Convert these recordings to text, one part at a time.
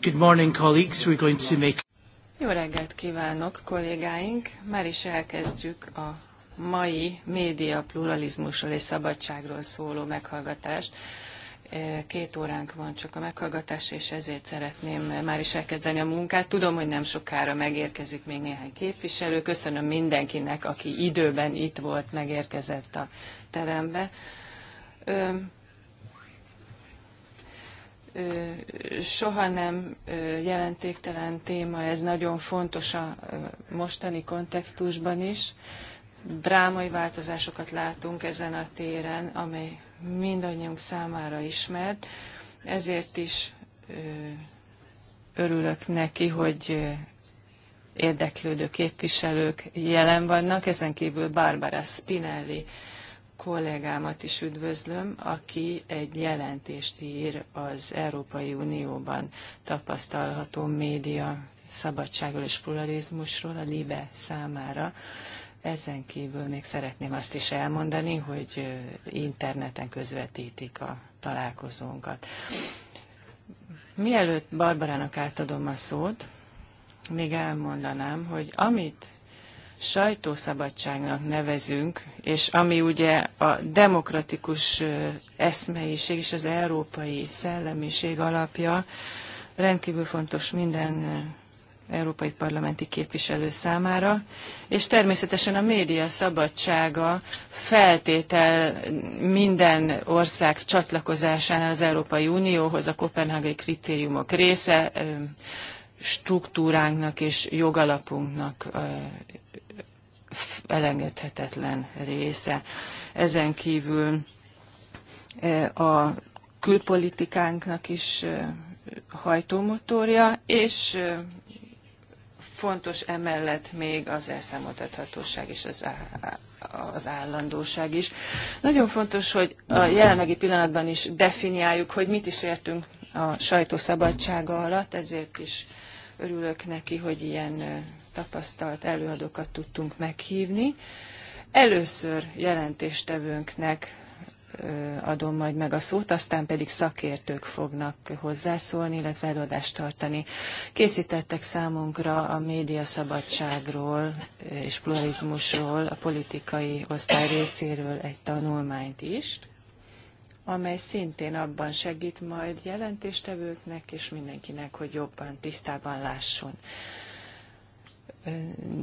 Good morning, colleagues. We're going to make... Jó reggelt kívánok, kollégáink! Már is elkezdjük a mai média pluralizmusról és szabadságról szóló meghallgatást. E, két óránk van csak a meghallgatás, és ezért szeretném már is elkezdeni a munkát. Tudom, hogy nem sokára megérkezik még néhány képviselő. Köszönöm mindenkinek, aki időben itt volt, megérkezett a terembe soha nem jelentéktelen téma, ez nagyon fontos a mostani kontextusban is. Drámai változásokat látunk ezen a téren, amely mindannyiunk számára ismert, ezért is örülök neki, hogy érdeklődő képviselők jelen vannak, ezen kívül Barbara Spinelli kollégámat is üdvözlöm, aki egy jelentést ír az Európai Unióban tapasztalható média szabadságról és pluralizmusról a LIBE számára. Ezen kívül még szeretném azt is elmondani, hogy interneten közvetítik a találkozónkat. Mielőtt Barbarának átadom a szót, még elmondanám, hogy amit sajtószabadságnak nevezünk, és ami ugye a demokratikus eszmeiség és az európai szellemiség alapja, rendkívül fontos minden európai parlamenti képviselő számára, és természetesen a média szabadsága feltétel minden ország csatlakozásánál az Európai Unióhoz, a kopenhágai kritériumok része, struktúránknak és jogalapunknak elengedhetetlen része. Ezen kívül e, a külpolitikánknak is e, hajtómotorja, és e, fontos emellett még az elszámoltathatóság és az, az állandóság is. Nagyon fontos, hogy a jelenlegi pillanatban is definiáljuk, hogy mit is értünk a sajtószabadsága alatt, ezért is örülök neki, hogy ilyen tapasztalt előadókat tudtunk meghívni. Először jelentéstevőnknek adom majd meg a szót, aztán pedig szakértők fognak hozzászólni, illetve előadást tartani. Készítettek számunkra a média szabadságról és pluralizmusról, a politikai osztály részéről egy tanulmányt is, amely szintén abban segít majd jelentéstevőknek és mindenkinek, hogy jobban tisztában lásson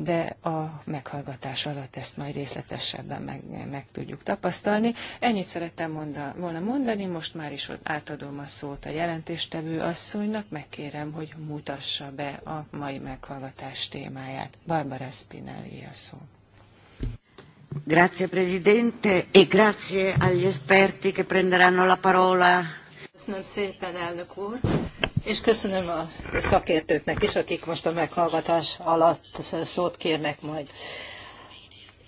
de a meghallgatás alatt ezt majd részletesebben meg, meg tudjuk tapasztalni. Ennyit szerettem monda, volna mondani, most már is átadom a szót a jelentéstevő asszonynak, megkérem, hogy mutassa be a mai meghallgatás témáját. Barbara Spinelli a szó. Grazie Presidente e grazie agli esperti che prenderanno la parola. Köszönöm szépen, elnök úr és köszönöm a szakértőknek is, akik most a meghallgatás alatt szót kérnek majd.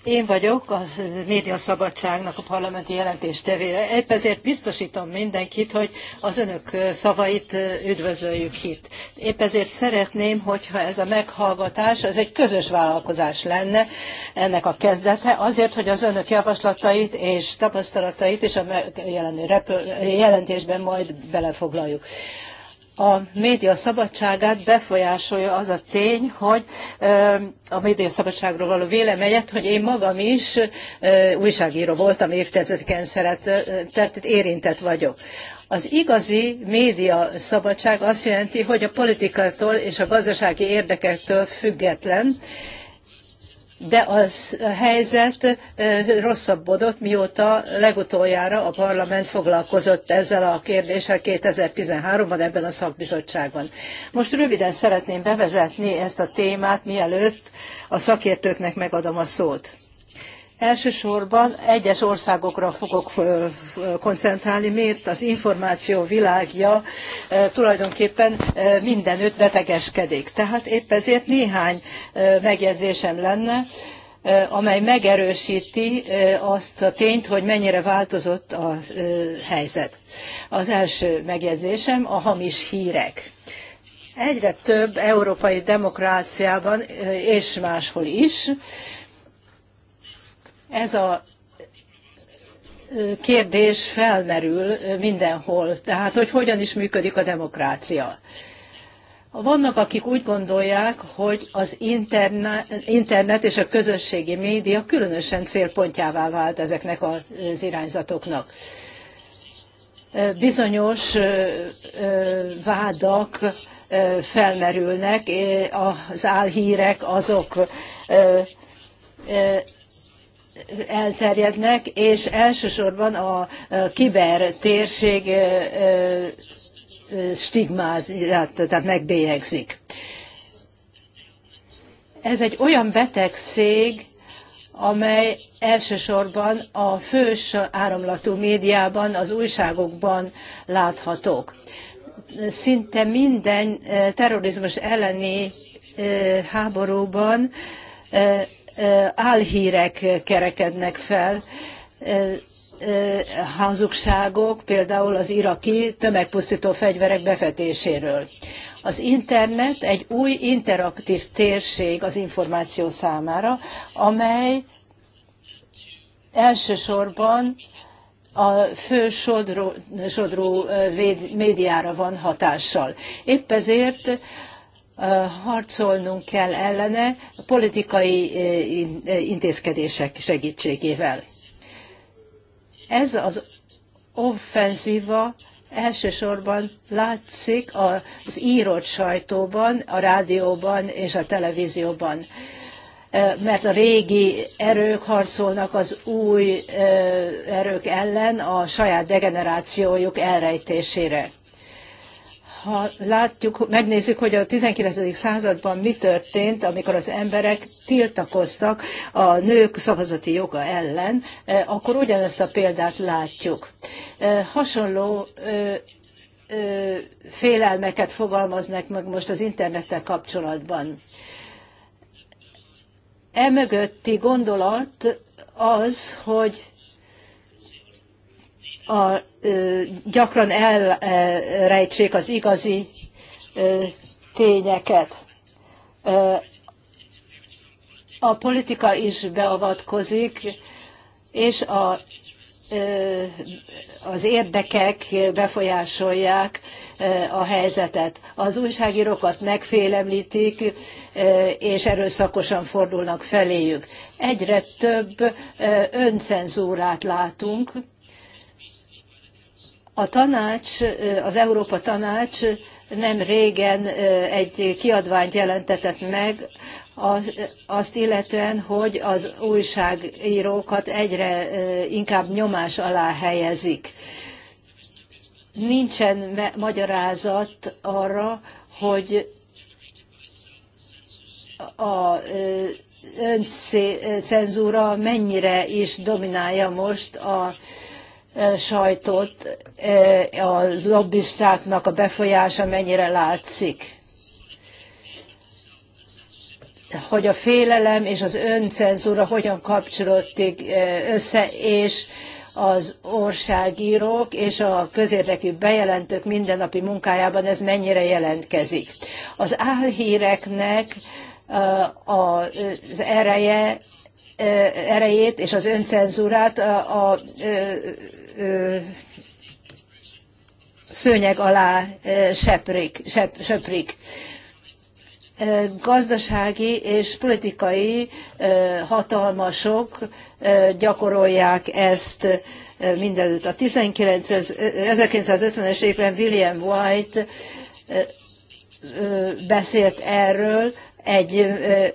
Én vagyok a médiaszabadságnak a parlamenti jelentéstevére. Épp ezért biztosítom mindenkit, hogy az önök szavait üdvözöljük itt. Épp ezért szeretném, hogyha ez a meghallgatás, ez egy közös vállalkozás lenne, ennek a kezdete, azért, hogy az önök javaslatait és tapasztalatait is a jelenő jelentésben majd belefoglaljuk a média szabadságát befolyásolja az a tény, hogy a média szabadságról való véleményet, hogy én magam is újságíró voltam évtizedeken szeretett, érintett vagyok. Az igazi média szabadság azt jelenti, hogy a politikától és a gazdasági érdekektől független, de az a helyzet rosszabbodott, mióta legutoljára a parlament foglalkozott ezzel a kérdéssel 2013-ban ebben a szakbizottságban. Most röviden szeretném bevezetni ezt a témát, mielőtt a szakértőknek megadom a szót. Elsősorban egyes országokra fogok koncentrálni, mert az információ világja tulajdonképpen mindenütt betegeskedik. Tehát épp ezért néhány megjegyzésem lenne, amely megerősíti azt a tényt, hogy mennyire változott a helyzet. Az első megjegyzésem a hamis hírek. Egyre több európai demokráciában és máshol is ez a kérdés felmerül mindenhol, tehát hogy hogyan is működik a demokrácia. Vannak, akik úgy gondolják, hogy az internet és a közösségi média különösen célpontjává vált ezeknek az irányzatoknak. Bizonyos vádak felmerülnek, az álhírek azok elterjednek, és elsősorban a kiber térség stigmát, tehát megbélyegzik. Ez egy olyan betegség, amely elsősorban a fős áramlatú médiában, az újságokban láthatók. Szinte minden terrorizmus elleni háborúban álhírek kerekednek fel, hazugságok, például az iraki tömegpusztító fegyverek befetéséről. Az internet egy új interaktív térség az információ számára, amely elsősorban a fő sodró, sodró médiára van hatással. Épp ezért harcolnunk kell ellene politikai intézkedések segítségével. Ez az offenzíva elsősorban látszik az írott sajtóban, a rádióban és a televízióban mert a régi erők harcolnak az új erők ellen a saját degenerációjuk elrejtésére ha látjuk, megnézzük, hogy a 19. században mi történt, amikor az emberek tiltakoztak a nők szavazati joga ellen, eh, akkor ugyanezt a példát látjuk. Eh, hasonló eh, félelmeket fogalmaznak meg most az internettel kapcsolatban. Emögötti gondolat az, hogy a, gyakran elrejtsék az igazi tényeket. A politika is beavatkozik, és a, az érdekek befolyásolják a helyzetet. Az újságírókat megfélemlítik, és erőszakosan fordulnak feléjük. Egyre több öncenzúrát látunk, a tanács, az Európa Tanács nem régen egy kiadványt jelentetett meg, azt illetően, hogy az újságírókat egyre inkább nyomás alá helyezik. Nincsen magyarázat arra, hogy a öncenzúra mennyire is dominálja most a sajtót, Eh, a lobbistáknak a befolyása mennyire látszik. Hogy a félelem és az öncenzúra hogyan kapcsolódik eh, össze, és az országírók és a közérdekű bejelentők mindennapi munkájában ez mennyire jelentkezik. Az álhíreknek eh, az ereje, erejét és az öncenzúrát a szőnyeg alá seprik. seprik söprik gazdasági és politikai hatalmasok gyakorolják ezt mindenütt. A 1950-es évben William White beszélt erről, egy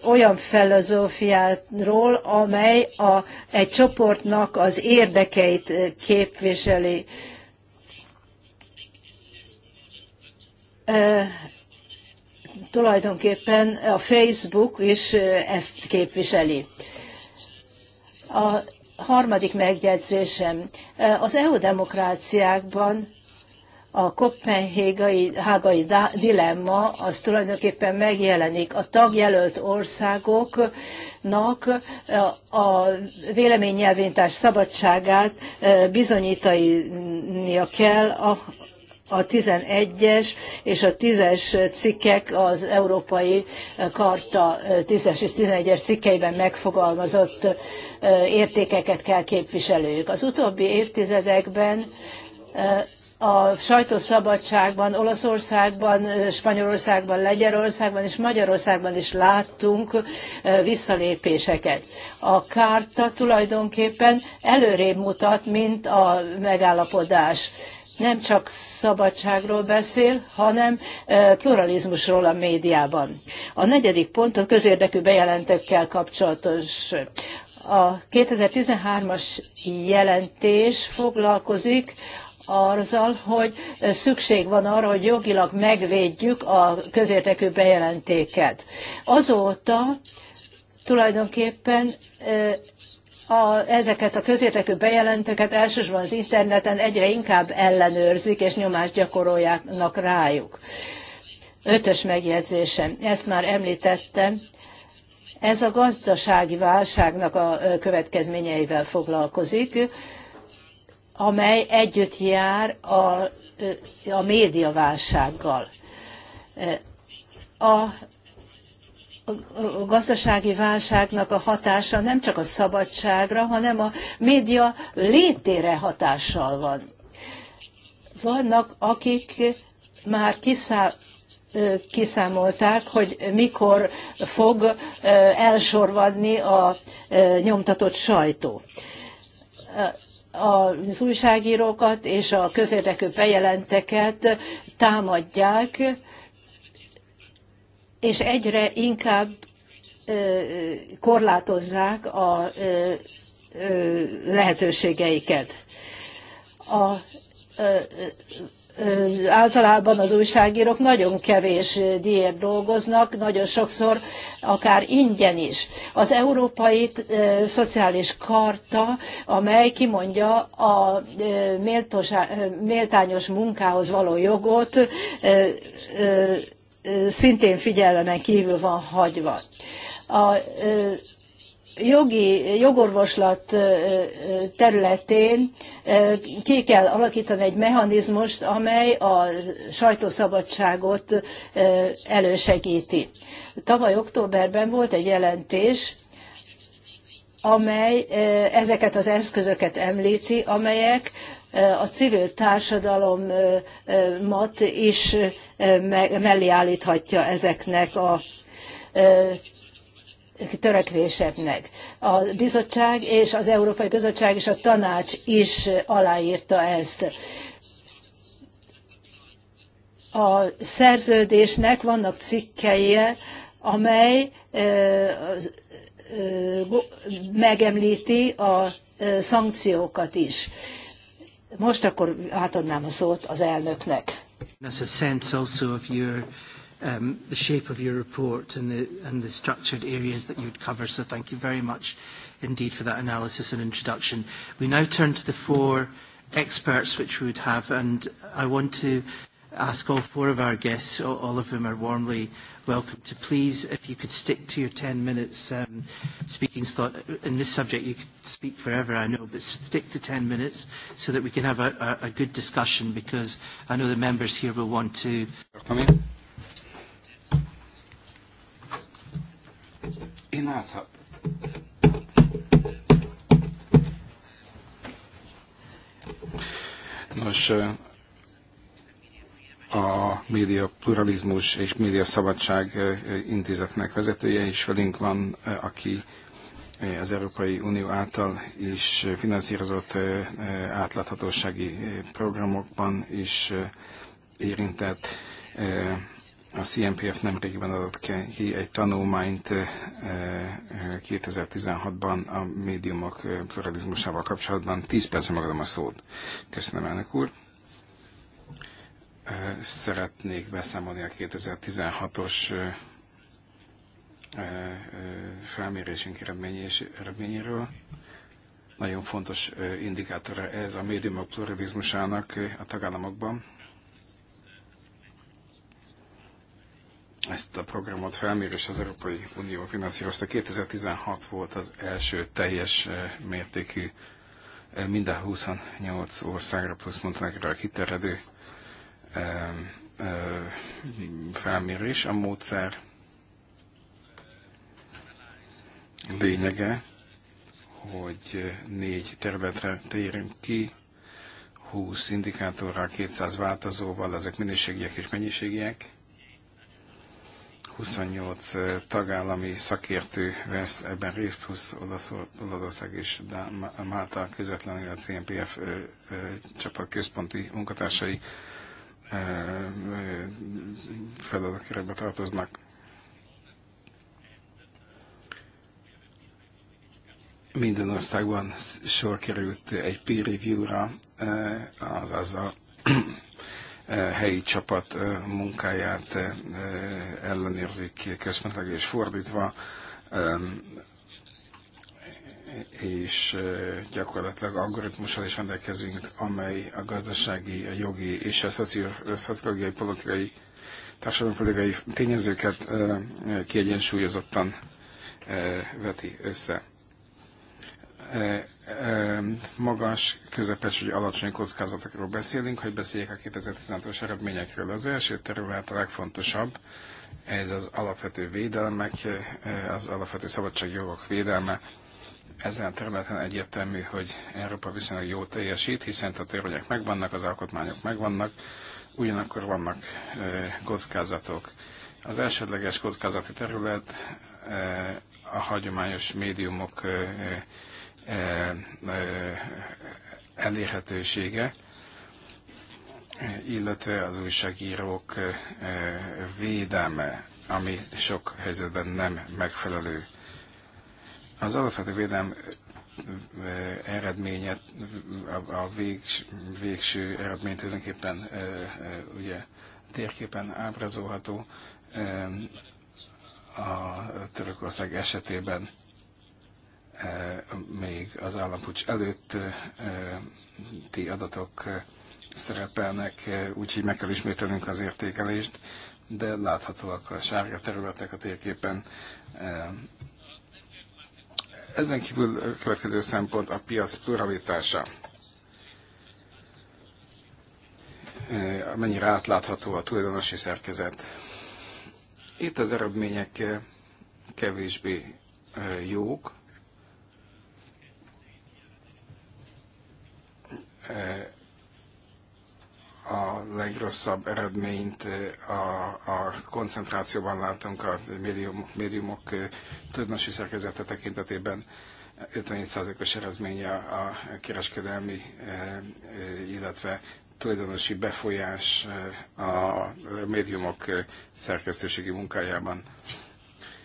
olyan filozófiáról, amely a, egy csoportnak az érdekeit képviseli tulajdonképpen a Facebook is ezt képviseli. A harmadik megjegyzésem. Az EU demokráciákban a kopenhégai hágai dilemma az tulajdonképpen megjelenik. A tagjelölt országoknak a véleménynyelvintás szabadságát bizonyítania kell a 11-es és a 10-es cikkek az Európai Karta 10-es és 11-es cikkeiben megfogalmazott értékeket kell képviselők. Az utóbbi évtizedekben a sajtószabadságban, Olaszországban, Spanyolországban, Lengyelországban és Magyarországban is láttunk visszalépéseket. A kárta tulajdonképpen előrébb mutat, mint a megállapodás nem csak szabadságról beszél, hanem pluralizmusról a médiában. A negyedik pont a közérdekű bejelentekkel kapcsolatos. A 2013-as jelentés foglalkozik azzal, hogy szükség van arra, hogy jogilag megvédjük a közérdekű bejelentéket. Azóta tulajdonképpen a, ezeket a közérdekű bejelentőket elsősorban az interneten egyre inkább ellenőrzik és nyomást gyakorolják rájuk. Ötös megjegyzésem, ezt már említettem, ez a gazdasági válságnak a következményeivel foglalkozik, amely együtt jár a, a médiaválsággal. A a gazdasági válságnak a hatása nem csak a szabadságra, hanem a média létére hatással van. Vannak, akik már kiszámolták, hogy mikor fog elsorvadni a nyomtatott sajtó az újságírókat és a közérdekű bejelenteket támadják, és egyre inkább korlátozzák a lehetőségeiket. A, általában az újságírók nagyon kevés díjért dolgoznak, nagyon sokszor akár ingyen is. Az Európai Szociális Karta, amely kimondja a méltányos munkához való jogot, szintén figyelmen kívül van hagyva. A jogi, jogorvoslat területén ki kell alakítani egy mechanizmust, amely a sajtószabadságot elősegíti. Tavaly októberben volt egy jelentés, amely ezeket az eszközöket említi, amelyek a civil társadalomat is mellé állíthatja ezeknek a törekvéseknek. A bizottság és az Európai Bizottság és a tanács is aláírta ezt. A szerződésnek vannak cikkeje, amely megemlíti a szankciókat is. Most akkor átadnám a szót az elnöknek. That's a sense also of your, um, the shape of your report and the, and the structured areas that you'd cover, so thank you very much indeed for that analysis and introduction. We now turn to the four experts which we would have, and I want to ask all four of our guests, all of whom are warmly welcome to please, if you could stick to your 10 minutes um, speaking slot. In this subject, you could speak forever, I know, but stick to 10 minutes so that we can have a, a, a good discussion because I know the members here will want to. Come in. Én áthat. Nos, a média pluralizmus és média szabadság intézetnek vezetője, és velünk van, aki az Európai Unió által is finanszírozott átláthatósági programokban is érintett. A CNPF nemrégiben adott ki egy tanulmányt 2016-ban a médiumok pluralizmusával kapcsolatban. 10 percre megadom a szót. Köszönöm, elnök úr szeretnék beszámolni a 2016-os felmérésünk eredményéről. Nagyon fontos indikátora ez a médiumok pluralizmusának a tagállamokban. Ezt a programot felmérés az Európai Unió finanszírozta. 2016 volt az első teljes mértékű minden 28 országra plusz Montenegrora kiterjedő felmérés. A módszer lényege, hogy négy területre térünk ki, 20 indikátorral, 200 változóval, ezek minőségiek és mennyiségiek. 28 eh, tagállami szakértő vesz ebben részt, plusz Olaszország és Málta közvetlenül a CNPF eh, eh, csapat központi munkatársai feladatkörébe tartoznak. Minden országban sor került egy peer review-ra, azaz a helyi csapat munkáját ellenérzik központilag és fordítva és gyakorlatilag algoritmussal is rendelkezünk, amely a gazdasági, a jogi és a szociológiai, politikai, társadalompolitikai tényezőket kiegyensúlyozottan veti össze. Magas, közepes vagy alacsony kockázatokról beszélünk, hogy beszéljek a 2016-os eredményekről. Az első terület a legfontosabb, ez az alapvető védelmek, az alapvető szabadságjogok védelme, ezen a területen egyértelmű, hogy Európa viszonylag jó teljesít, hiszen a törvények megvannak, az alkotmányok megvannak, ugyanakkor vannak kockázatok. Az elsődleges kockázati terület a hagyományos médiumok elérhetősége, illetve az újságírók védelme, ami sok helyzetben nem megfelelő. Az alapvető védelem eh, eredménye, a végs, végső eredmény tulajdonképpen eh, eh, ugye térképen ábrázolható. A Törökország esetében még az állampucs előtt ti adatok szerepelnek, úgyhogy meg kell ismételnünk az értékelést, de láthatóak a sárga területek a térképen, ezen kívül a következő szempont a piac pluralitása. E, mennyire átlátható a tulajdonosi szerkezet. Itt az eredmények e, kevésbé e, jók a legrosszabb eredményt a, a koncentrációban látunk a médium, médiumok tudnosi szerkezete tekintetében. 57%-os eredménye a kereskedelmi, illetve tulajdonosi befolyás a médiumok szerkesztőségi munkájában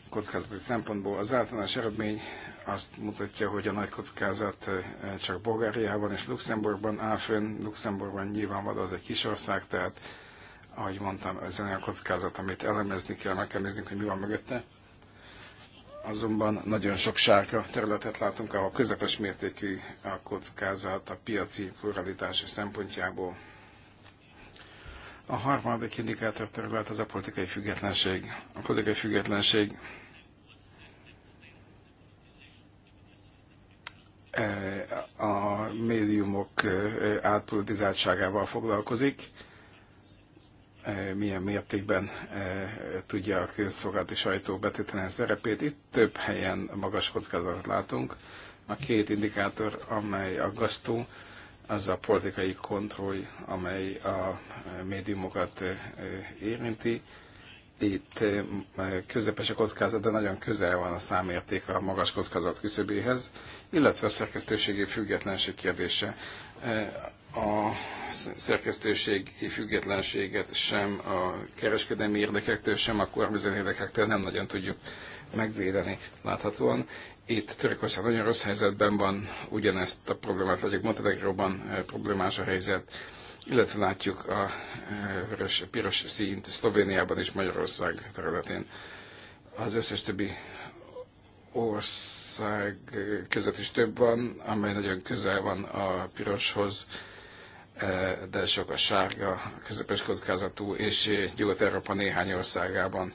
kockázati szempontból. Az általános eredmény azt mutatja, hogy a nagy kockázat eh, csak Bulgáriában és Luxemburgban áll fönn. Luxemburgban nyilvánvaló az egy kis ország, tehát ahogy mondtam, ez olyan kockázat, amit elemezni kell, meg kell néznünk, hogy mi van mögötte. Azonban nagyon sok sárga területet látunk, ahol közepes mértékű a kockázat a piaci pluralitási szempontjából. A harmadik indikátor terület az a politikai függetlenség. A politikai függetlenség a médiumok átpolitizáltságával foglalkozik, milyen mértékben tudja a közszolgálati sajtó betűteni a szerepét. Itt több helyen magas kockázatot látunk. A két indikátor, amely aggasztó, az a politikai kontroll, amely a médiumokat érinti, itt eh, közepes a kockázat, de nagyon közel van a számérték a magas kockázat küszöbéhez, illetve a szerkesztőségi függetlenség kérdése. Eh, a szerkesztőségi függetlenséget sem a kereskedelmi érdekektől, sem a kormányzati érdekektől nem nagyon tudjuk megvédeni láthatóan. Itt Törökország nagyon rossz helyzetben van, ugyanezt a problémát, vagy Montenegróban eh, problémás a helyzet, illetve látjuk a e, vörös, piros színt Szlovéniában és Magyarország területén. Az összes többi ország között is több van, amely nagyon közel van a piroshoz, e, de sok a sárga, közepes kockázatú, és Nyugat-Európa néhány országában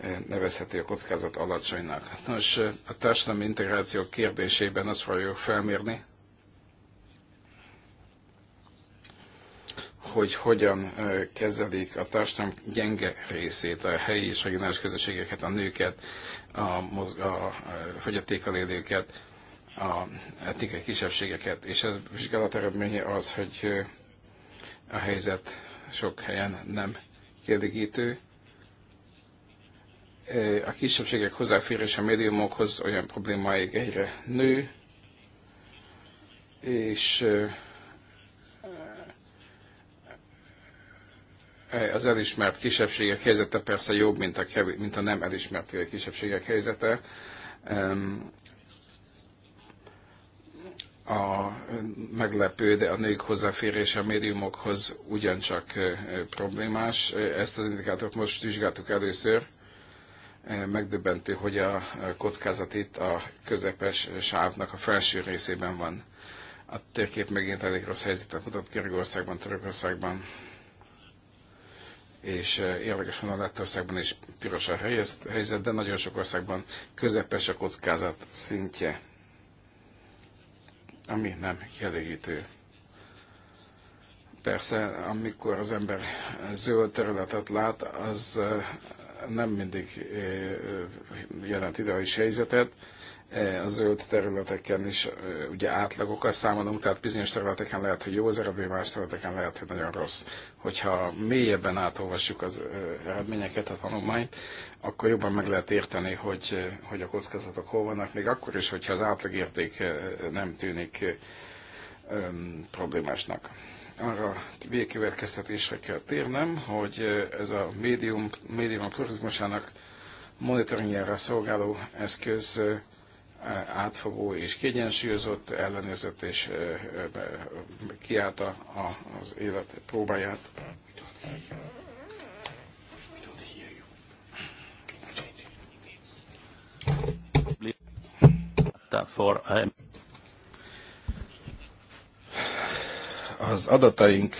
e, nevezheti a kockázat alacsonynak. Nos, a társadalmi integráció kérdésében azt fogjuk felmérni, hogy hogyan kezelik a társadalom gyenge részét, a helyi és regionális közösségeket, a nőket, a, mozga, a fogyatékkal élőket, a etnikai kisebbségeket, és a vizsgálat eredménye az, hogy a helyzet sok helyen nem kielégítő. A kisebbségek hozzáférése a médiumokhoz olyan problémáig egyre nő, és Az elismert kisebbségek helyzete persze jobb, mint a, kevés, mint a nem elismert kisebbségek helyzete. A meglepő, de a nők hozzáférése a médiumokhoz ugyancsak problémás. Ezt az indikátort most vizsgáltuk először megdöbbentő, hogy a kockázat itt a közepes sávnak a felső részében van. A térkép megint elég rossz helyzetet mutat Görögországban, Törökországban, és eh, érdekes van a Lettországban is piros a helyzet, de nagyon sok országban közepes a kockázat szintje, ami nem kielégítő. Persze, amikor az ember zöld területet lát, az eh, nem mindig eh, jelent ideális helyzetet, E, a zöld területeken is e, ugye átlagokkal számolunk, tehát bizonyos területeken lehet, hogy jó az eredmény, más területeken lehet, hogy nagyon rossz. Hogyha mélyebben átolvassuk az e, eredményeket, a tanulmányt, akkor jobban meg lehet érteni, hogy, hogy a kockázatok hol vannak, még akkor is, hogyha az átlagérték nem tűnik um, problémásnak. Arra végkövetkeztetésre kell térnem, hogy ez a médium, médium a pluralizmusának monitoringjára szolgáló eszköz átfogó és kiegyensúlyozott, ellenőrzött és kiállta az élet próbáját. Uh, az adataink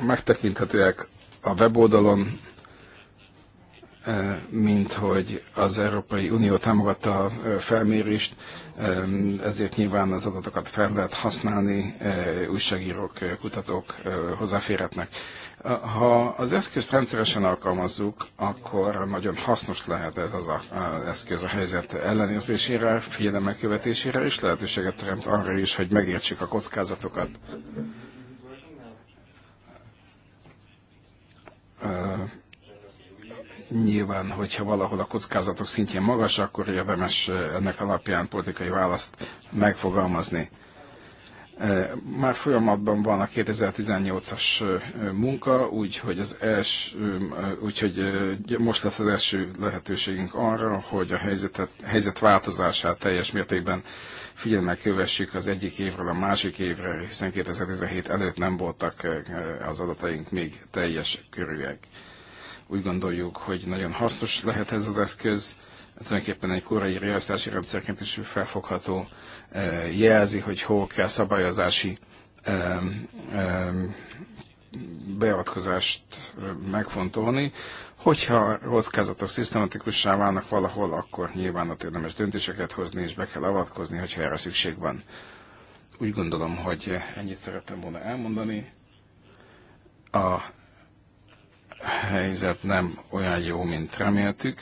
megtekinthetőek a weboldalon, mint hogy az Európai Unió támogatta a felmérést, ezért nyilván az adatokat fel lehet használni, újságírók, kutatók hozzáférhetnek. Ha az eszközt rendszeresen alkalmazzuk, akkor nagyon hasznos lehet ez az a, eszköz a helyzet ellenőrzésére, figyelemek követésére, és lehetőséget teremt arra is, hogy megértsük a kockázatokat. Uh, Nyilván, hogyha valahol a kockázatok szintjén magas, akkor érdemes eh, ennek alapján politikai választ megfogalmazni. Eh, már folyamatban van a 2018-as eh, munka, úgyhogy az els, úgyhogy most lesz az első lehetőségünk arra, hogy a helyzetet, helyzet változását teljes mértékben figyelemmel kövessük az egyik évről a másik évre, hiszen 2017 előtt nem voltak az adataink még teljes körűek. Úgy gondoljuk, hogy nagyon hasznos lehet ez az eszköz, tulajdonképpen egy korai riasztási rendszerként is felfogható, eh, jelzi, hogy hol kell szabályozási eh, eh, beavatkozást megfontolni. Hogyha kockázatok szisztematikussá válnak valahol, akkor nyilván ott érdemes döntéseket hozni, és be kell avatkozni, hogyha erre szükség van. Úgy gondolom, hogy ennyit szerettem volna elmondani. A helyzet nem olyan jó, mint reméltük.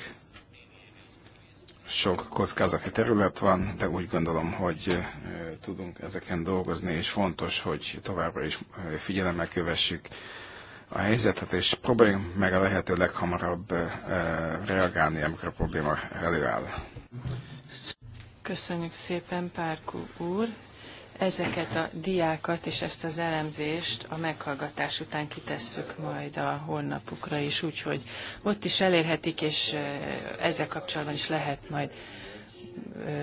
Sok kockázati terület van, de úgy gondolom, hogy tudunk ezeken dolgozni, és fontos, hogy továbbra is figyelemmel kövessük a helyzetet, és próbáljunk meg a lehető leghamarabb reagálni, amikor a probléma előáll. Köszönjük szépen, Párku úr. Ezeket a diákat és ezt az elemzést a meghallgatás után kitesszük majd a honlapukra is, úgyhogy ott is elérhetik, és ezzel kapcsolatban is lehet majd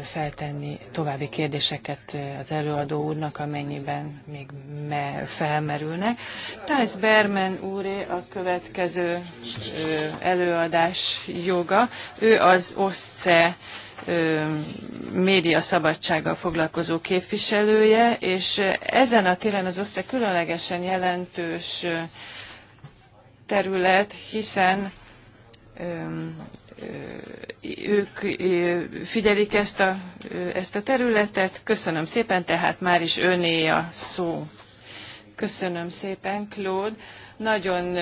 feltenni további kérdéseket az előadó úrnak, amennyiben még me- felmerülnek. Thijs Berman úré a következő előadás joga. Ő az OSCE média szabadsággal foglalkozó képviselője, és ezen a téren az osztály különlegesen jelentős terület, hiszen ők figyelik ezt a, ezt a területet. Köszönöm szépen, tehát már is öné a szó. Köszönöm szépen, Claude nagyon,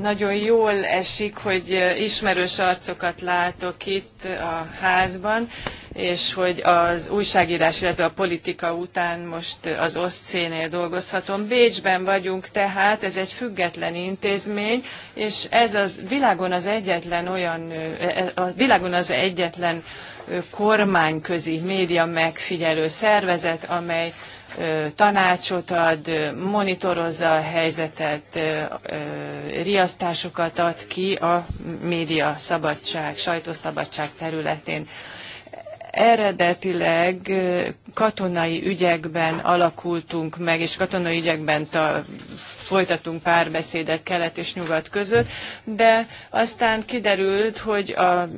nagyon jól esik, hogy ismerős arcokat látok itt a házban, és hogy az újságírás, illetve a politika után most az oszcénél dolgozhatom. Bécsben vagyunk tehát, ez egy független intézmény, és ez az világon az egyetlen olyan, e, a világon az egyetlen kormányközi média megfigyelő szervezet, amely tanácsot ad, monitorozza a helyzetet, riasztásokat ad ki a média szabadság, sajtószabadság területén. Eredetileg katonai ügyekben alakultunk meg, és katonai ügyekben folytatunk párbeszédet kelet és nyugat között, de aztán kiderült, hogy a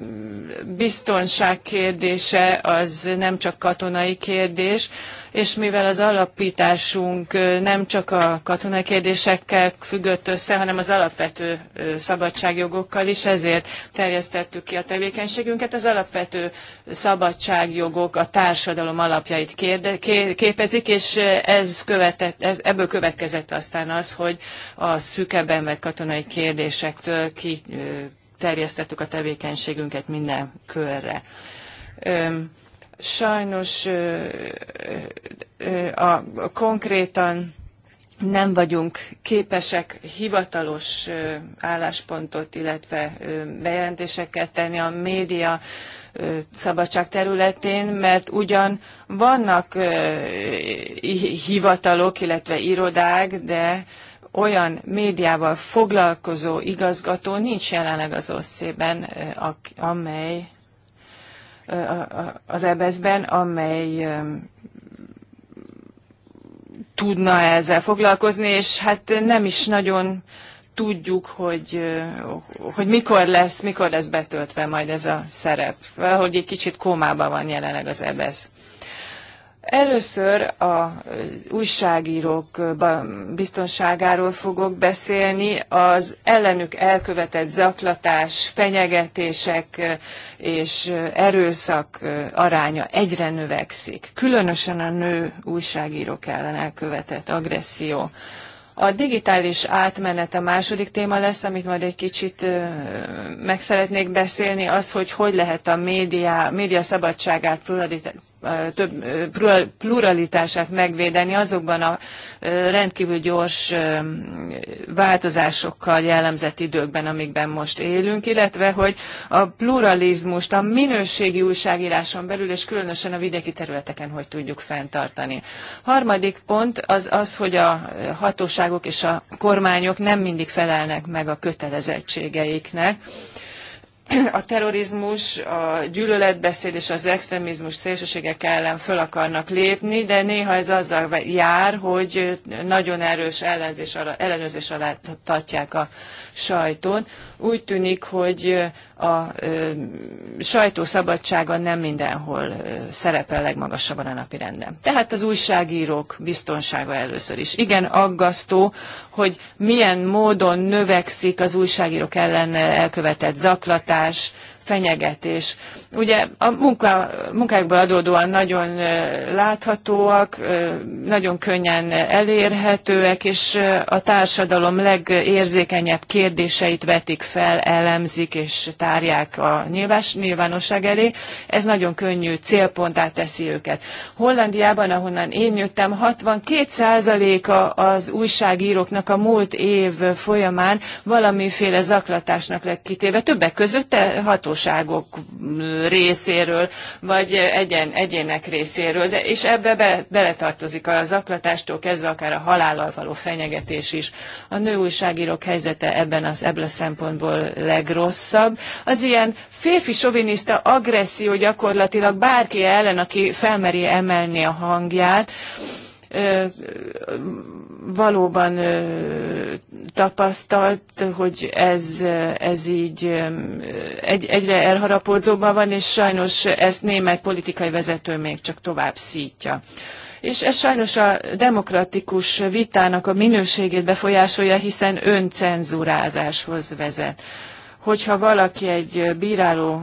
biztonság kérdése az nem csak katonai kérdés, és mivel az alapításunk nem csak a katonai kérdésekkel függött össze, hanem az alapvető szabadságjogokkal is, ezért terjesztettük ki a tevékenységünket. Az alapvető szabadságjogok a társadalom alapjait kérde, képezik, és ez követett, ez, ebből következett aztán az, hogy a szűkebben vett katonai kérdésektől kiterjesztettük a tevékenységünket minden körre. Sajnos a, konkrétan nem vagyunk képesek hivatalos álláspontot, illetve bejelentéseket tenni a média szabadság területén, mert ugyan vannak hivatalok, illetve irodák, de olyan médiával foglalkozó igazgató nincs jelenleg az OSZ-ben, amely az ebsz ben amely tudna ezzel foglalkozni, és hát nem is nagyon tudjuk, hogy, hogy mikor, lesz, mikor lesz betöltve majd ez a szerep. Valahogy egy kicsit kómában van jelenleg az EBSZ. Először a újságírók biztonságáról fogok beszélni, az ellenük elkövetett zaklatás, fenyegetések és erőszak aránya egyre növekszik, különösen a nő újságírók ellen elkövetett agresszió. A digitális átmenet a második téma lesz, amit majd egy kicsit meg szeretnék beszélni, az, hogy hogy lehet a média, média szabadságát, több pluralitását megvédeni azokban a rendkívül gyors változásokkal jellemzett időkben, amikben most élünk, illetve hogy a pluralizmust a minőségi újságíráson belül, és különösen a vidéki területeken hogy tudjuk fenntartani. Harmadik pont az az, hogy a hatóságok és a kormányok nem mindig felelnek meg a kötelezettségeiknek a terrorizmus, a gyűlöletbeszéd és az extrémizmus szélsőségek ellen föl akarnak lépni, de néha ez azzal jár, hogy nagyon erős ellenőrzés alá tartják a sajtót. Úgy tűnik, hogy a sajtószabadsága nem mindenhol szerepel legmagasabban a renden. Tehát az újságírók biztonsága először is. Igen, aggasztó, hogy milyen módon növekszik az újságírók ellen elkövetett zaklatás, fenyegetés. Ugye a munka, munkákból adódóan nagyon láthatóak, nagyon könnyen elérhetőek, és a társadalom legérzékenyebb kérdéseit vetik fel, elemzik és tárják a nyilvás, nyilvánosság elé. Ez nagyon könnyű célponttá teszi őket. Hollandiában, ahonnan én jöttem, 62%-a az újságíróknak a múlt év folyamán valamiféle zaklatásnak lett kitéve, többek között hatós hatóságok részéről, vagy egyen, egyének részéről, de, és ebbe be, beletartozik a zaklatástól kezdve akár a halállal való fenyegetés is. A nő újságírók helyzete ebben az ebből a szempontból legrosszabb. Az ilyen férfi soviniszta agresszió gyakorlatilag bárki ellen, aki felmeri emelni a hangját, valóban tapasztalt, hogy ez, ez így egy, egyre elharapódzóban van, és sajnos ezt német politikai vezető még csak tovább szítja. És ez sajnos a demokratikus vitának a minőségét befolyásolja, hiszen öncenzurázáshoz vezet. Hogyha valaki egy bíráló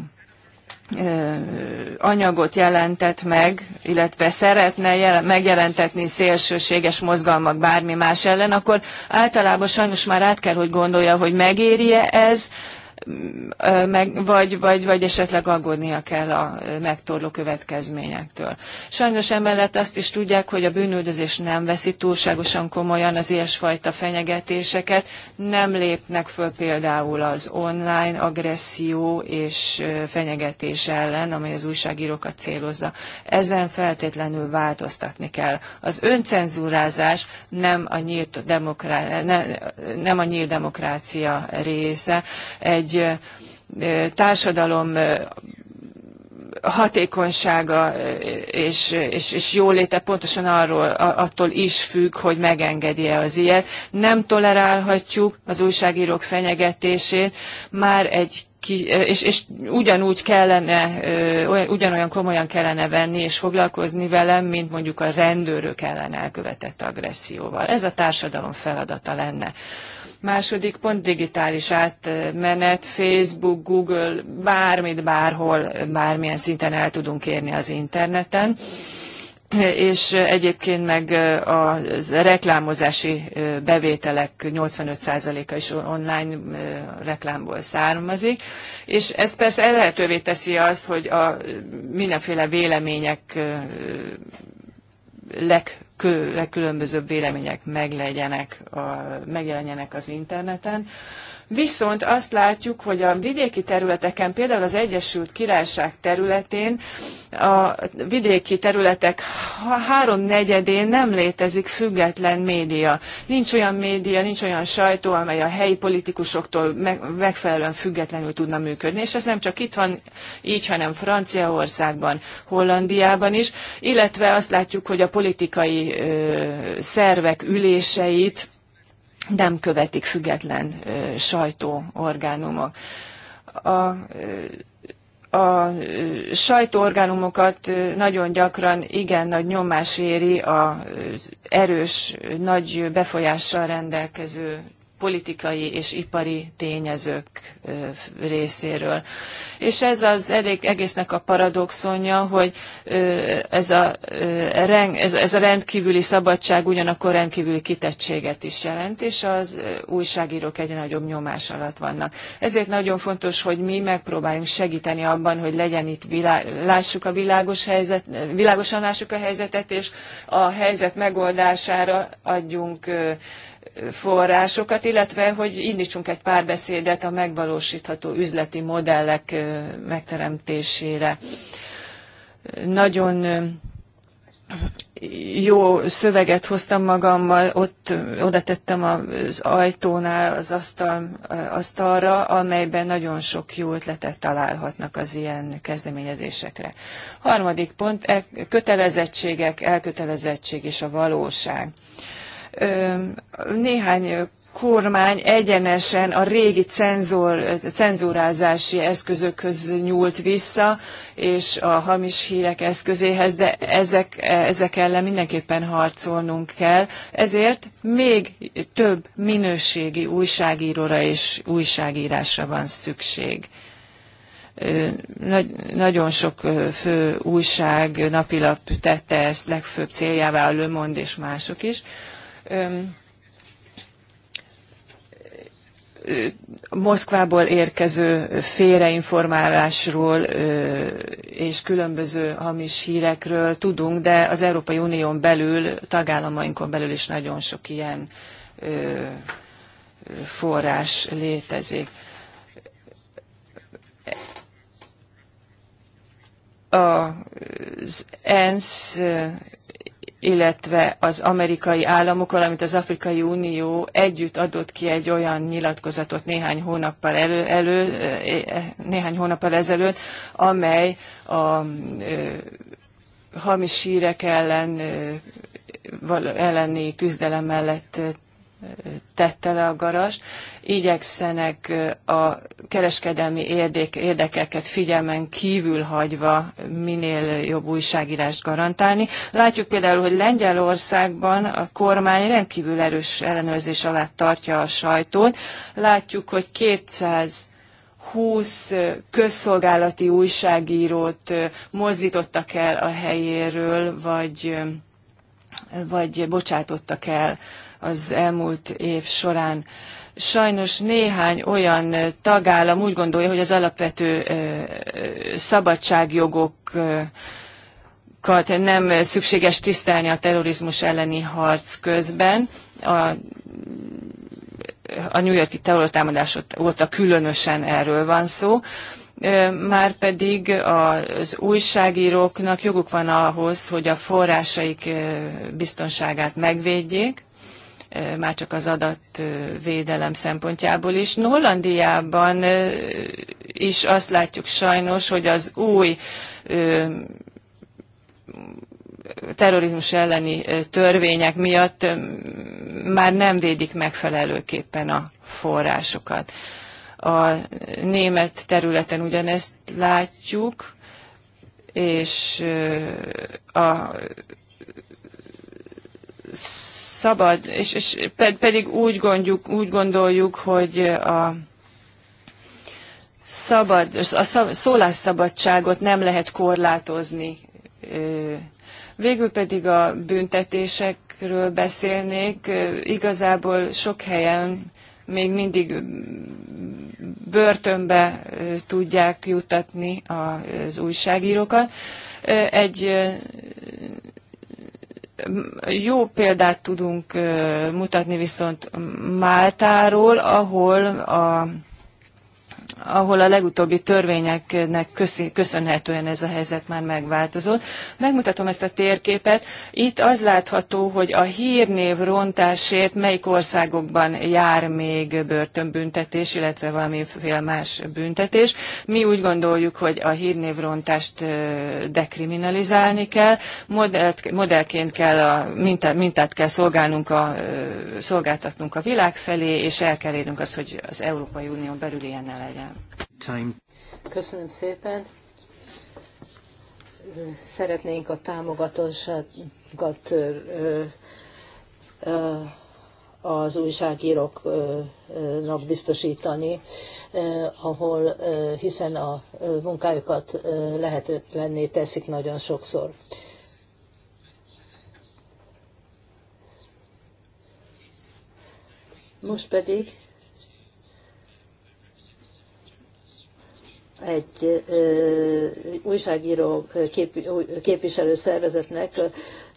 anyagot jelentett meg, illetve szeretne megjelentetni szélsőséges mozgalmak bármi más ellen, akkor általában sajnos már át kell, hogy gondolja, hogy megéri-e ez, meg, vagy, vagy, vagy esetleg aggódnia kell a megtorló következményektől. Sajnos emellett azt is tudják, hogy a bűnüldözés nem veszi túlságosan komolyan az ilyesfajta fenyegetéseket, nem lépnek föl például az online agresszió és fenyegetés ellen, amely az újságírókat célozza. Ezen feltétlenül változtatni kell. Az öncenzúrázás nem a nyílt, demokrá... nem a nyílt demokrácia része. Egy társadalom hatékonysága és, és, és jóléte pontosan arról, attól is függ, hogy megengedje e az ilyet. Nem tolerálhatjuk az újságírók fenyegetését, már egy ki, és, és ugyanúgy kellene, ugyanolyan komolyan kellene venni és foglalkozni velem, mint mondjuk a rendőrök ellen elkövetett agresszióval. Ez a társadalom feladata lenne. Második pont digitális átmenet, Facebook, Google, bármit, bárhol, bármilyen szinten el tudunk érni az interneten és egyébként meg a reklámozási bevételek 85%-a is online reklámból származik, és ez persze lehetővé teszi azt, hogy a mindenféle vélemények leg legkülönbözőbb vélemények meglegyenek, megjelenjenek az interneten. Viszont azt látjuk, hogy a vidéki területeken, például az Egyesült Királyság területén, a vidéki területek háromnegyedén nem létezik független média. Nincs olyan média, nincs olyan sajtó, amely a helyi politikusoktól megfelelően függetlenül tudna működni, és ez nem csak itt van így, hanem Franciaországban, Hollandiában is, illetve azt látjuk, hogy a politikai ö, szervek üléseit, nem követik független sajtóorgánumok. A, a sajtóorgánumokat nagyon gyakran igen nagy nyomás éri az erős, nagy befolyással rendelkező politikai és ipari tényezők részéről. És ez az elég egésznek a paradoxonja, hogy ez a, ez a rendkívüli szabadság ugyanakkor rendkívüli kitettséget is jelent, és az újságírók egyre nagyobb nyomás alatt vannak. Ezért nagyon fontos, hogy mi megpróbáljunk segíteni abban, hogy legyen itt világ, lássuk a világos helyzet, világosan lássuk a helyzetet, és a helyzet megoldására adjunk forrásokat, illetve hogy indítsunk egy párbeszédet a megvalósítható üzleti modellek megteremtésére. Nagyon jó szöveget hoztam magammal, ott oda tettem az ajtónál az asztal, asztalra, amelyben nagyon sok jó ötletet találhatnak az ilyen kezdeményezésekre. Harmadik pont, e, kötelezettségek, elkötelezettség és a valóság néhány kormány egyenesen a régi cenzor, cenzúrázási eszközökhöz nyúlt vissza, és a hamis hírek eszközéhez, de ezek, ezek ellen mindenképpen harcolnunk kell. Ezért még több minőségi újságíróra és újságírásra van szükség. Nagy, nagyon sok fő újság, napilap tette ezt legfőbb céljává a Le Monde és mások is. Moszkvából érkező félreinformálásról és különböző hamis hírekről tudunk, de az Európai Unión belül, tagállamainkon belül is nagyon sok ilyen forrás létezik. Az ENSZ illetve az amerikai államok, valamint az Afrikai Unió együtt adott ki egy olyan nyilatkozatot néhány hónappal, elő, elő, eh, eh, néhány hónappal ezelőtt, amely a ö, eh, hamis sírek ellen elleni küzdelem mellett tette le a garast, igyekszenek a kereskedelmi érdekeket figyelmen kívül hagyva minél jobb újságírást garantálni. Látjuk például, hogy Lengyelországban a kormány rendkívül erős ellenőrzés alá tartja a sajtót. Látjuk, hogy 200 20 közszolgálati újságírót mozdítottak el a helyéről, vagy, vagy bocsátottak el az elmúlt év során. Sajnos néhány olyan tagállam úgy gondolja, hogy az alapvető szabadságjogokat nem szükséges tisztelni a terrorizmus elleni harc közben. A a New Yorki terrortámadás óta különösen erről van szó. Márpedig az újságíróknak joguk van ahhoz, hogy a forrásaik biztonságát megvédjék, már csak az adatvédelem szempontjából is. Hollandiában is azt látjuk sajnos, hogy az új terrorizmus elleni törvények miatt már nem védik megfelelőképpen a forrásokat. A német területen ugyanezt látjuk, és a szabad, és, és pedig úgy, gondjuk, úgy gondoljuk, hogy a szabad, a szólásszabadságot nem lehet korlátozni. Végül pedig a büntetésekről beszélnék. Igazából sok helyen még mindig börtönbe tudják jutatni az újságírókat. Egy jó példát tudunk mutatni viszont Máltáról, ahol a ahol a legutóbbi törvényeknek köszönhetően ez a helyzet már megváltozott. Megmutatom ezt a térképet. Itt az látható, hogy a hírnév rontásért melyik országokban jár még börtönbüntetés, illetve valamiféle más büntetés. Mi úgy gondoljuk, hogy a rontást dekriminalizálni kell, modellt, modellként kell a, mintát, mintát kell szolgálnunk a, szolgáltatnunk a világ felé, és el kell érnünk az, hogy az Európai unió belül ilyen ne legyen. Time. Köszönöm szépen. Szeretnénk a támogatóságot az újságíróknak biztosítani, ahol hiszen a munkájukat lehetetlenné teszik nagyon sokszor. Most pedig egy újságíró kép, képviselő szervezetnek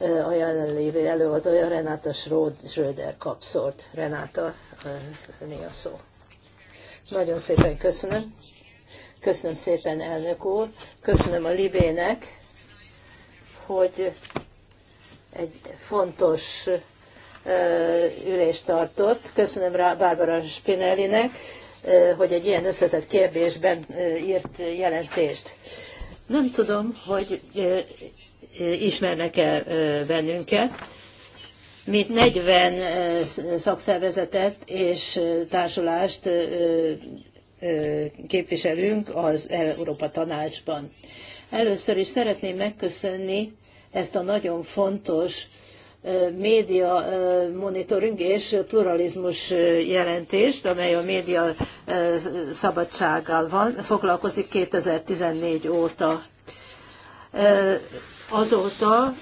a jelenlévő előadója Renáta Schröder kapszort. Renáta, néha a szó? Nagyon szépen köszönöm. Köszönöm szépen, elnök úr. Köszönöm a Libének, hogy egy fontos ülést tartott. Köszönöm rá Bárbara Spinellinek, hogy egy ilyen összetett kérdésben írt jelentést. Nem tudom, hogy ismernek-e bennünket. Mi 40 szakszervezetet és társulást képviselünk az Európa Tanácsban. Először is szeretném megköszönni ezt a nagyon fontos média monitoring és pluralizmus jelentést, amely a média szabadsággal van, foglalkozik 2014 óta azóta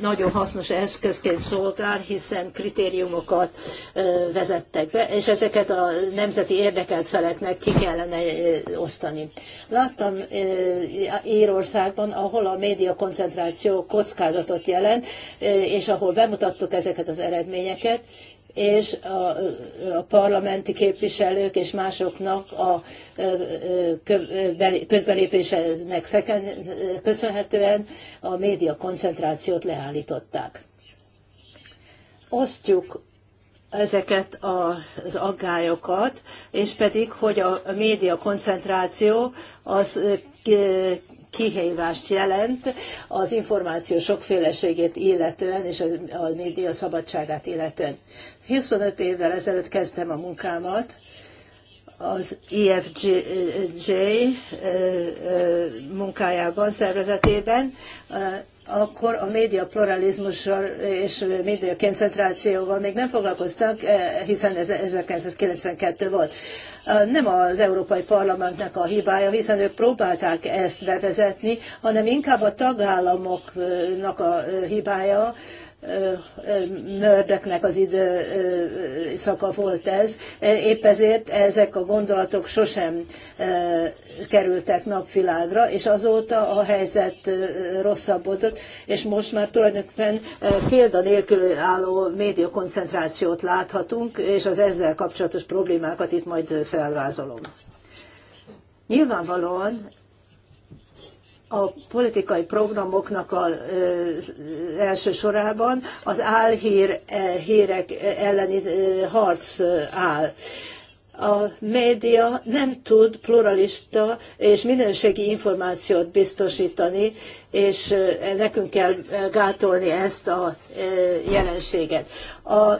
nagyon hasznos eszközként szolgál, hiszen kritériumokat vezettek be, és ezeket a nemzeti érdekelt feleknek ki kellene osztani. Láttam Írországban, ahol a média koncentráció kockázatot jelent, és ahol bemutattuk ezeket az eredményeket, és a, a parlamenti képviselők és másoknak a közbelépésének köszönhetően a média koncentrációt leállították. Osztjuk ezeket az aggályokat, és pedig, hogy a média koncentráció az kihívást jelent az információ sokféleségét illetően és a média szabadságát illetően. 25 évvel ezelőtt kezdtem a munkámat, az EFJ munkájában, szervezetében, akkor a média pluralizmussal és média koncentrációval még nem foglalkoztak, hiszen ez 1992 volt. Nem az Európai Parlamentnek a hibája, hiszen ők próbálták ezt bevezetni, hanem inkább a tagállamoknak a hibája, nördöknek az időszaka volt ez. Épp ezért ezek a gondolatok sosem kerültek napvilágra, és azóta a helyzet rosszabbodott, és most már tulajdonképpen példa nélkül álló médiakoncentrációt láthatunk, és az ezzel kapcsolatos problémákat itt majd felvázolom. Nyilvánvalóan a politikai programoknak ö, első sorában az álhír e, hírek elleni harc áll a média nem tud pluralista és minőségi információt biztosítani, és nekünk kell gátolni ezt a jelenséget. A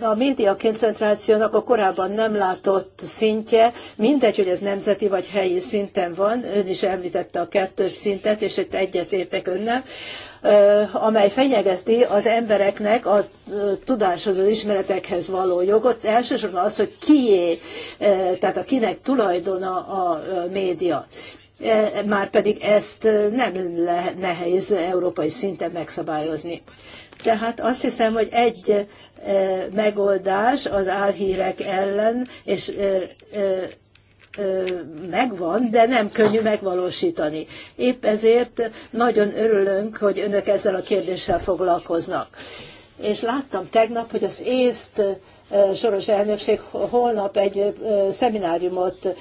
a média koncentrációnak a korábban nem látott szintje, mindegy, hogy ez nemzeti vagy helyi szinten van, ön is említette a kettős szintet, és itt egyet értek önnel, amely fenyegeti az embereknek a tudáshoz, az ismeretekhez való jogot, elsősorban az, hogy kié, tehát a kinek tulajdona a média. Márpedig ezt nem nehéz európai szinten megszabályozni. Tehát azt hiszem, hogy egy e, megoldás az álhírek ellen, és e, e, megvan, de nem könnyű megvalósítani. Épp ezért nagyon örülünk, hogy önök ezzel a kérdéssel foglalkoznak. És láttam tegnap, hogy az észt soros elnökség holnap egy szemináriumot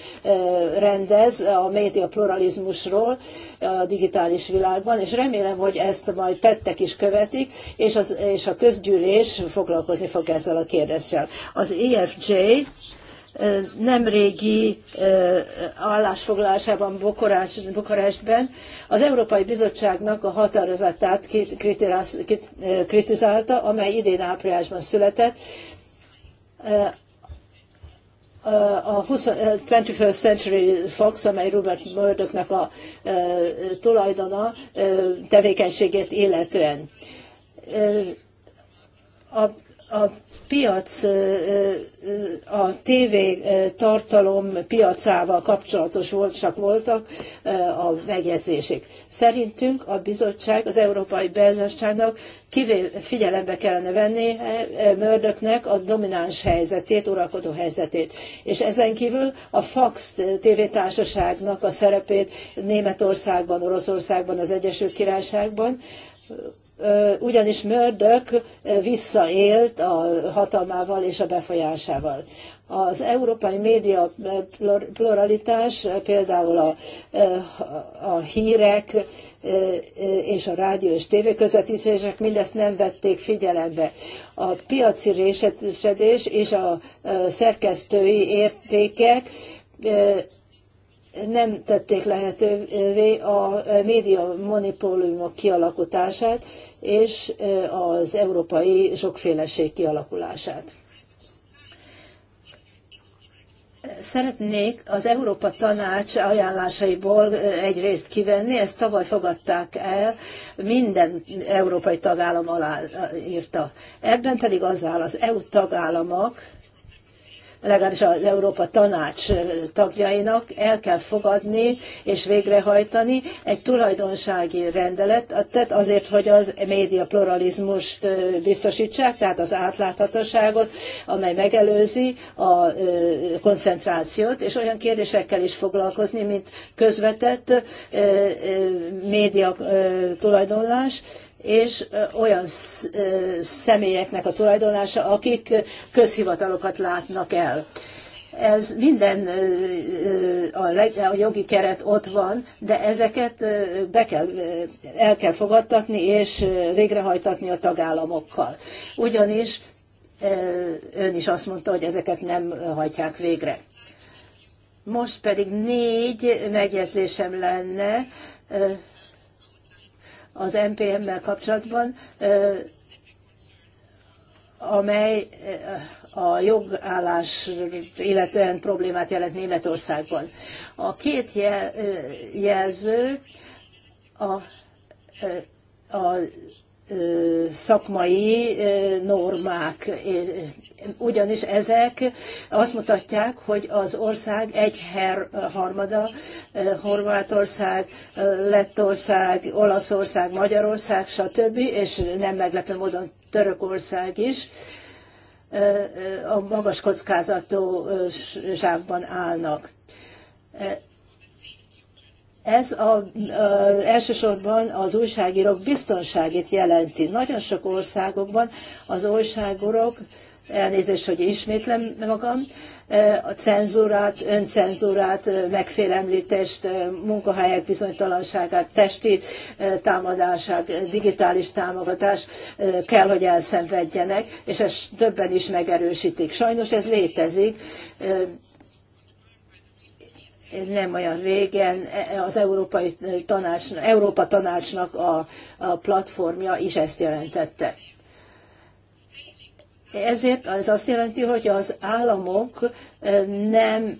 rendez a média pluralizmusról a digitális világban, és remélem, hogy ezt majd tettek is követik, és, az, és a közgyűlés foglalkozni fog ezzel a kérdéssel. Az EFJ nemrégi állásfoglalásában Bukarestben az Európai Bizottságnak a határozatát kritizálta, amely idén áprilisban született, a 21st Century Fox, amely Robert Murdochnak a tulajdona tevékenységét illetően. A, a piac, a TV tartalom piacával kapcsolatos volt, csak voltak a megjegyzések. Szerintünk a bizottság, az Európai Bizottságnak figyelembe kellene venni Mördöknek a domináns helyzetét, uralkodó helyzetét. És ezen kívül a Fax tévétársaságnak a szerepét Németországban, Oroszországban, az Egyesült Királyságban, ugyanis Mördök visszaélt a hatalmával és a befolyásával. Az európai média pluralitás, például a, a hírek és a rádió és tévéközvetítések mindezt nem vették figyelembe. A piaci részesedés és a szerkesztői értékek nem tették lehetővé a média monopóliumok kialakulását és az európai sokféleség kialakulását. Szeretnék az Európa Tanács ajánlásaiból egy részt kivenni, ezt tavaly fogadták el, minden európai tagállam alá írta. Ebben pedig az áll, az EU tagállamok legalábbis az Európa Tanács tagjainak el kell fogadni és végrehajtani egy tulajdonsági rendeletet azért, hogy az média pluralizmust biztosítsák, tehát az átláthatóságot, amely megelőzi a koncentrációt, és olyan kérdésekkel is foglalkozni, mint közvetett média tulajdonlás, és olyan személyeknek a tulajdonlása, akik közhivatalokat látnak el. Ez minden a jogi keret ott van, de ezeket be kell, el kell fogadtatni és végrehajtatni a tagállamokkal. Ugyanis ön is azt mondta, hogy ezeket nem hajtják végre. Most pedig négy megjegyzésem lenne az npm mel kapcsolatban, amely a jogállás illetően problémát jelent Németországban. A két jelző a, a szakmai normák ugyanis ezek azt mutatják, hogy az ország egy her, harmada, Horvátország, Lettország, Olaszország, Magyarország, stb., és nem meglepő módon Törökország is, a magas kockázatú zsákban állnak. Ez a, a, elsősorban az újságírók biztonságét jelenti. Nagyon sok országokban az újságírók elnézést, hogy ismétlem magam, a cenzúrát, öncenzúrát, megfélemlítést, munkahelyek bizonytalanságát, testi támadását, digitális támogatás kell, hogy elszenvedjenek, és ezt többen is megerősítik. Sajnos ez létezik, nem olyan régen e, az Európai Tanács, Európa Tanácsnak a, a platformja is ezt jelentette. Ezért az azt jelenti, hogy az államok eh, nem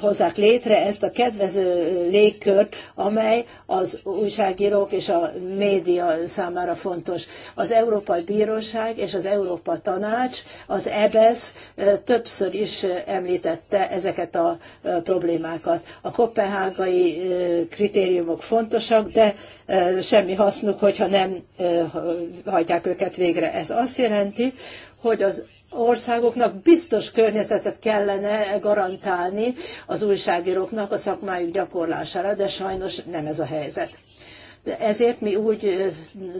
hozzák létre ezt a kedvező légkört, amely az újságírók és a média számára fontos. Az Európai Bíróság és az Európa Tanács, az EBESZ többször is említette ezeket a problémákat. A kopenhágai kritériumok fontosak, de semmi hasznuk, hogyha nem hajtják őket végre. Ez azt jelenti, hogy az országoknak biztos környezetet kellene garantálni az újságíróknak a szakmájuk gyakorlására, de sajnos nem ez a helyzet. De ezért mi úgy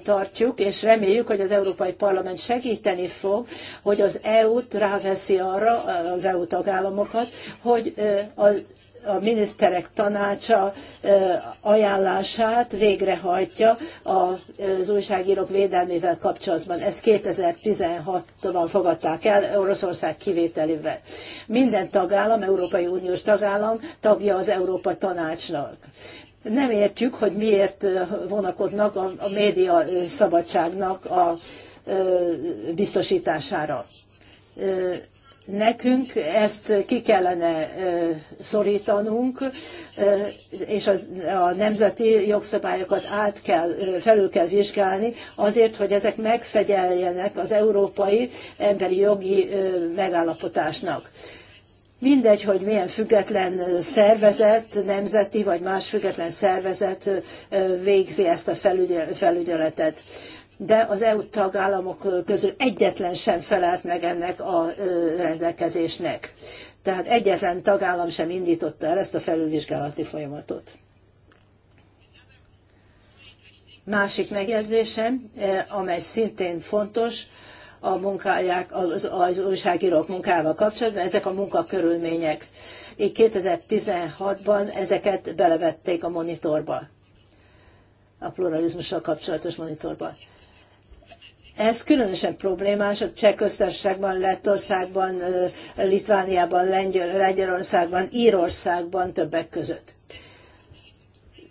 tartjuk, és reméljük, hogy az Európai Parlament segíteni fog, hogy az EU-t ráveszi arra, az EU tagállamokat, hogy az a miniszterek tanácsa ajánlását végrehajtja az újságírók védelmével kapcsolatban. Ezt 2016-ban fogadták el, Oroszország kivételével. Minden tagállam, Európai Uniós tagállam tagja az Európa Tanácsnak. Nem értjük, hogy miért vonakodnak a, a média szabadságnak a biztosítására Nekünk ezt ki kellene szorítanunk, és a nemzeti jogszabályokat át kell, felül kell vizsgálni, azért, hogy ezek megfegyeljenek az európai emberi jogi megállapotásnak. Mindegy, hogy milyen független szervezet, nemzeti vagy más független szervezet végzi ezt a felügyeletet de az EU tagállamok közül egyetlen sem felelt meg ennek a rendelkezésnek. Tehát egyetlen tagállam sem indította el ezt a felülvizsgálati folyamatot. Másik megjegyzésem, amely szintén fontos, a munkáják, az, az újságírók munkával kapcsolatban, ezek a munkakörülmények. Így 2016-ban ezeket belevették a monitorba, a pluralizmussal kapcsolatos monitorba. Ez különösen problémás a Cseh köztársaságban, Lettországban, Litvániában, Lengyel, Lengyelországban, Írországban többek között.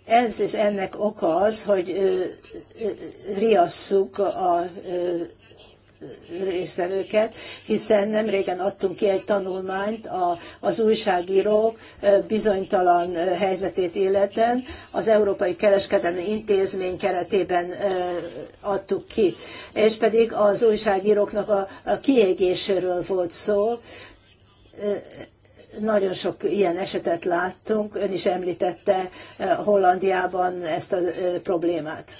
Ez is ennek oka az, hogy riasszuk a résztvevőket, hiszen nem régen adtunk ki egy tanulmányt a, az újságírók bizonytalan helyzetét életen. Az Európai Kereskedelmi Intézmény keretében adtuk ki. És pedig az újságíróknak a, a kiégéséről volt szó nagyon sok ilyen esetet láttunk, ön is említette Hollandiában ezt a problémát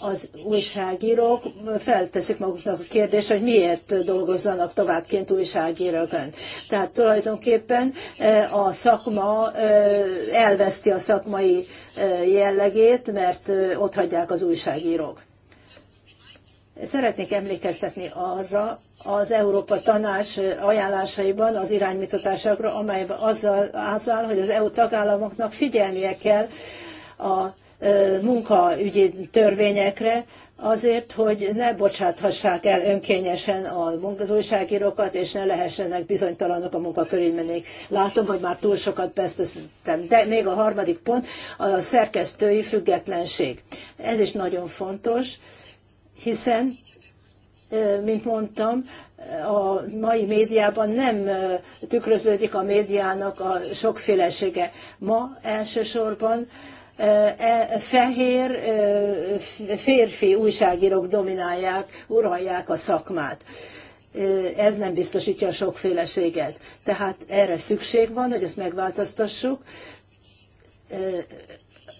az újságírók felteszik maguknak a kérdést, hogy miért dolgozzanak továbbként újságíróként. Tehát tulajdonképpen eh, a szakma eh, elveszti a szakmai eh, jellegét, mert ott hagyják az újságírók. Szeretnék emlékeztetni arra, az Európa Tanács ajánlásaiban az iránymutatásokra, amelyben azzal áll, hogy az EU tagállamoknak figyelnie kell a munkaügyi törvényekre, azért, hogy ne bocsáthassák el önkényesen az újságírókat, és ne lehessenek bizonytalanok a munkakörülmények. Látom, hogy már túl sokat beszéltem. De még a harmadik pont, a szerkesztői függetlenség. Ez is nagyon fontos, hiszen, mint mondtam, a mai médiában nem tükröződik a médiának a sokfélesége. Ma elsősorban E, fehér férfi újságírók dominálják, uralják a szakmát. Ez nem biztosítja a sokféleséget. Tehát erre szükség van, hogy ezt megváltoztassuk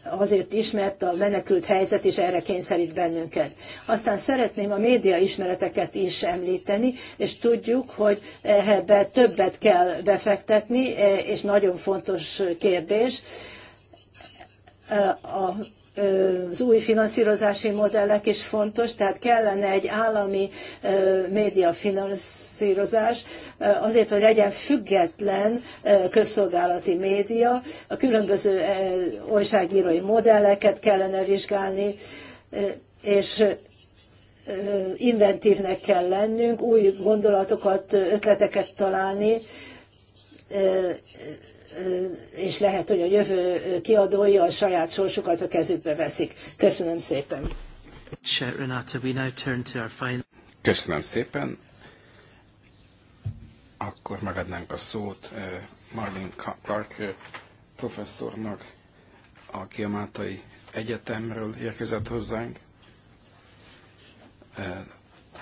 azért is, mert a menekült helyzet is erre kényszerít bennünket. Aztán szeretném a média ismereteket is említeni, és tudjuk, hogy ebbe többet kell befektetni, és nagyon fontos kérdés, a az új finanszírozási modellek is fontos, tehát kellene egy állami médiafinanszírozás azért, hogy legyen független közszolgálati média, a különböző újságírói modelleket kellene vizsgálni, és inventívnek kell lennünk, új gondolatokat, ötleteket találni, és lehet, hogy a jövő kiadói a saját sorsukat a kezükbe veszik. Köszönöm szépen. Köszönöm szépen. Akkor megadnánk a szót Marvin Clark professzornak, aki a Mátai Egyetemről érkezett hozzánk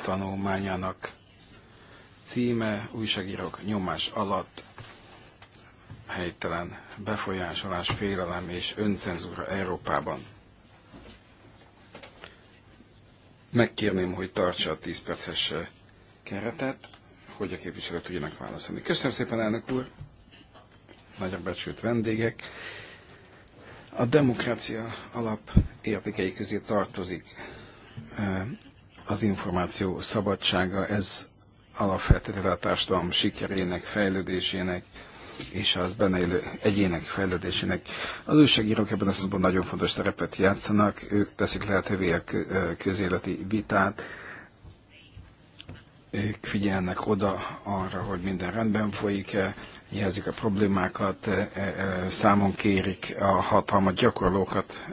tanulmányának címe újságírók nyomás alatt helytelen befolyásolás, félelem és öncenzúra Európában. Megkérném, hogy tartsa a 10 perces eh, keretet, hogy a képviselők tudjanak válaszolni. Köszönöm szépen, elnök úr! Nagyon becsült vendégek! A demokrácia alap értékei közé tartozik eh, az információ szabadsága, ez alapfeltétele a társadalom sikerének, fejlődésének, és az benne élő egyének fejlődésének. Az újságírók ebben a szóban nagyon fontos szerepet játszanak, ők teszik lehetővé a közéleti vitát, ők figyelnek oda arra, hogy minden rendben folyik-e, jelzik a problémákat, számon kérik a hatalmat gyakorlókat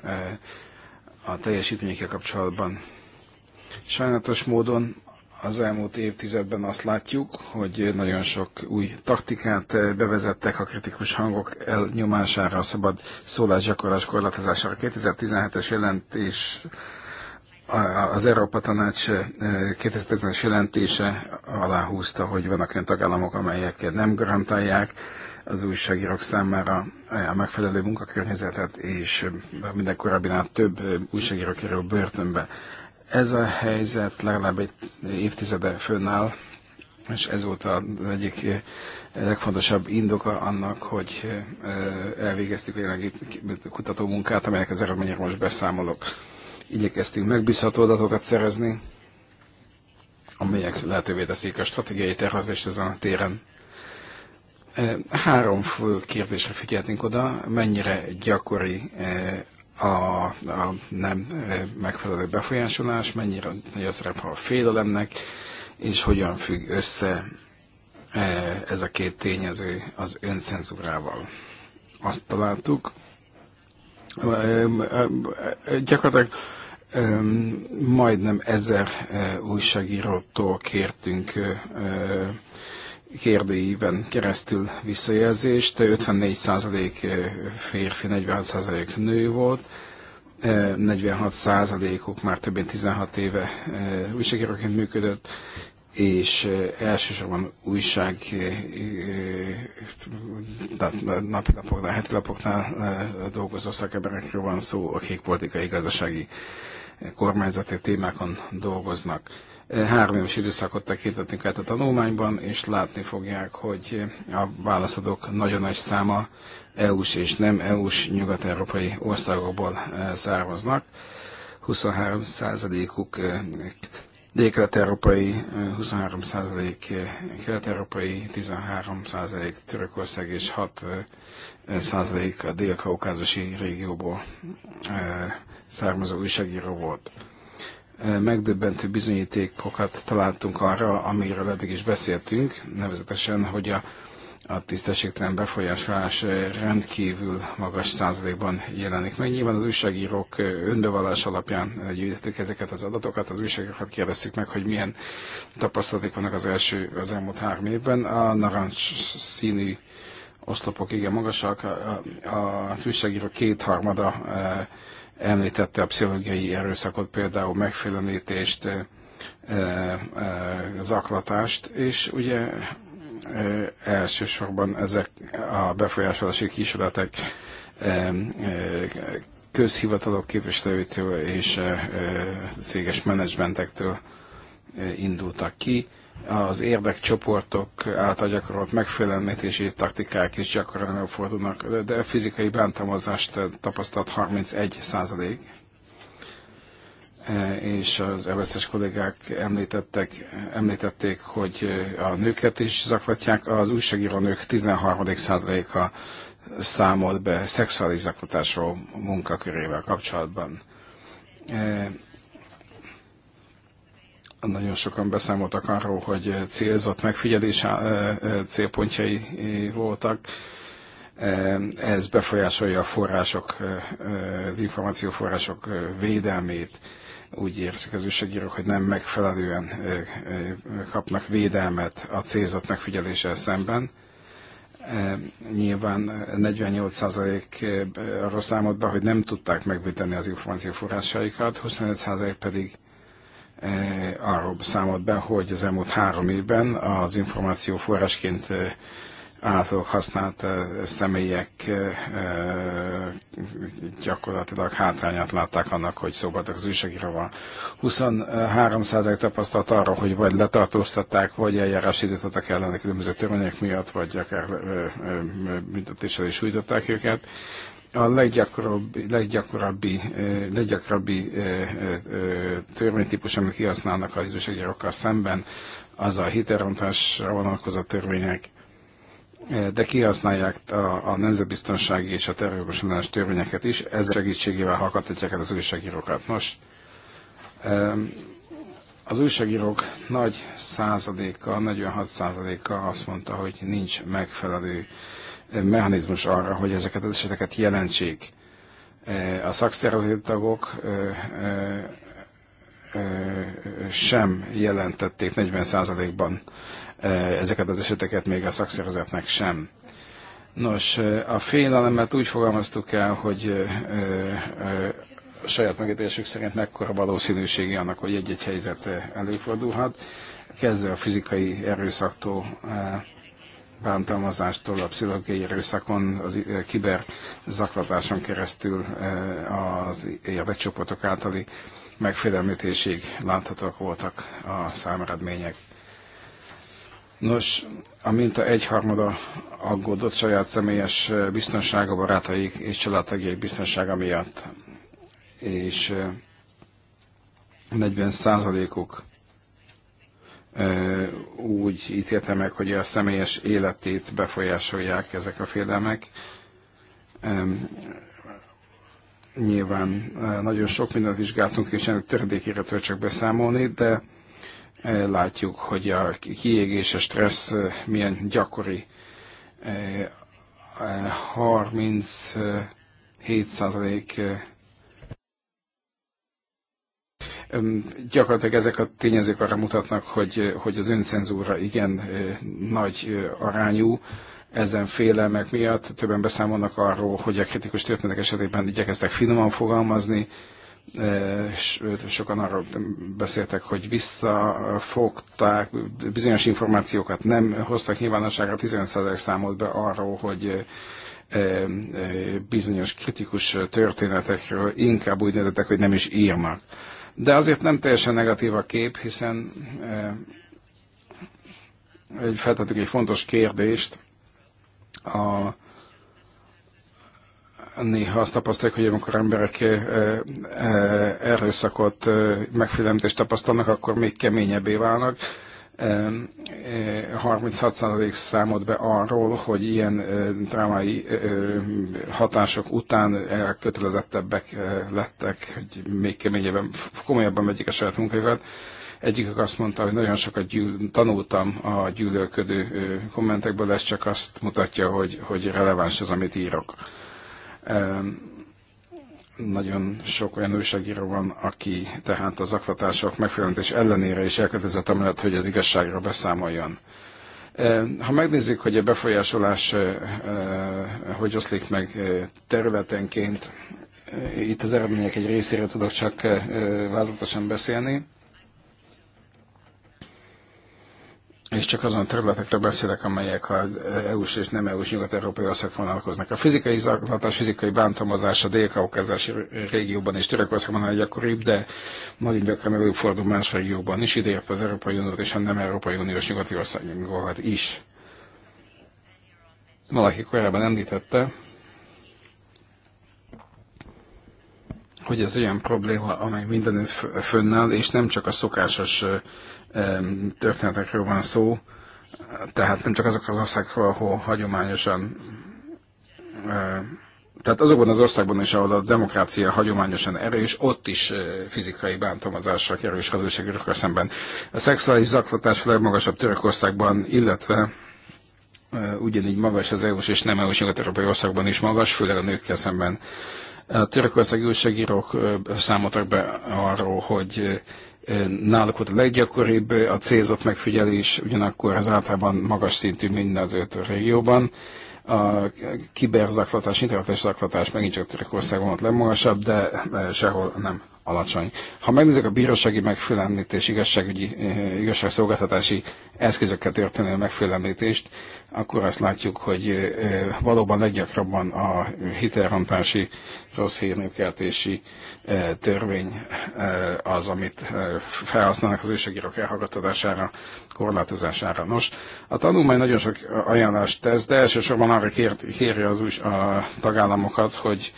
a teljesítményekkel kapcsolatban. Sajnálatos módon az elmúlt évtizedben azt látjuk, hogy nagyon sok új taktikát eh, bevezettek a kritikus hangok elnyomására, a szabad szólásgyakorlás korlátozására. 2017-es jelentés az Európa Tanács 2010-es eh, jelentése aláhúzta, hogy vannak olyan tagállamok, amelyek nem garantálják az újságírók számára a megfelelő munkakörnyezetet, és minden korábbinál több eh, újságíró kerül börtönbe. Ez a helyzet legalább egy évtizede fönnáll, és ez volt az egyik eh, legfontosabb indoka annak, hogy eh, elvégeztük a jelenlegi kutatómunkát, amelyek az eredmények most beszámolok. Igyekeztünk megbízható adatokat szerezni, amelyek lehetővé teszik a stratégiai tervezést ezen a téren. Eh, három fő kérdésre figyeltünk oda, mennyire gyakori a, a nem e, megfelelő befolyásolás, mennyire nagy a szerep a félelemnek, és hogyan függ össze e, ez a két tényező az öncenzúrával. Azt találtuk, e, gyakorlatilag majdnem ezer újságírótól kértünk kérdőíven keresztül visszajelzést, 54% eh, férfi, 46% nő volt, 46%-uk eh, már több mint 16 éve eh, újságíróként működött, és elsősorban újság napilapoknál, heti lapoknál dolgozó szakemberekről van szó, akik politikai, gazdasági, kormányzati témákon dolgoznak Három éves időszakot tekintetünk át a tanulmányban, és látni fogják, hogy a válaszadók nagyon nagy száma EU-s és nem EU-s nyugat-európai országokból eh, származnak. 23 százalékuk eh, dél-kelet-európai, 23 eh, százalék kelet-európai, 13 százalék Törökország és 6 százalék a dél-kaukázusi régióból származó újságíró volt megdöbbentő bizonyítékokat találtunk arra, amiről eddig is beszéltünk, nevezetesen, hogy a, a tisztességtelen befolyásolás rendkívül magas százalékban jelenik meg. Nyilván az újságírók önbevallás alapján gyűjtettük ezeket az adatokat, az újságírókat kérdeztük meg, hogy milyen tapasztalatok vannak az első, az elmúlt három évben. A narancs színű oszlopok igen magasak, a, a, az újságírók kétharmada e, említette a pszichológiai erőszakot, például megfélemlítést, zaklatást, és ugye elsősorban ezek a befolyásolási kísérletek közhivatalok képviselőitől és céges menedzsmentektől indultak ki az érdekcsoportok által gyakorolt megfélemlítési taktikák is gyakran előfordulnak, de a fizikai bántalmazást tapasztalt 31 százalék, e, és az eveszes kollégák említettek, említették, hogy a nőket is zaklatják, az újságíró nők 13 százaléka számolt be szexuális zaklatásról munkakörével kapcsolatban e, nagyon sokan beszámoltak arról, hogy célzott megfigyelés eh, eh, célpontjai eh, voltak. Ez befolyásolja a források, az információforrások védelmét. Úgy érzik az újságírók, hogy nem megfelelően kapnak védelmet a célzott megfigyeléssel szemben nyilván 48% arra számolt be, hogy nem tudták megvédeni az információforrásaikat, 25% pedig Eh, arról számolt be, hogy az elmúlt három évben az információ forrásként eh, általuk használt eh, személyek gyakorlatilag hátrányát látták annak, hogy szóltak az újságíróval. 23 százalék tapasztalt arra, hogy vagy letartóztatták, vagy eljárás időtettek ellene különböző törvények miatt, vagy akár büntetéssel is sújtották őket a leggyakrabbi, leggyakorabbi, leggyakorabbi törvénytípus, amit kihasználnak a üzőségjárokkal szemben, az a hitelrontásra vonatkozó törvények, de kihasználják a, a nemzetbiztonsági és a terrorizmus ellenes törvényeket is, ez segítségével hallgathatják el az újságírókat. Nos, az újságírók nagy százaléka, 46 százaléka azt mondta, hogy nincs megfelelő mechanizmus arra, hogy ezeket az eseteket jelentsék. E, a szakszervezeti tagok e, e, sem jelentették 40%-ban ezeket az eseteket, még a szakszervezetnek sem. Nos, a félelemet úgy fogalmaztuk el, hogy a saját megítélésük szerint mekkora valószínűsége annak, hogy egy-egy helyzet előfordulhat, kezdve a fizikai erőszaktól bántalmazástól, a pszichológiai erőszakon, az eh, zaklatáson keresztül eh, az érdekcsoportok általi megfélemlítésig láthatók voltak a számeredmények. Nos, a minta egyharmada aggódott saját személyes eh, biztonsága, barátaik és családtagjaik biztonsága miatt, és 40 százalékuk úgy ítélte meg, hogy a személyes életét befolyásolják ezek a félelmek. Nyilván nagyon sok mindent vizsgáltunk, és ennek töredékére tudok csak beszámolni, de látjuk, hogy a kiégés, a stressz milyen gyakori. 37% Gyakorlatilag ezek a tényezők arra mutatnak, hogy, hogy az öncenzúra igen nagy arányú, ezen félelmek miatt többen beszámolnak arról, hogy a kritikus történetek esetében igyekeztek finoman fogalmazni, sokan arról beszéltek, hogy visszafogták, bizonyos információkat nem hoztak nyilvánosságra, 15% számolt be arról, hogy bizonyos kritikus történetekről inkább úgy nézettek, hogy nem is írnak. De azért nem teljesen negatív a kép, hiszen e, egy, feltettük egy fontos kérdést. A, néha azt tapasztaljuk, hogy amikor emberek e, e, erőszakot, megfélemtést tapasztalnak, akkor még keményebbé válnak. 36% eh, számolt be arról, hogy ilyen eh, drámai eh, hatások után elkötelezettebbek lettek, hogy még keményebben, komolyabban megyik a saját munkájukat. Egyikük azt mondta, hogy nagyon sokat gyűl, tanultam a gyűlölködő kommentekből, ez csak azt mutatja, hogy, hogy releváns az, amit írok. Nagyon sok olyan újságíró van, aki tehát az aklatások megfelelődés ellenére is elkötelezett amellett, hogy az igazságra beszámoljon. E, ha megnézzük, hogy a befolyásolás e, e, hogy oszlik meg területenként, itt az eredmények egy részére tudok csak vázlatosan beszélni. és csak azon a területekről beszélek, amelyek az EU-s és nem EU-s nyugat-európai országok vonalkoznak. A fizikai zaklatás, fizikai bántalmazás a dél régióban és Törökországban a gyakoribb, de nagyon gyakran előfordul más régióban is, ideértve az Európai Uniót és a nem Európai Uniós nyugati országokat is. Valaki korábban említette, hogy ez olyan probléma, amely mindenütt fönnáll, és nem csak a szokásos történetekről van szó, tehát nem csak azok az országokról, ahol hagyományosan tehát azokban az országban is, ahol a demokrácia hagyományosan erős, ott is fizikai bántalmazásra kerül és hazugságokra szemben. A szexuális zaklatás a legmagasabb Törökországban, illetve ugyanígy magas az EU-s és nem EU-s nyugat-európai országban is magas, főleg a nőkkel szemben. A törökországi újságírók számoltak be arról, hogy Náluk ott a leggyakoribb a célzott megfigyelés, ugyanakkor az általában magas szintű minden az öt régióban. A kiberzaklatás, internetes zaklatás megint csak Törökországon ott legmagasabb, de sehol nem alacsony. Ha megnézzük a bírósági megfélemlítés, igazságügyi, eh, igazságszolgáltatási eszközökkel történő megfélemlítést, akkor azt látjuk, hogy eh, valóban leggyakrabban a hitelrontási, rossz hírnőkeltési eh, törvény az, amit felhasználnak az újságírók elhallgatására, korlátozására. Nos, a tanulmány nagyon sok ajánlást tesz, de elsősorban arra kér, kéri az új, a tagállamokat, hogy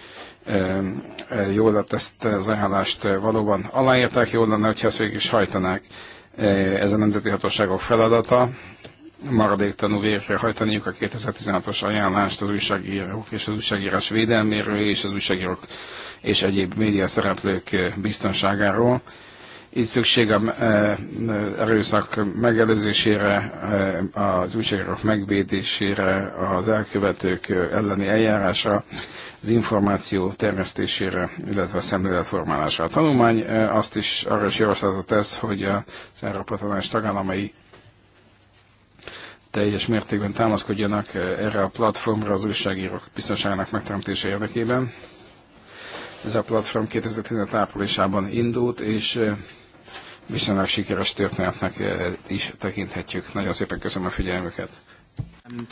jól lett ezt az ajánlást valóban aláírták, jól lenne, hogyha ezt is hajtanák. Ez a nemzeti hatóságok feladata, maradéktanú végre hajtaniuk a 2016-os ajánlást az újságírók és az újságírás védelméről és az újságírók és egyéb média szereplők biztonságáról. Így szükség a erőszak megelőzésére, az újságírók megvédésére, az elkövetők elleni eljárásra, az információ terjesztésére, illetve a szemléletformálásra. A tanulmány eh, azt is arra is javaslatot tesz, hogy az Európa Tanács tagállamai teljes mértékben támaszkodjanak eh, erre a platformra az újságírók biztonságának megteremtése érdekében. Ez a platform 2015 áprilisában indult, és eh, viszonylag sikeres történetnek is tekinthetjük. Nagyon szépen köszönöm a figyelmüket. Um,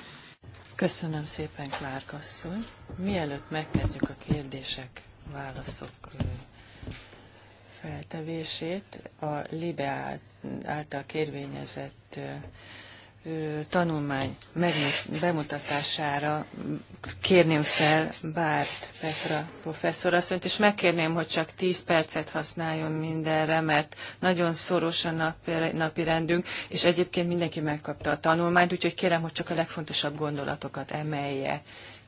Köszönöm szépen, Klárk asszony. Mielőtt megkezdjük a kérdések, válaszok feltevését, a LIBE által kérvényezett tanulmány bemutatására kérném fel Bárt Petra professzorasszonyt, és megkérném, hogy csak 10 percet használjon mindenre, mert nagyon szoros a napi, napi rendünk, és egyébként mindenki megkapta a tanulmányt, úgyhogy kérem, hogy csak a legfontosabb gondolatokat emelje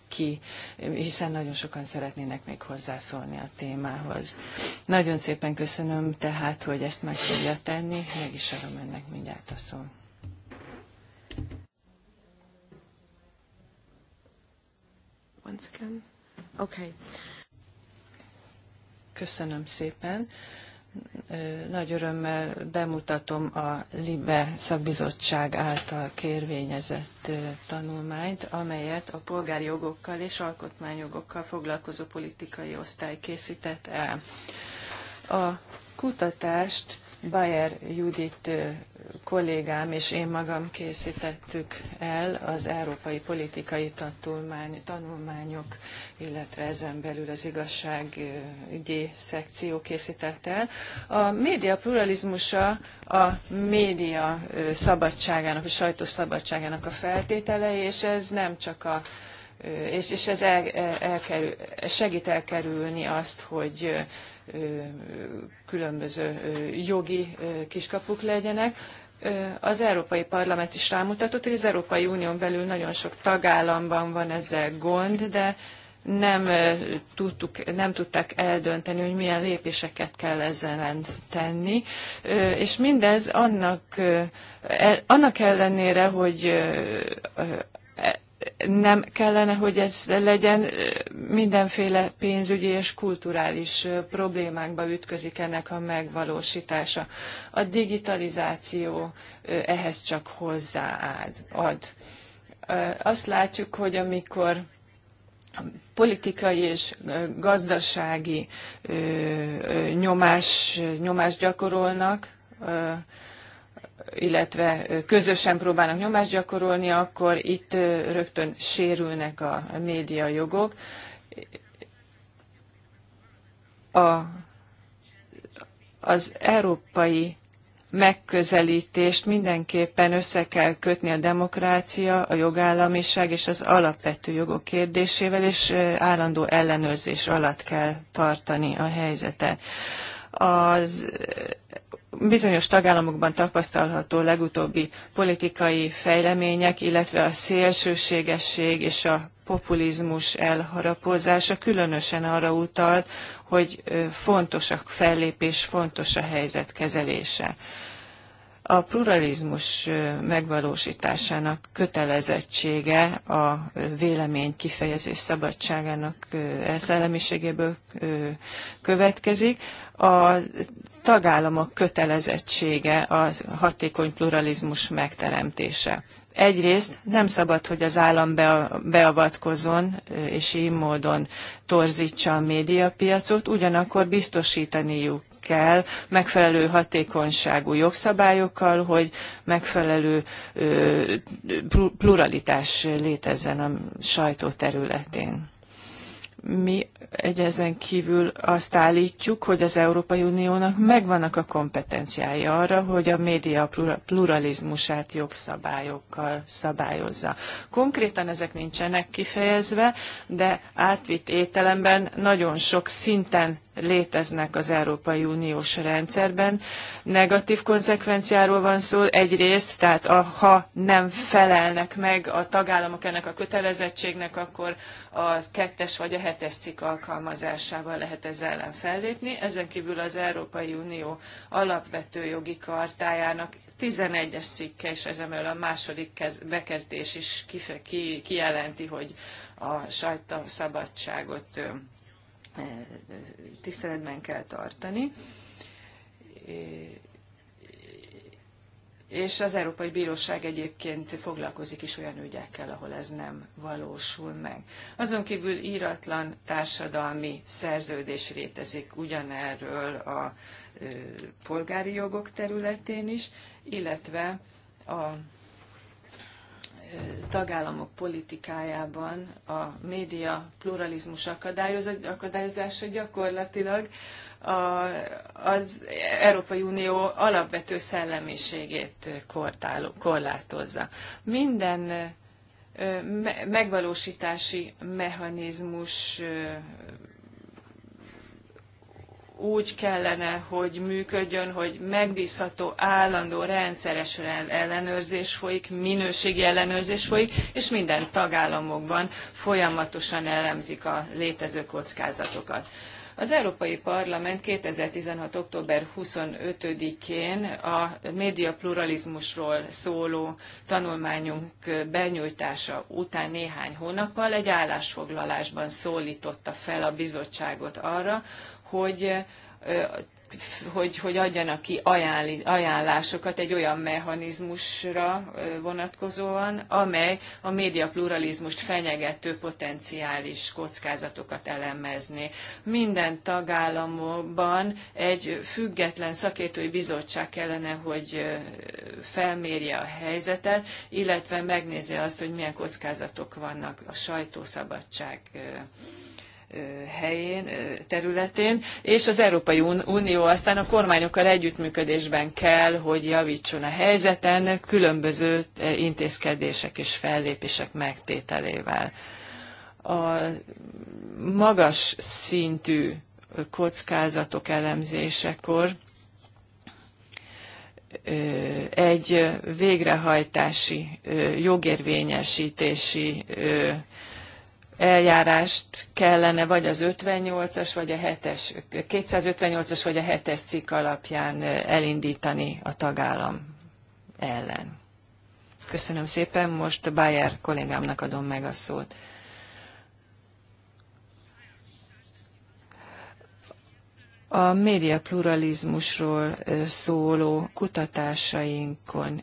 ki, hiszen nagyon sokan szeretnének még hozzászólni a témához. Nagyon szépen köszönöm tehát, hogy ezt meg tudja tenni, meg is adom önnek mindjárt a szót. Once again. Okay. Köszönöm szépen. Nagy örömmel bemutatom a LIBE szakbizottság által kérvényezett tanulmányt, amelyet a polgári jogokkal és alkotmányjogokkal foglalkozó politikai osztály készített el. A kutatást Bayer Judit kollégám és én magam készítettük el az európai politikai tanulmány, tanulmányok, illetve ezen belül az igazságügyi szekció készített el. A média pluralizmusa a média szabadságának, a sajtószabadságának a feltétele, és ez nem csak a és, és ez el, e, elkerül, segít elkerülni azt, hogy különböző jogi kiskapuk legyenek az Európai Parlament is rámutatott, hogy az Európai Unión belül nagyon sok tagállamban van ezzel gond, de nem, tudtuk, nem tudták eldönteni, hogy milyen lépéseket kell ezzel tenni. És mindez annak, annak ellenére, hogy nem kellene, hogy ez legyen, mindenféle pénzügyi és kulturális problémákba ütközik ennek a megvalósítása. A digitalizáció ehhez csak hozzáad. Ad. Azt látjuk, hogy amikor politikai és gazdasági nyomás, nyomást gyakorolnak, illetve közösen próbálnak nyomást gyakorolni, akkor itt rögtön sérülnek a média jogok. A, az európai megközelítést mindenképpen össze kell kötni a demokrácia, a jogállamiság és az alapvető jogok kérdésével, és állandó ellenőrzés alatt kell tartani a helyzetet. Az bizonyos tagállamokban tapasztalható legutóbbi politikai fejlemények, illetve a szélsőségesség és a populizmus elharapozása különösen arra utalt, hogy fontos a fellépés, fontos a helyzet kezelése. A pluralizmus megvalósításának kötelezettsége a vélemény kifejezés szabadságának elszellemiségéből következik a tagállamok kötelezettsége a hatékony pluralizmus megteremtése. Egyrészt nem szabad, hogy az állam beavatkozzon és így módon torzítsa a médiapiacot, ugyanakkor biztosítaniuk kell megfelelő hatékonyságú jogszabályokkal, hogy megfelelő pluralitás létezzen a sajtó területén mi egy ezen kívül azt állítjuk, hogy az Európai Uniónak megvannak a kompetenciái arra, hogy a média pluralizmusát jogszabályokkal szabályozza. Konkrétan ezek nincsenek kifejezve, de átvitt ételemben nagyon sok szinten léteznek az Európai Uniós rendszerben. Negatív konzekvenciáról van szó egyrészt, tehát a, ha nem felelnek meg a tagállamok ennek a kötelezettségnek, akkor a kettes vagy a hetes cikk alkalmazásával lehet ez ellen fellépni. Ezen kívül az Európai Unió alapvető jogi kartájának 11-es cikke, és ezen a második bekezdés is kijelenti, hogy a sajtószabadságot szabadságot tiszteletben kell tartani. És az Európai Bíróság egyébként foglalkozik is olyan ügyekkel, ahol ez nem valósul meg. Azon kívül íratlan társadalmi szerződés létezik ugyanerről a polgári jogok területén is, illetve a tagállamok politikájában a média pluralizmus akadályozása gyakorlatilag az Európai Unió alapvető szellemiségét korlátozza. Minden megvalósítási mechanizmus úgy kellene, hogy működjön, hogy megbízható, állandó, rendszeres ellenőrzés folyik, minőségi ellenőrzés folyik, és minden tagállamokban folyamatosan elemzik a létező kockázatokat. Az Európai Parlament 2016. október 25-én a médiapluralizmusról szóló tanulmányunk benyújtása után néhány hónappal egy állásfoglalásban szólította fel a bizottságot arra, hogy hogy, hogy adjanak ki ajánlásokat egy olyan mechanizmusra vonatkozóan, amely a média pluralizmust fenyegető potenciális kockázatokat elemezni. Minden tagállamban egy független szakértői bizottság kellene, hogy felmérje a helyzetet, illetve megnézi azt, hogy milyen kockázatok vannak a sajtószabadság helyén, területén, és az Európai Unió aztán a kormányokkal együttműködésben kell, hogy javítson a helyzeten különböző intézkedések és fellépések megtételével. A magas szintű kockázatok elemzésekor egy végrehajtási, jogérvényesítési eljárást kellene vagy az 58-as, vagy a 7-es, 258-as, vagy a 7-es cikk alapján elindítani a tagállam ellen. Köszönöm szépen, most Bayer kollégámnak adom meg a szót. A média pluralizmusról szóló kutatásainkon,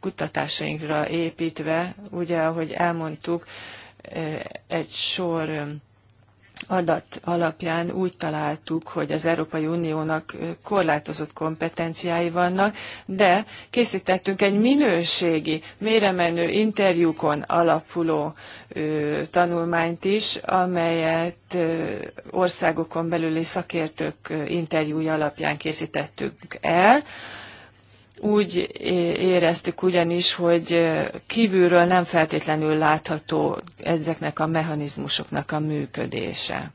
kutatásainkra építve, ugye ahogy elmondtuk, egy sor adat alapján úgy találtuk, hogy az Európai Uniónak korlátozott kompetenciái vannak, de készítettünk egy minőségi, méremenő interjúkon alapuló ö, tanulmányt is, amelyet ö, országokon belüli szakértők interjúja alapján készítettünk el. Ö, úgy éreztük ugyanis, hogy kívülről nem feltétlenül látható ezeknek a mechanizmusoknak a működése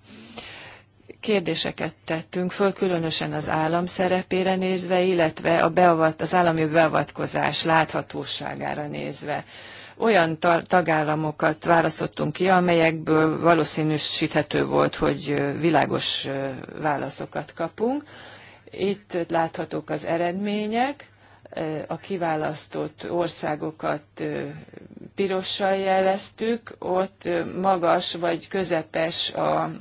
kérdéseket tettünk föl, különösen az állam szerepére nézve, illetve a beavat, az állami beavatkozás láthatóságára nézve. Olyan tagállamokat választottunk ki, amelyekből valószínűsíthető volt, hogy világos válaszokat kapunk. Itt láthatók az eredmények a kiválasztott országokat pirossal jeleztük, ott magas vagy közepes a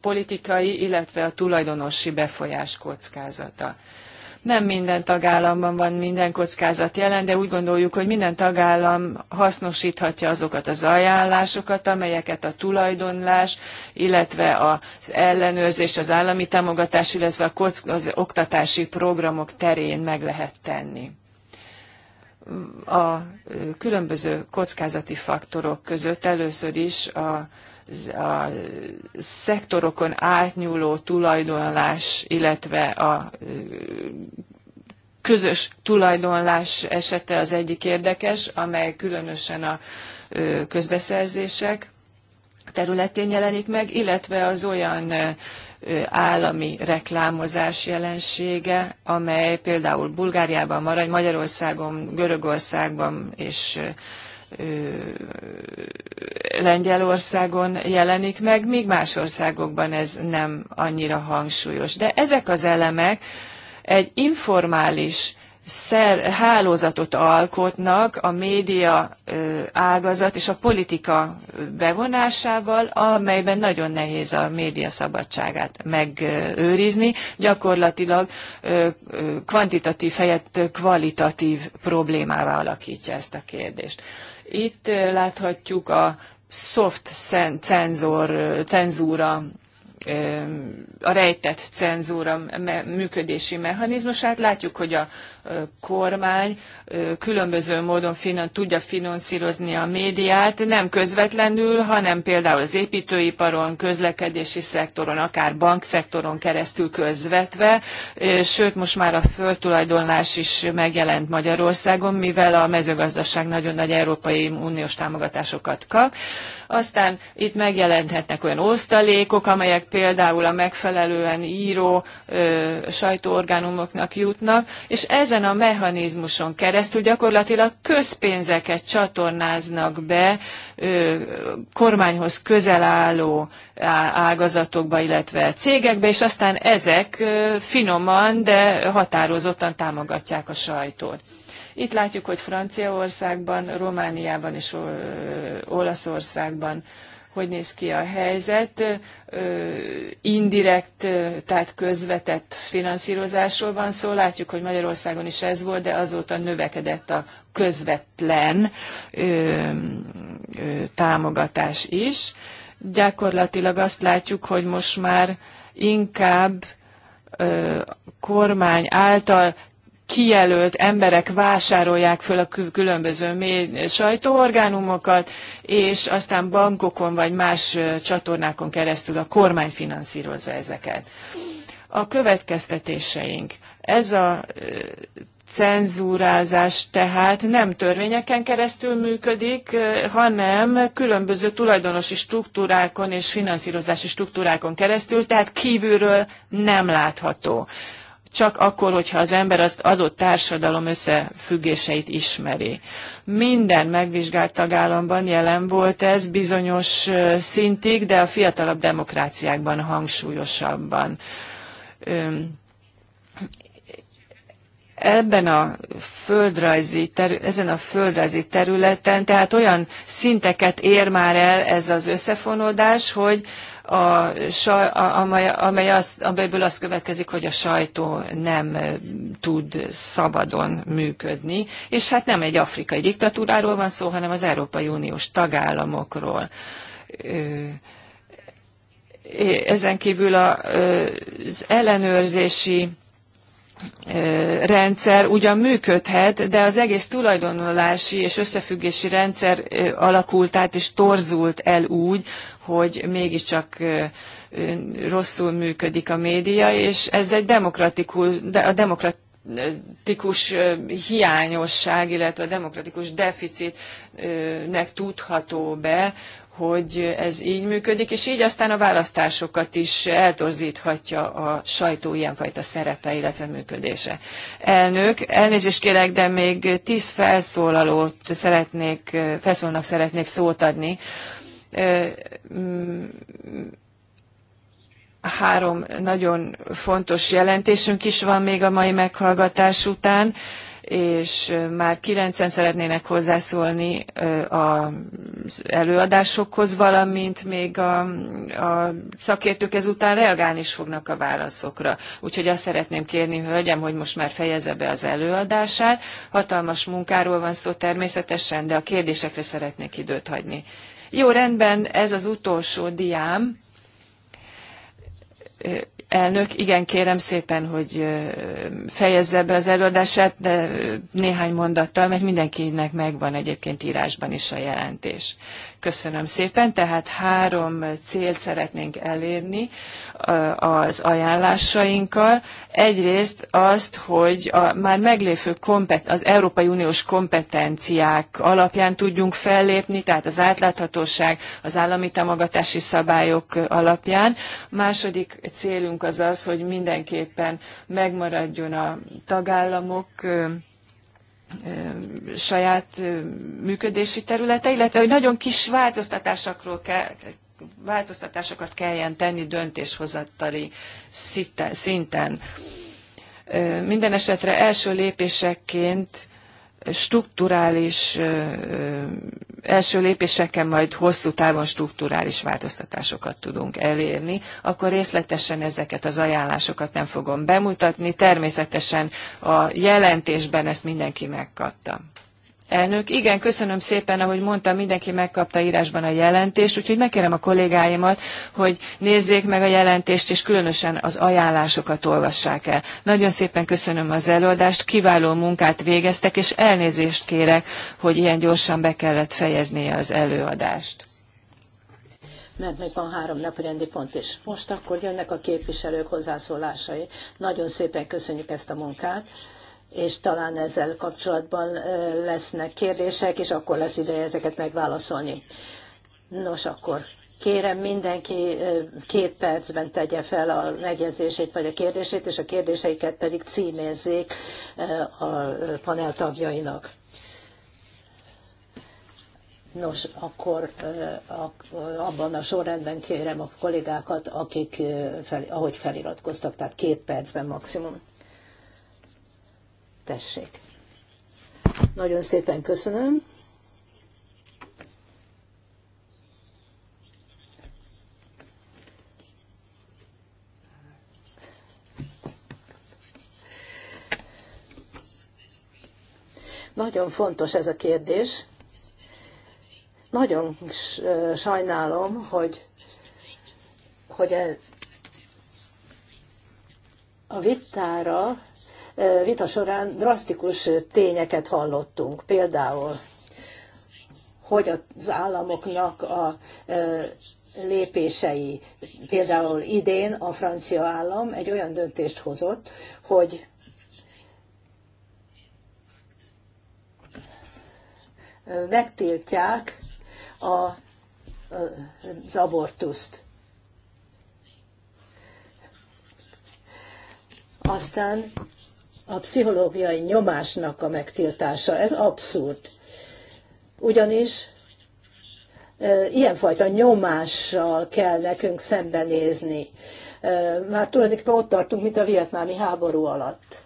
politikai, illetve a tulajdonosi befolyás kockázata. Nem minden tagállamban van minden kockázat jelen, de úgy gondoljuk, hogy minden tagállam hasznosíthatja azokat az ajánlásokat, amelyeket a tulajdonlás, illetve az ellenőrzés, az állami támogatás, illetve a kock- az oktatási programok terén meg lehet tenni a különböző kockázati faktorok között először is a a szektorokon átnyúló tulajdonlás, illetve a közös tulajdonlás esete az egyik érdekes, amely különösen a közbeszerzések területén jelenik meg, illetve az olyan állami reklámozás jelensége, amely például Bulgáriában, maradj Magyarországon, Görögországban és Lengyelországon jelenik meg, míg más országokban ez nem annyira hangsúlyos. De ezek az elemek egy informális szer, hálózatot alkotnak a média ágazat és a politika bevonásával, amelyben nagyon nehéz a média szabadságát megőrizni. Gyakorlatilag kvantitatív helyett kvalitatív problémává alakítja ezt a kérdést. Itt láthatjuk a soft cenzor, cenzúra a rejtett cenzúra működési mechanizmusát. Látjuk, hogy a kormány különböző módon finan, tudja finanszírozni a médiát, nem közvetlenül, hanem például az építőiparon, közlekedési szektoron, akár bankszektoron keresztül közvetve, sőt most már a föltulajdonlás is megjelent Magyarországon, mivel a mezőgazdaság nagyon nagy Európai Uniós támogatásokat kap. Aztán itt megjelenthetnek olyan osztalékok, amelyek például a megfelelően író sajtóorgánumoknak jutnak, és ez ezen a mechanizmuson keresztül gyakorlatilag közpénzeket csatornáznak be kormányhoz közel álló ágazatokba, illetve cégekbe, és aztán ezek finoman, de határozottan támogatják a sajtót. Itt látjuk, hogy Franciaországban, Romániában és Olaszországban hogy néz ki a helyzet. Indirekt, tehát közvetett finanszírozásról van szó. Látjuk, hogy Magyarországon is ez volt, de azóta növekedett a közvetlen támogatás is. Gyakorlatilag azt látjuk, hogy most már inkább kormány által kijelölt emberek vásárolják föl a különböző sajtóorgánumokat, és aztán bankokon vagy más csatornákon keresztül a kormány finanszírozza ezeket. A következtetéseink. Ez a cenzúrázás tehát nem törvényeken keresztül működik, hanem különböző tulajdonosi struktúrákon és finanszírozási struktúrákon keresztül, tehát kívülről nem látható csak akkor, hogyha az ember az adott társadalom összefüggéseit ismeri. Minden megvizsgált tagállamban jelen volt ez bizonyos szintig, de a fiatalabb demokráciákban hangsúlyosabban. Ebben a földrajzi ezen a földrajzi területen, tehát olyan szinteket ér már el ez az összefonódás, hogy a, amely, amely az, amelyből az következik, hogy a sajtó nem tud szabadon működni, és hát nem egy afrikai diktatúráról van szó, hanem az Európai Uniós tagállamokról. Ezen kívül az ellenőrzési rendszer ugyan működhet, de az egész tulajdonlási és összefüggési rendszer alakult át és torzult el úgy, hogy mégiscsak rosszul működik a média, és ez egy demokratikus, de a demokratikus hiányosság, illetve a demokratikus deficitnek tudható be, hogy ez így működik, és így aztán a választásokat is eltorzíthatja a sajtó ilyenfajta szerepe, illetve működése. Elnök, elnézést kérek, de még tíz felszólalót szeretnék, felszólnak szeretnék szót adni Mm, három nagyon fontos jelentésünk is van még a mai meghallgatás után, és már kilencen szeretnének hozzászólni az előadásokhoz, valamint még a, a szakértők ezután reagálni is fognak a válaszokra. Úgyhogy azt szeretném kérni, hölgyem, hogy most már fejeze be az előadását. Hatalmas munkáról van szó természetesen, de a kérdésekre szeretnék időt hagyni jó, rendben, ez az utolsó diám. Elnök, igen, kérem szépen, hogy fejezze be az előadását, de néhány mondattal, mert mindenkinek megvan egyébként írásban is a jelentés. Köszönöm szépen. Tehát három célt szeretnénk elérni az ajánlásainkkal. Egyrészt azt, hogy a már meglévő kompet, az Európai Uniós kompetenciák alapján tudjunk fellépni, tehát az átláthatóság, az állami támogatási szabályok alapján. Második célunk az az, hogy mindenképpen megmaradjon a tagállamok saját működési területe, illetve hogy nagyon kis változtatásokról kell, változtatásokat kelljen tenni döntéshozatali szinten. Minden esetre első lépésekként strukturális első lépéseken majd hosszú távon strukturális változtatásokat tudunk elérni, akkor részletesen ezeket az ajánlásokat nem fogom bemutatni. Természetesen a jelentésben ezt mindenki megkapta. Elnök, igen, köszönöm szépen, ahogy mondtam, mindenki megkapta írásban a jelentést, úgyhogy megkérem a kollégáimat, hogy nézzék meg a jelentést, és különösen az ajánlásokat olvassák el. Nagyon szépen köszönöm az előadást, kiváló munkát végeztek, és elnézést kérek, hogy ilyen gyorsan be kellett fejeznie az előadást. Mert még van három rendi pont is. Most akkor jönnek a képviselők hozzászólásai. Nagyon szépen köszönjük ezt a munkát és talán ezzel kapcsolatban lesznek kérdések, és akkor lesz ideje ezeket megválaszolni. Nos, akkor kérem mindenki két percben tegye fel a megjegyzését vagy a kérdését, és a kérdéseiket pedig címézzék a panel tagjainak. Nos, akkor abban a sorrendben kérem a kollégákat, akik ahogy feliratkoztak, tehát két percben maximum. Tessék. Nagyon szépen köszönöm. Nagyon fontos ez a kérdés. Nagyon sajnálom, hogy, hogy e- a vittára vita során drasztikus tényeket hallottunk. Például, hogy az államoknak a lépései, például idén a francia állam egy olyan döntést hozott, hogy megtiltják a, az abortuszt. Aztán a pszichológiai nyomásnak a megtiltása. Ez abszurd. Ugyanis ilyenfajta nyomással kell nekünk szembenézni. Már tulajdonképpen ott tartunk, mint a vietnámi háború alatt.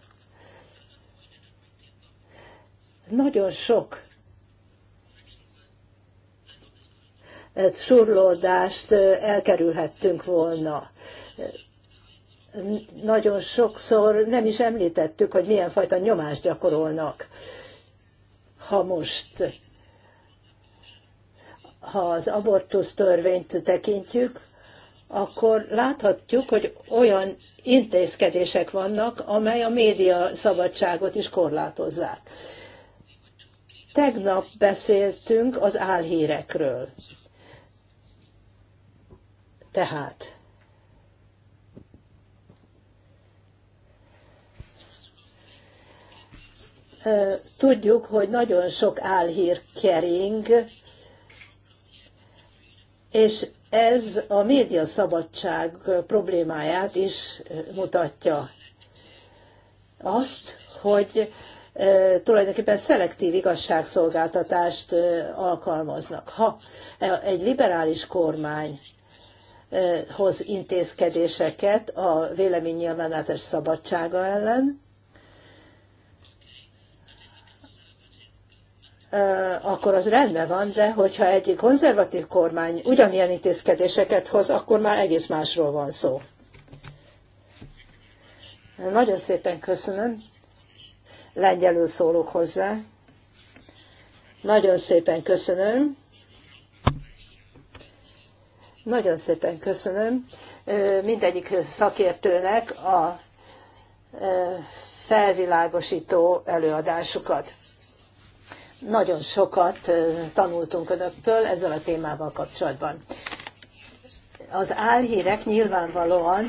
Nagyon sok surlódást elkerülhettünk volna nagyon sokszor nem is említettük, hogy milyen fajta nyomást gyakorolnak. Ha most, ha az abortusz törvényt tekintjük, akkor láthatjuk, hogy olyan intézkedések vannak, amely a média szabadságot is korlátozzák. Tegnap beszéltünk az álhírekről. Tehát Tudjuk, hogy nagyon sok álhír kering, és ez a média szabadság problémáját is mutatja. Azt, hogy tulajdonképpen szelektív igazságszolgáltatást alkalmaznak. Ha egy liberális kormány hoz intézkedéseket a véleménynyilvánlátás szabadsága ellen, akkor az rendben van, de hogyha egy konzervatív kormány ugyanilyen intézkedéseket hoz, akkor már egész másról van szó. Nagyon szépen köszönöm. Lengyelül szólok hozzá. Nagyon szépen köszönöm. Nagyon szépen köszönöm mindegyik szakértőnek a felvilágosító előadásukat. Nagyon sokat tanultunk önöktől ezzel a témával kapcsolatban. Az álhírek nyilvánvalóan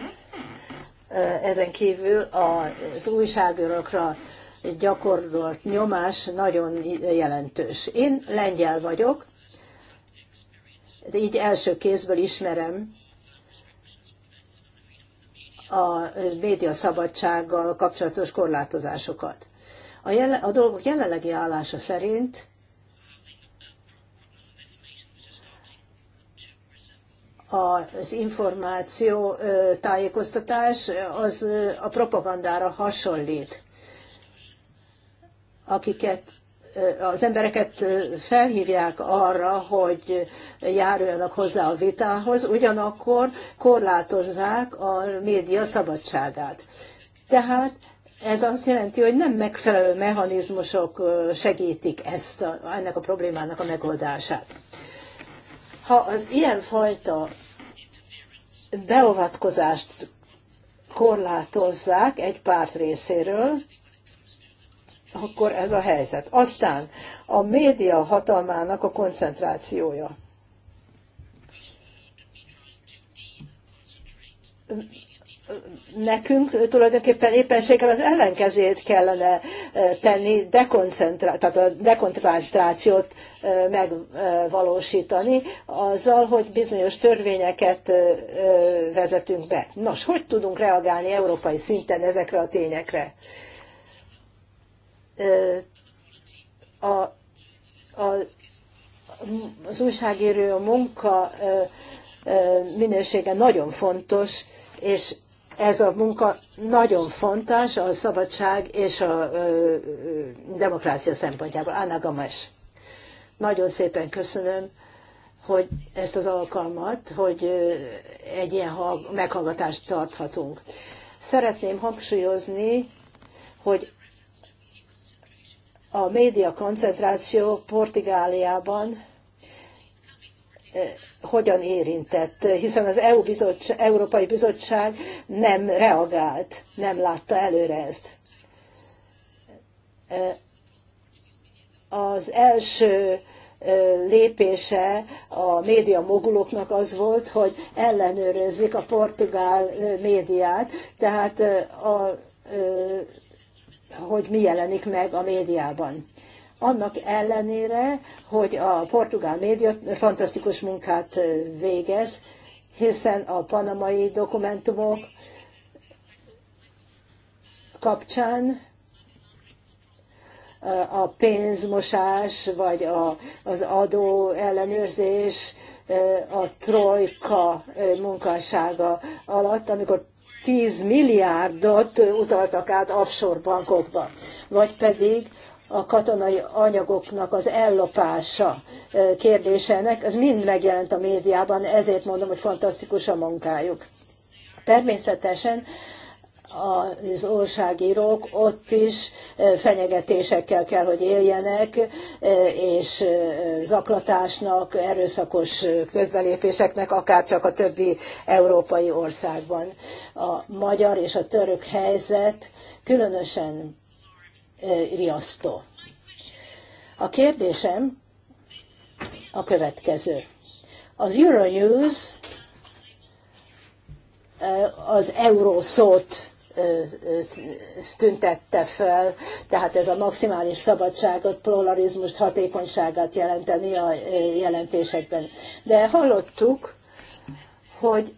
ezen kívül az újságőrökre gyakorolt nyomás nagyon jelentős. Én lengyel vagyok, így első kézből ismerem a média szabadsággal kapcsolatos korlátozásokat. A, jelen, a dolgok jelenlegi állása szerint az információ tájékoztatás az a propagandára hasonlít. Akiket az embereket felhívják arra, hogy járuljanak hozzá a vitához, ugyanakkor korlátozzák a média szabadságát. Tehát ez azt jelenti, hogy nem megfelelő mechanizmusok segítik ezt a, ennek a problémának a megoldását. Ha az ilyenfajta beavatkozást korlátozzák egy párt részéről, akkor ez a helyzet. Aztán a média hatalmának a koncentrációja nekünk tulajdonképpen éppenséggel az ellenkezőjét kellene eh, tenni, dekoncentrá- tehát a dekoncentrációt eh, megvalósítani, azzal, hogy bizonyos törvényeket eh, vezetünk be. Nos, hogy tudunk reagálni európai szinten ezekre a tényekre? A, a, az újságíró munka minősége nagyon fontos, és ez a munka nagyon fontos a szabadság és a demokrácia szempontjából. Anna Gamas. Nagyon szépen köszönöm hogy ezt az alkalmat, hogy egy ilyen meghallgatást tarthatunk. Szeretném hangsúlyozni, hogy a média koncentráció Portugáliában hogyan érintett, hiszen az EU bizottság, Európai Bizottság nem reagált, nem látta előre ezt. E, az első e, lépése a média moguloknak az volt, hogy ellenőrözzék a portugál e, médiát, tehát a, hogy mi jelenik meg a médiában annak ellenére, hogy a portugál média fantasztikus munkát végez, hiszen a panamai dokumentumok kapcsán a pénzmosás, vagy a, az adó ellenőrzés, a trojka munkássága alatt, amikor 10 milliárdot utaltak át offshore bankokba. Vagy pedig a katonai anyagoknak az ellopása kérdésének, ez mind megjelent a médiában, ezért mondom, hogy fantasztikus a munkájuk. Természetesen az országírók ott is fenyegetésekkel kell, hogy éljenek, és zaklatásnak, erőszakos közbelépéseknek, akár csak a többi európai országban. A magyar és a török helyzet különösen riasztó. A kérdésem a következő. Az Euronews az euró szót tüntette fel, tehát ez a maximális szabadságot, pluralizmust, hatékonyságát jelenteni a jelentésekben. De hallottuk, hogy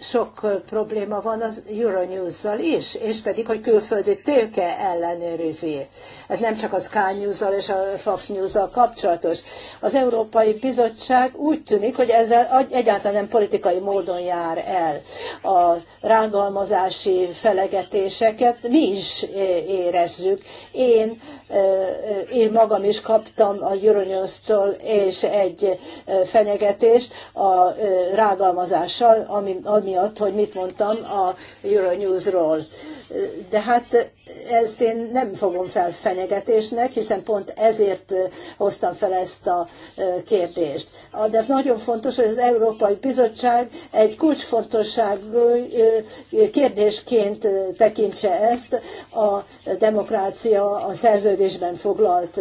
sok probléma van az Euronews-zal is, és pedig, hogy külföldi tőke ellenőrizi. Ez nem csak a Sky News-zal és a Fox News-zal kapcsolatos. Az Európai Bizottság úgy tűnik, hogy ezzel egyáltalán nem politikai módon jár el a rángalmazási felegetéseket. Mi is érezzük. Én, én magam is kaptam a Euronews-tól és egy fenyegetést a rágalmazással, ami, ami amiatt, hogy mit mondtam a Euronews-ról. De hát ezt én nem fogom fel fenyegetésnek, hiszen pont ezért hoztam fel ezt a kérdést. De nagyon fontos, hogy az Európai Bizottság egy kulcsfontosságú kérdésként tekintse ezt a demokrácia a szerződésben foglalt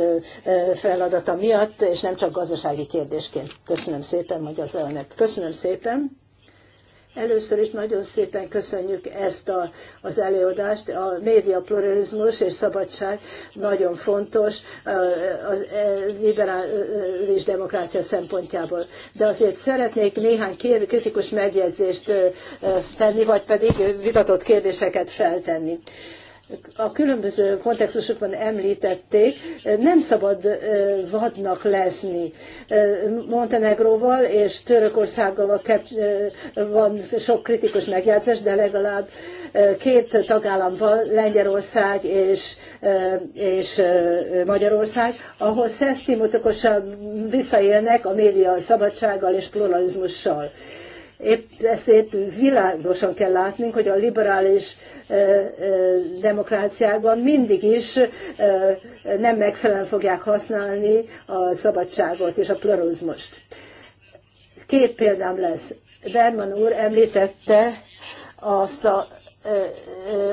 feladata miatt, és nem csak gazdasági kérdésként. Köszönöm szépen, hogy az Köszönöm szépen. Először is nagyon szépen köszönjük ezt a, az előadást. A média pluralizmus és szabadság nagyon fontos az e, liberális demokrácia szempontjából. De azért szeretnék néhány kritikus megjegyzést tenni, vagy pedig vitatott kérdéseket feltenni a különböző kontextusokban említették, nem szabad vadnak leszni. Montenegróval és Törökországgal van sok kritikus megjátszás, de legalább két tagállam van, Lengyelország és, és Magyarország, ahol szesztimutikusan visszaélnek a média szabadsággal és pluralizmussal Épp ezért világosan kell látnunk, hogy a liberális demokráciákban mindig is nem megfelelően fogják használni a szabadságot és a pluralizmust. Két példám lesz. Berman úr említette azt a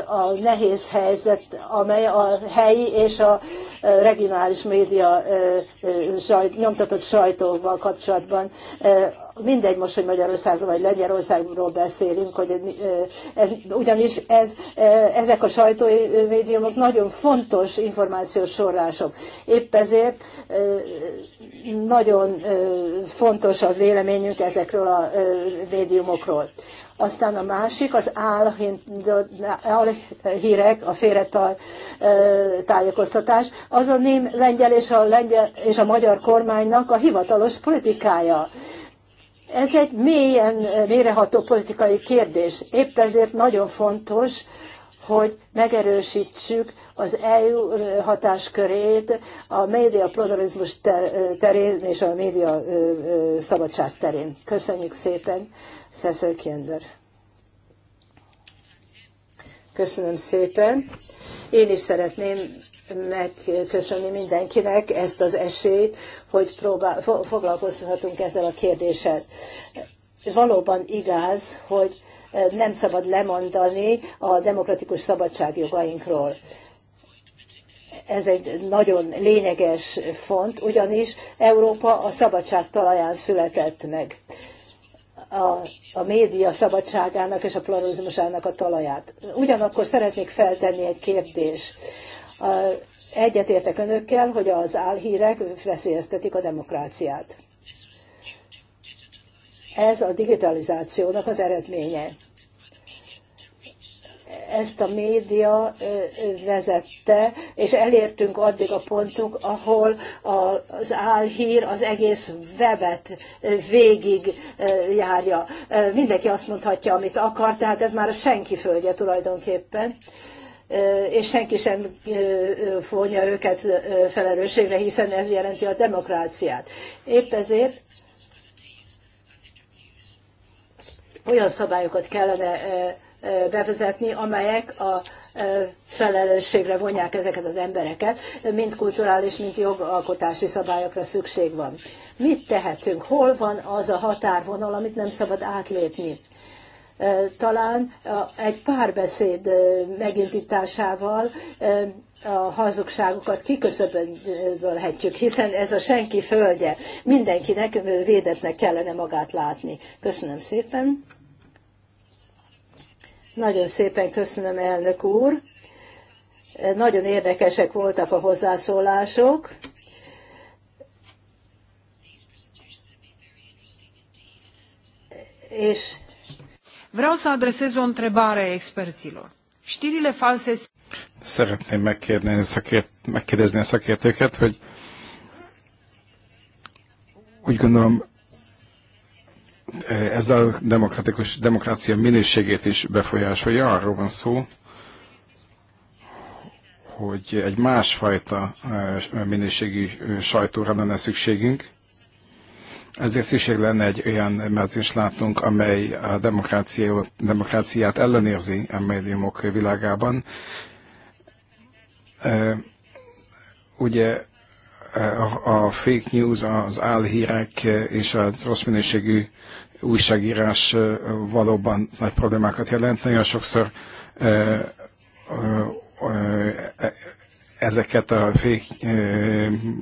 a nehéz helyzet, amely a helyi és a regionális média nyomtatott sajtóval kapcsolatban mindegy most, hogy Magyarországról vagy Lengyelországról beszélünk, hogy ez, ugyanis ez, ezek a sajtói médiumok nagyon fontos információs források. Épp ezért nagyon fontos a véleményünk ezekről a médiumokról. Aztán a másik az álhírek, a félretájékoztatás, az a ném lengyel és a, lengyel és a magyar kormánynak a hivatalos politikája. Ez egy mélyen méreható politikai kérdés. Épp ezért nagyon fontos, hogy megerősítsük az EU hatáskörét a média pluralizmus terén és a média szabadság terén. Köszönjük szépen, Cecil Kinder. Köszönöm szépen. Én is szeretném megköszönni mindenkinek ezt az esélyt, hogy próbál, foglalkozhatunk ezzel a kérdéssel. Valóban igaz, hogy e, nem szabad lemondani a demokratikus szabadságjogainkról ez egy nagyon lényeges font, ugyanis Európa a szabadság talaján született meg. A, a média szabadságának és a pluralizmusának a talaját. Ugyanakkor szeretnék feltenni egy kérdést. Egyetértek önökkel, hogy az álhírek veszélyeztetik a demokráciát. Ez a digitalizációnak az eredménye. Ezt a média vezette, és elértünk addig a pontunk, ahol az álhír az egész webet végig járja. Mindenki azt mondhatja, amit akar, tehát ez már a senki földje tulajdonképpen és senki sem vonja őket felelősségre, hiszen ez jelenti a demokráciát. Épp ezért olyan szabályokat kellene bevezetni, amelyek a felelősségre vonják ezeket az embereket, mind kulturális, mind jogalkotási szabályokra szükség van. Mit tehetünk? Hol van az a határvonal, amit nem szabad átlépni? talán egy párbeszéd megindításával a hazugságokat kiköszöbölhetjük, hiszen ez a senki földje. Mindenkinek védetnek kellene magát látni. Köszönöm szépen. Nagyon szépen köszönöm, elnök úr. Nagyon érdekesek voltak a hozzászólások. És Vreau să adresez o întrebare experților. Știrile false... Szeretném megkérni, szakért, megkérdezni a szakértőket, hogy úgy gondolom, eh, ez a demokratikus demokrácia minőségét is befolyásolja. Arról van szó, hogy egy másfajta eh, minőségi eh, sajtóra lenne szükségünk, ezért szükség lenne egy olyan mezős látunk, amely a demokráciát, demokráciát ellenérzi a médiumok világában. Ugye a fake news, az álhírek és a rossz minőségű újságírás valóban nagy problémákat jelent. Nagyon sokszor ezeket a fék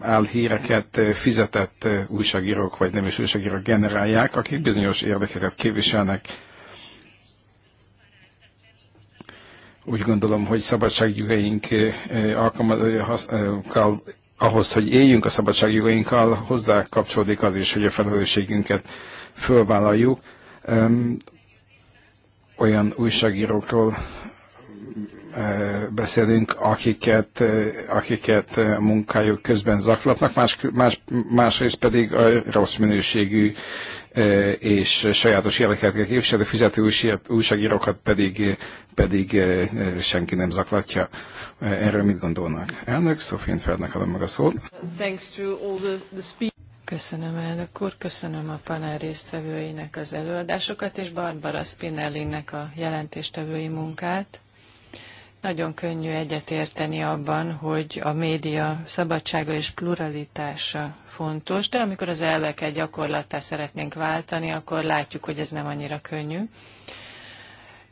álhíreket fizetett újságírók, vagy nem is újságírók generálják, akik bizonyos érdekeket képviselnek. Úgy gondolom, hogy szabadságjogaink alkalmazákkal ahhoz, hogy éljünk a szabadságjogainkkal, hozzá kapcsolódik az is, hogy a felelősségünket fölvállaljuk. Olyan újságírókról beszélünk, akiket, akiket munkájuk közben zaklatnak, más, más, másrészt pedig a rossz minőségű és sajátos érdekeket képviselő fizető újságírókat pedig, pedig senki nem zaklatja. Erről mit gondolnak? Elnök, Sofint Ferdnek adom meg a szót. Köszönöm elnök úr, köszönöm a panel résztvevőinek az előadásokat, és Barbara Spinellinek a jelentéstevői munkát. Nagyon könnyű egyetérteni abban, hogy a média szabadsága és pluralitása fontos, de amikor az elveket gyakorlattá szeretnénk váltani, akkor látjuk, hogy ez nem annyira könnyű.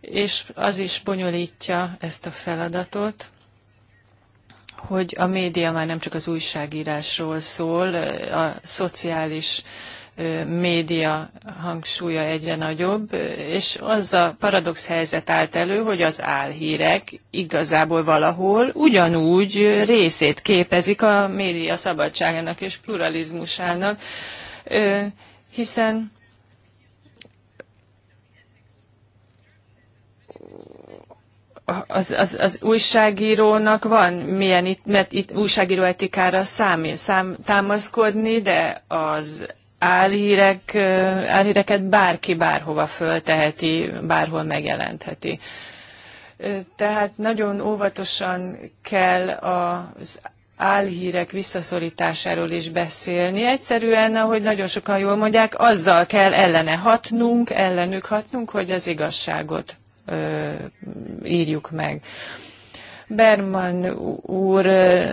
És az is bonyolítja ezt a feladatot, hogy a média már nem csak az újságírásról szól, a szociális média hangsúlya egyre nagyobb, és az a paradox helyzet állt elő, hogy az álhírek igazából valahol ugyanúgy részét képezik a média szabadságának és pluralizmusának, hiszen az, az, az újságírónak van milyen itt, mert itt újságíró etikára számít, szám, támaszkodni, de az álhírek, álhíreket bárki bárhova fölteheti, bárhol megjelentheti. Tehát nagyon óvatosan kell az álhírek visszaszorításáról is beszélni. Egyszerűen, ahogy nagyon sokan jól mondják, azzal kell ellene hatnunk, ellenük hatnunk, hogy az igazságot ö, írjuk meg. Berman úr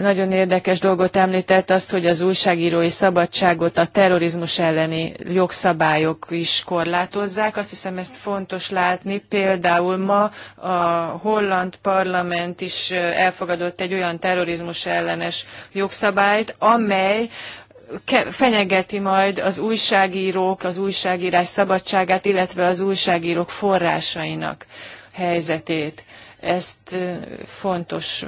nagyon érdekes dolgot említett, azt, hogy az újságírói szabadságot a terrorizmus elleni jogszabályok is korlátozzák. Azt hiszem ezt fontos látni. Például ma a holland parlament is elfogadott egy olyan terrorizmus ellenes jogszabályt, amely fenyegeti majd az újságírók, az újságírás szabadságát, illetve az újságírók forrásainak helyzetét ezt fontos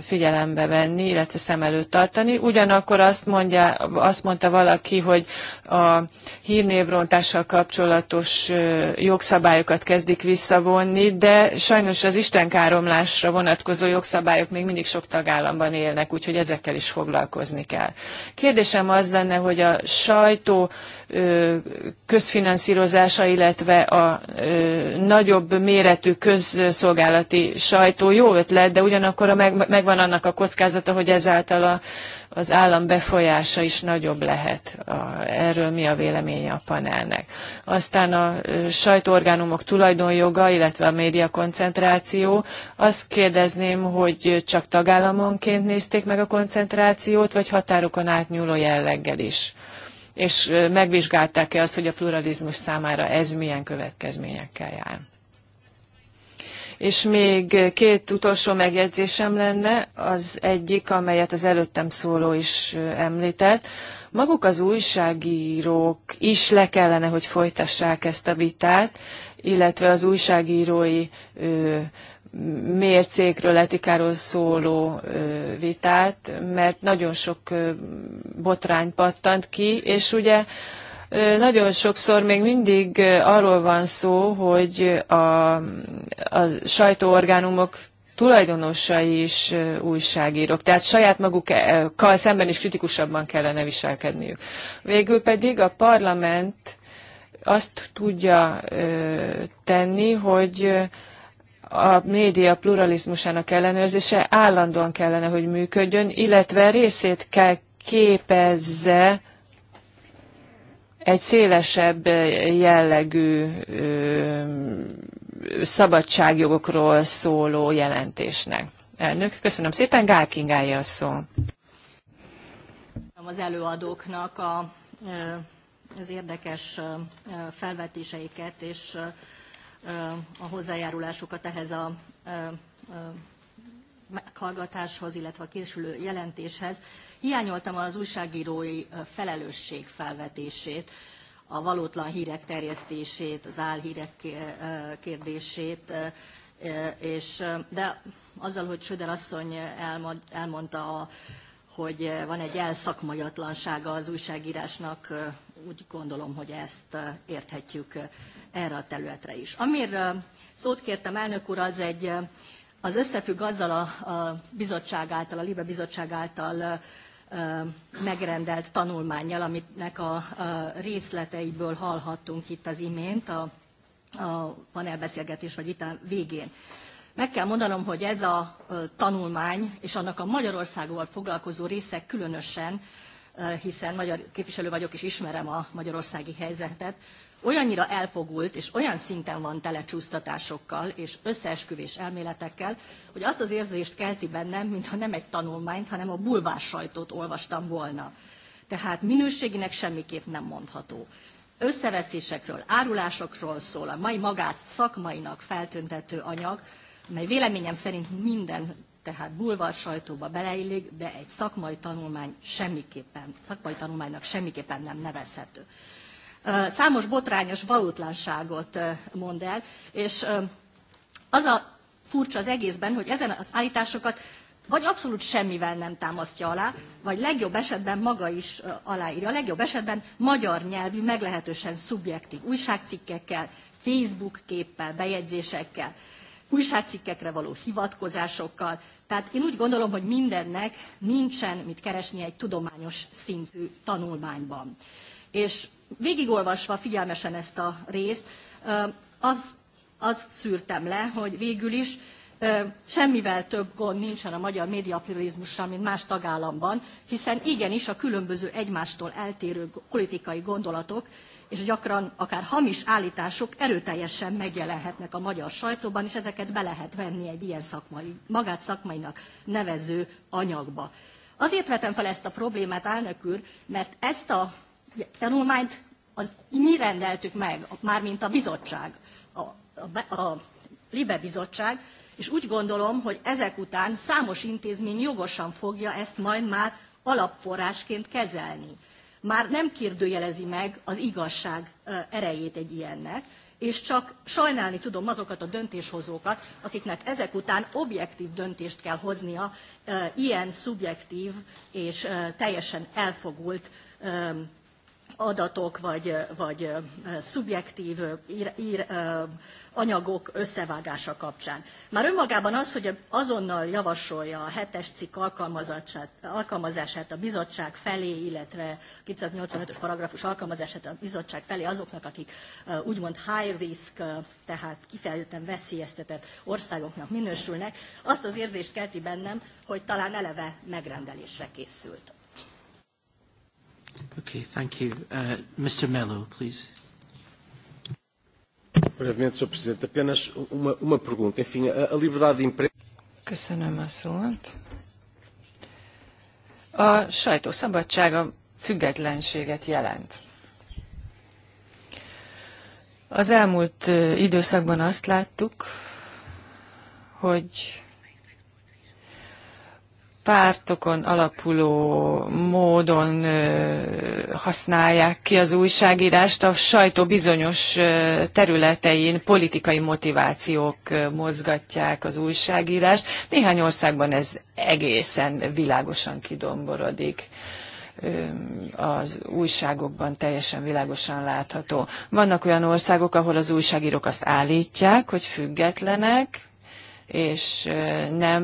figyelembe venni, illetve szem előtt tartani. Ugyanakkor azt, mondja, azt mondta valaki, hogy a hírnévrontással kapcsolatos jogszabályokat kezdik visszavonni, de sajnos az istenkáromlásra vonatkozó jogszabályok még mindig sok tagállamban élnek, úgyhogy ezekkel is foglalkozni kell. Kérdésem az lenne, hogy a sajtó közfinanszírozása, illetve a nagyobb méretű közszolgálati sajtó jó ötlet, de ugyanakkor megvan annak a kockázata, hogy ezáltal a, az állam befolyása is nagyobb lehet. erről mi a véleménye a panelnek. Aztán a sajtóorgánumok tulajdonjoga, illetve a médiakoncentráció. Azt kérdezném, hogy csak tagállamonként nézték meg a koncentrációt, vagy határokon átnyúló jelleggel is és megvizsgálták-e azt, hogy a pluralizmus számára ez milyen következményekkel jár. És még két utolsó megjegyzésem lenne, az egyik, amelyet az előttem szóló is említett. Maguk az újságírók is le kellene, hogy folytassák ezt a vitát, illetve az újságírói mércékről, etikáról szóló vitát, mert nagyon sok botrány pattant ki, és ugye nagyon sokszor még mindig arról van szó, hogy a, a sajtóorgánumok tulajdonosai is újságírók, tehát saját magukkal szemben is kritikusabban kellene viselkedniük. Végül pedig a parlament azt tudja tenni, hogy a média pluralizmusának ellenőrzése állandóan kellene, hogy működjön, illetve részét kell képezze egy szélesebb jellegű szabadságjogokról szóló jelentésnek. Elnök, köszönöm szépen, Gál Kingája a szó. Az előadóknak a, az érdekes felvetéseiket, és a hozzájárulásukat ehhez a meghallgatáshoz, illetve a készülő jelentéshez. Hiányoltam az újságírói felelősség felvetését, a valótlan hírek terjesztését, az álhírek kérdését, és, de azzal, hogy Söder asszony elmondta, hogy van egy elszakmajatlansága az újságírásnak úgy gondolom, hogy ezt eh, érthetjük eh, erre a területre is. Amiről eh, szót kértem, elnök úr, az egy az összefügg azzal a, a bizottság által, a Libe bizottság által megrendelt tanulmányjal, aminek a, a részleteiből hallhattunk itt az imént a, a panelbeszélgetés vagy a végén. Meg kell mondanom, hogy ez a tanulmány és annak a Magyarországgal foglalkozó része különösen hiszen magyar képviselő vagyok és ismerem a magyarországi helyzetet, olyannyira elfogult és olyan szinten van tele csúsztatásokkal és összeesküvés elméletekkel, hogy azt az érzést kelti bennem, mintha nem egy tanulmányt, hanem a bulvár sajtót olvastam volna. Tehát minőséginek semmiképp nem mondható. Összeveszésekről, árulásokról szól a mai magát szakmainak feltüntető anyag, mely véleményem szerint minden tehát bulvársajtóba sajtóba beleillik, de egy szakmai tanulmány semmiképpen, szakmai tanulmánynak semmiképpen nem nevezhető. Számos botrányos valótlanságot mond el, és az a furcsa az egészben, hogy ezen az állításokat vagy abszolút semmivel nem támasztja alá, vagy legjobb esetben maga is aláírja. A legjobb esetben magyar nyelvű, meglehetősen szubjektív újságcikkekkel, Facebook képpel, bejegyzésekkel újságcikkekre való hivatkozásokkal. Tehát én úgy gondolom, hogy mindennek nincsen mit keresni egy tudományos szintű tanulmányban. És végigolvasva figyelmesen ezt a részt, az, azt szűrtem le, hogy végül is semmivel több gond nincsen a magyar médiapluralizmussal, mint más tagállamban, hiszen igenis a különböző egymástól eltérő politikai gondolatok és gyakran akár hamis állítások erőteljesen megjelenhetnek a magyar sajtóban, és ezeket be lehet venni egy ilyen szakmai, magát szakmainak nevező anyagba. Azért vetem fel ezt a problémát, elnök úr, mert ezt a tanulmányt az, mi rendeltük meg, mármint a bizottság, a, a, a Libe bizottság, és úgy gondolom, hogy ezek után számos intézmény jogosan fogja ezt majd már alapforrásként kezelni már nem kérdőjelezi meg az igazság erejét egy ilyennek, és csak sajnálni tudom azokat a döntéshozókat, akiknek ezek után objektív döntést kell hoznia ilyen szubjektív és teljesen elfogult adatok vagy, vagy szubjektív ír, ír, anyagok összevágása kapcsán. Már önmagában az, hogy azonnal javasolja a hetes cikk alkalmazását a bizottság felé, illetve 285-ös paragrafus alkalmazását a bizottság felé azoknak, akik úgymond high risk, tehát kifejezetten veszélyeztetett országoknak minősülnek, azt az érzést kelti bennem, hogy talán eleve megrendelésre készült. Okay, thank you. Uh, Mr. Mello, please. Brevemente, Sr. Presidente, apenas uma, uma pergunta. Enfim, a, a liberdade de imprensa... Köszönöm a szót. A sajtó függetlenséget jelent. Az elmúlt időszakban azt láttuk, hogy pártokon alapuló módon használják ki az újságírást, a sajtó bizonyos területein politikai motivációk mozgatják az újságírást. Néhány országban ez egészen világosan kidomborodik az újságokban teljesen világosan látható. Vannak olyan országok, ahol az újságírók azt állítják, hogy függetlenek, és nem,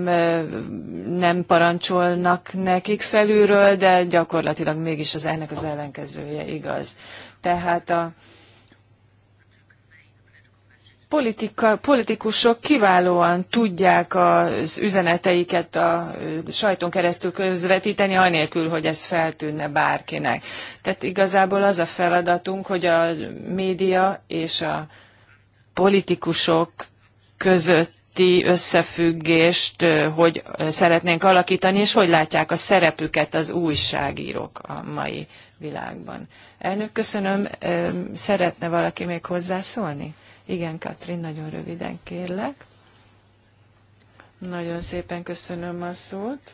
nem parancsolnak nekik felülről, de gyakorlatilag mégis az ennek az ellenkezője igaz. Tehát a politika, politikusok kiválóan tudják az üzeneteiket a sajton keresztül közvetíteni, anélkül, hogy ez feltűnne bárkinek. Tehát igazából az a feladatunk, hogy a média és a politikusok között közötti összefüggést hogy szeretnénk alakítani, és hogy látják a szerepüket az újságírók a mai világban. Elnök, köszönöm. Szeretne valaki még hozzászólni? Igen, Katrin, nagyon röviden kérlek. Nagyon szépen köszönöm a szót.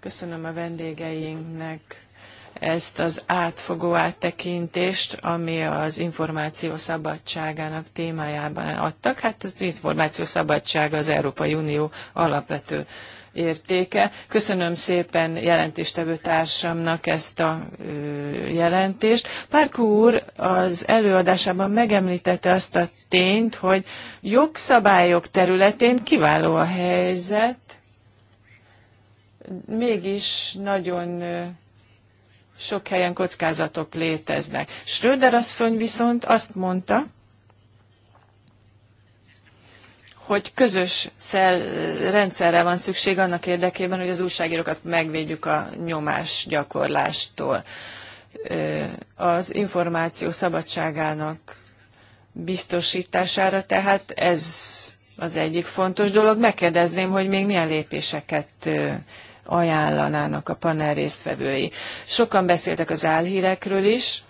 Köszönöm a vendégeinknek ezt az átfogó áttekintést, ami az információ szabadságának témájában adtak. Hát az információ szabadsága az Európai Unió alapvető értéke. Köszönöm szépen jelentéstevő társamnak ezt a jelentést. Pár úr az előadásában megemlítette azt a tényt, hogy jogszabályok területén kiváló a helyzet, mégis nagyon sok helyen kockázatok léteznek. Schröder asszony viszont azt mondta, hogy közös szel, rendszerre van szükség annak érdekében, hogy az újságírókat megvédjük a nyomás gyakorlástól. Az információ szabadságának biztosítására, tehát ez az egyik fontos dolog. Megkérdezném, hogy még milyen lépéseket ajánlanának a panel résztvevői. Sokan beszéltek az álhírekről is,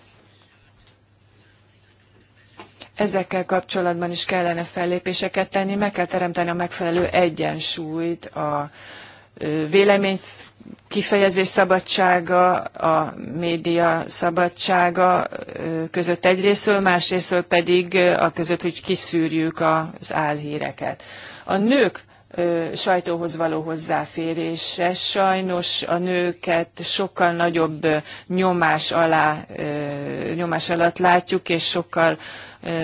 ezekkel kapcsolatban is kellene fellépéseket tenni, meg kell teremteni a megfelelő egyensúlyt a vélemény kifejezés szabadsága, a média szabadsága között egyrésztől, másrésztől pedig a között, hogy kiszűrjük az álhíreket. A nők sajtóhoz való hozzáférésre. Sajnos a nőket sokkal nagyobb nyomás alá, nyomás alatt látjuk, és sokkal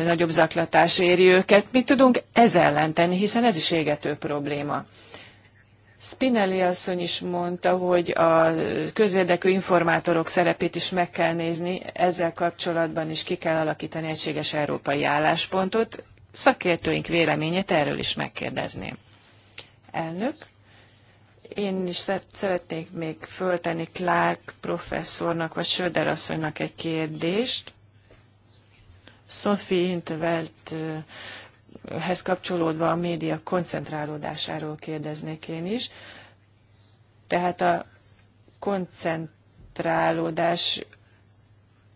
nagyobb zaklatás éri őket. Mit tudunk ez ellen tenni, hiszen ez is égető probléma. Spinelli asszony is mondta, hogy a közérdekű informátorok szerepét is meg kell nézni, ezzel kapcsolatban is ki kell alakítani egységes európai álláspontot. Szakértőink véleményét erről is megkérdezném elnök. Én is szeretnék még föltenni Clark professzornak, vagy Söder asszonynak egy kérdést. Sophie Intervelt hez kapcsolódva a média koncentrálódásáról kérdeznék én is. Tehát a koncentrálódás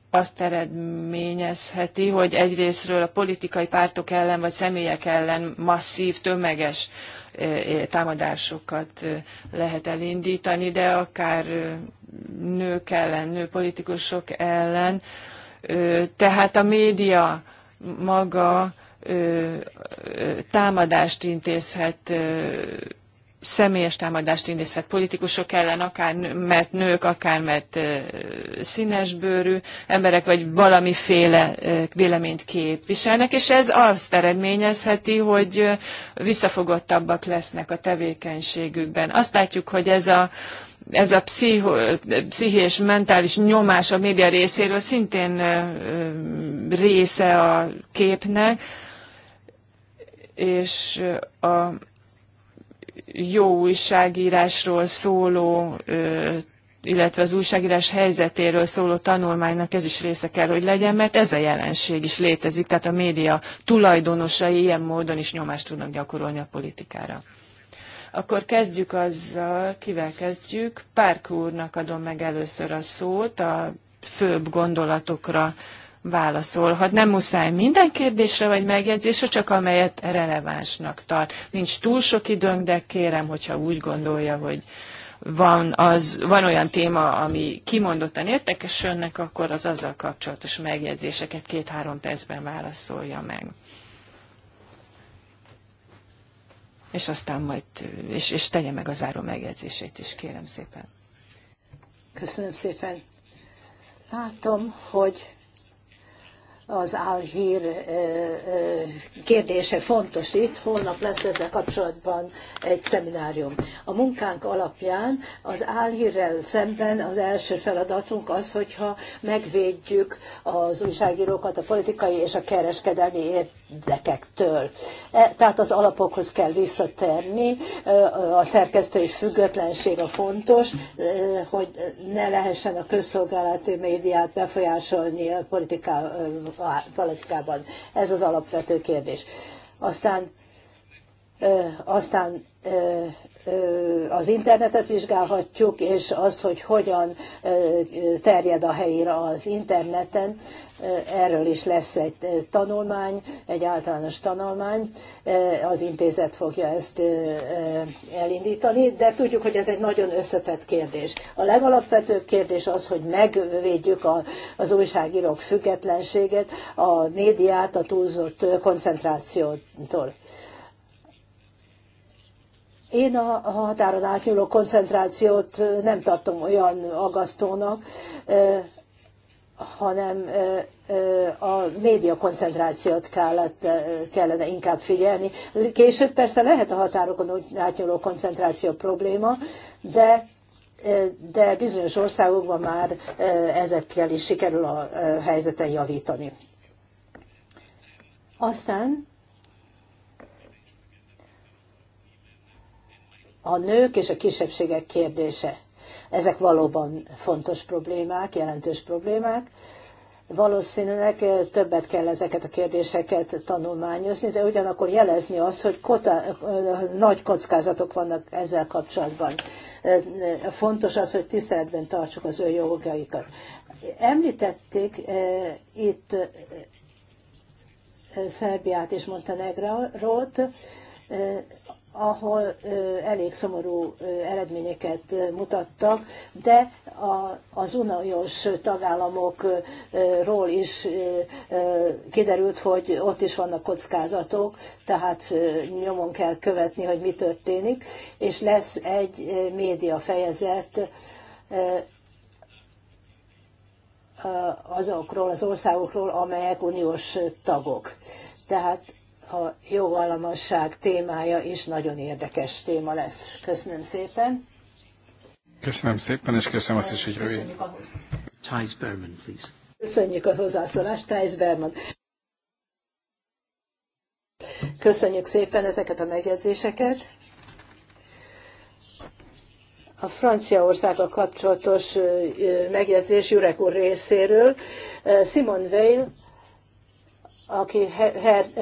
azt eredményezheti, hogy egyrésztről a politikai pártok ellen vagy személyek ellen masszív, tömeges e, e, támadásokat e, lehet elindítani, de akár nők ellen, nő politikusok ellen. Tehát a média maga támadást intézhet személyes támadást indíthat politikusok ellen, akár mert nők, akár mert színesbőrű emberek, vagy valamiféle véleményt képviselnek, és ez azt eredményezheti, hogy visszafogottabbak lesznek a tevékenységükben. Azt látjuk, hogy ez a ez a pszicho, pszichés, mentális nyomás a média részéről szintén része a képnek, és a jó újságírásról szóló, illetve az újságírás helyzetéről szóló tanulmánynak ez is része kell, hogy legyen, mert ez a jelenség is létezik, tehát a média tulajdonosai ilyen módon is nyomást tudnak gyakorolni a politikára. Akkor kezdjük azzal, kivel kezdjük. Párk úrnak adom meg először a szót, a főbb gondolatokra válaszolhat. Nem muszáj minden kérdésre vagy megjegyzésre, csak amelyet relevánsnak tart. Nincs túl sok időnk, de kérem, hogyha úgy gondolja, hogy van, az, van olyan téma, ami kimondottan értekes önnek, akkor az azzal kapcsolatos megjegyzéseket két-három percben válaszolja meg. És aztán majd, és, és tegye meg a záró megjegyzését is, kérem szépen. Köszönöm szépen. Látom, hogy az álhír kérdése fontos itt, holnap lesz ezzel kapcsolatban egy szeminárium. A munkánk alapján az álhírrel szemben az első feladatunk az, hogyha megvédjük az újságírókat a politikai és a kereskedelmi érdekektől. E, tehát az alapokhoz kell visszatérni, e, a szerkesztői függetlenség a fontos, e, hogy ne lehessen a közszolgálati médiát befolyásolni a politikában. Ez az alapvető kérdés. Aztán aztán az internetet vizsgálhatjuk, és azt, hogy hogyan terjed a helyére az interneten. Erről is lesz egy tanulmány, egy általános tanulmány. Az intézet fogja ezt elindítani, de tudjuk, hogy ez egy nagyon összetett kérdés. A legalapvetőbb kérdés az, hogy megvédjük az újságírók függetlenségét, a médiát a túlzott koncentrációtól. Én a határon átnyúló koncentrációt nem tartom olyan agasztónak, hanem a média koncentrációt kellett, kellene inkább figyelni. Később persze lehet a határokon átnyúló koncentráció probléma, de de bizonyos országokban már ezekkel is sikerül a helyzeten javítani. Aztán a nők és a kisebbségek kérdése. Ezek valóban fontos problémák, jelentős problémák. Valószínűleg eh, többet kell ezeket a kérdéseket tanulmányozni, de ugyanakkor jelezni azt, hogy kota, eh, nagy kockázatok vannak ezzel kapcsolatban. Eh, fontos az, hogy tiszteletben tartsuk az ő jogaikat. Említették itt Szerbiát és Montenegrót, ahol elég szomorú eredményeket mutattak, de az uniós tagállamokról is kiderült, hogy ott is vannak kockázatok, tehát nyomon kell követni, hogy mi történik, és lesz egy média fejezet azokról az országokról, amelyek uniós tagok. Tehát a jogalmasság témája is nagyon érdekes téma lesz. Köszönöm szépen. Köszönöm szépen, és köszönöm azt is, hogy rövid. Thijs Berman, please. Köszönjük a hozzászólást, Thijs Berman. Köszönjük szépen ezeket a megjegyzéseket. A Franciaországa kapcsolatos megjegyzés Jurek úr részéről. Simon Weil aki her, e,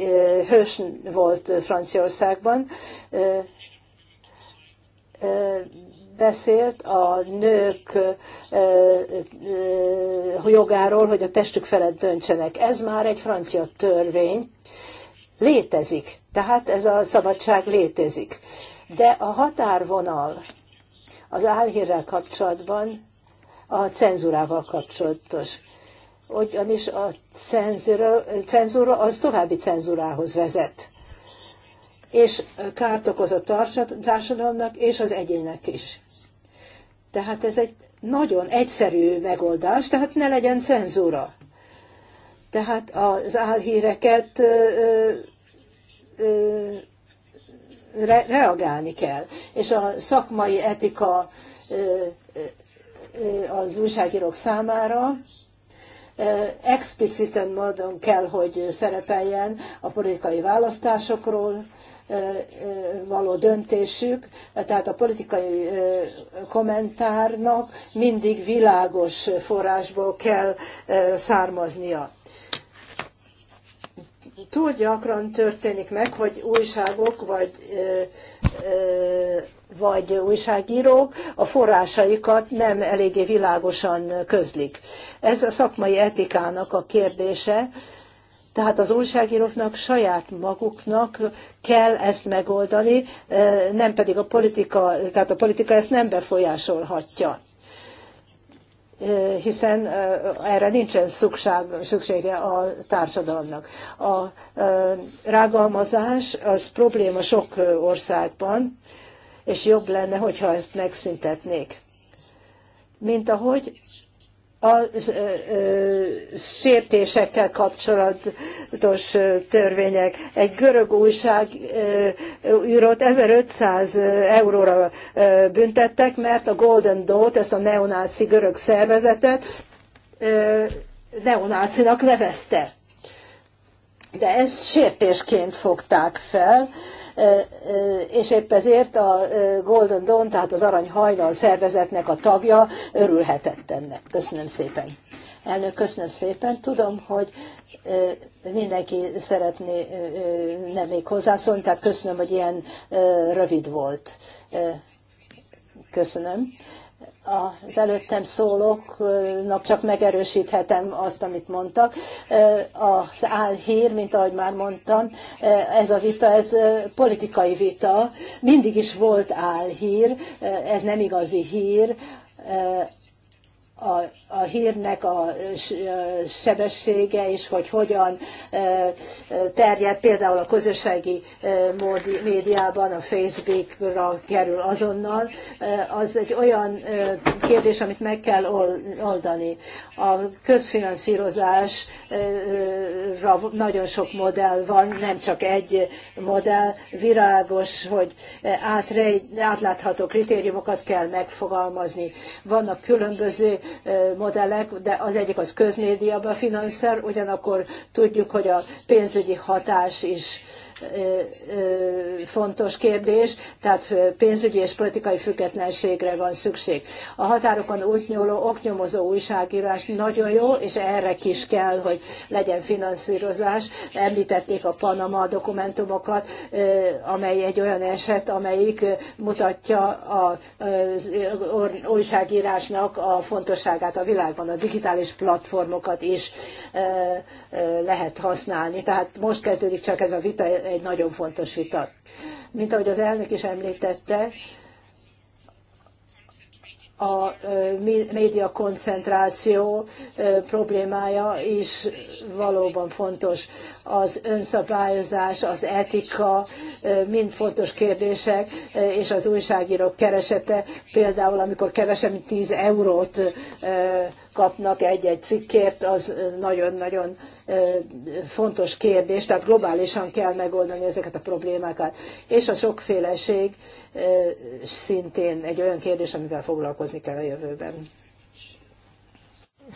e, hős volt Franciaországban, e, beszélt a nők jogáról, hogy a testük felett döntsenek. Ez már egy francia törvény, létezik, tehát ez a szabadság létezik. De a határvonal az álhírrel kapcsolatban a cenzúrával kapcsolatos ugyanis a cenzura, cenzura az további cenzurához vezet, és kárt okoz a társadalomnak és az egyének is. Tehát ez egy nagyon egyszerű megoldás, tehát ne legyen cenzúra. Tehát az álhíreket ö, ö, re, reagálni kell. És a szakmai etika ö, ö, az újságírók számára expliciten módon kell, hogy szerepeljen a politikai választásokról való döntésük, tehát a politikai kommentárnak mindig világos forrásból kell származnia túl gyakran történik meg, hogy újságok vagy, vagy újságírók a forrásaikat nem eléggé világosan közlik. Ez a szakmai etikának a kérdése, tehát az újságíróknak saját maguknak kell ezt megoldani, nem pedig a politika, tehát a politika ezt nem befolyásolhatja hiszen erre nincsen szükség, szüksége a társadalomnak. A rágalmazás az probléma sok országban, és jobb lenne, hogyha ezt megszüntetnék. Mint ahogy a sértésekkel kapcsolatos törvények. Egy görög újság írót 1500 euróra büntettek, mert a Golden Dot, ezt a neonáci görög szervezetet neonácinak nevezte. De ezt sértésként fogták fel, és épp ezért a Golden Dawn, tehát az Arany Hajnal szervezetnek a tagja örülhetett ennek. Köszönöm szépen. Elnök, köszönöm szépen. Tudom, hogy mindenki szeretné nem még hozzászólni, tehát köszönöm, hogy ilyen rövid volt. Köszönöm az előttem szólóknak csak megerősíthetem azt, amit mondtak. Az álhír, mint ahogy már mondtam, ez a vita, ez politikai vita. Mindig is volt álhír, ez nem igazi hír, a, a hírnek a sebessége, és hogy hogyan terjed például a közösségi médiában, a Facebookra kerül azonnal, az egy olyan kérdés, amit meg kell oldani. A közfinanszírozásra nagyon sok modell van, nem csak egy modell, virágos, hogy átlátható kritériumokat kell megfogalmazni. Vannak különböző modellek, de az egyik az közmédiában finanszír, ugyanakkor tudjuk, hogy a pénzügyi hatás is fontos kérdés, tehát pénzügyi és politikai függetlenségre van szükség. A határokon útnyúló oknyomozó újságírás nagyon jó, és erre is kell, hogy legyen finanszírozás. Említették a Panama dokumentumokat, amely egy olyan eset, amelyik mutatja az újságírásnak a fontosságát a világban. A digitális platformokat is lehet használni. Tehát most kezdődik csak ez a vita egy nagyon fontos vita. Mint ahogy az elnök is említette, a média koncentráció problémája is valóban fontos az önszabályozás, az etika, mind fontos kérdések, és az újságírók keresete, például amikor kevesebb mint 10 eurót kapnak egy-egy cikkért, az nagyon-nagyon fontos kérdés, tehát globálisan kell megoldani ezeket a problémákat. És a sokféleség szintén egy olyan kérdés, amivel foglalkozni kell a jövőben.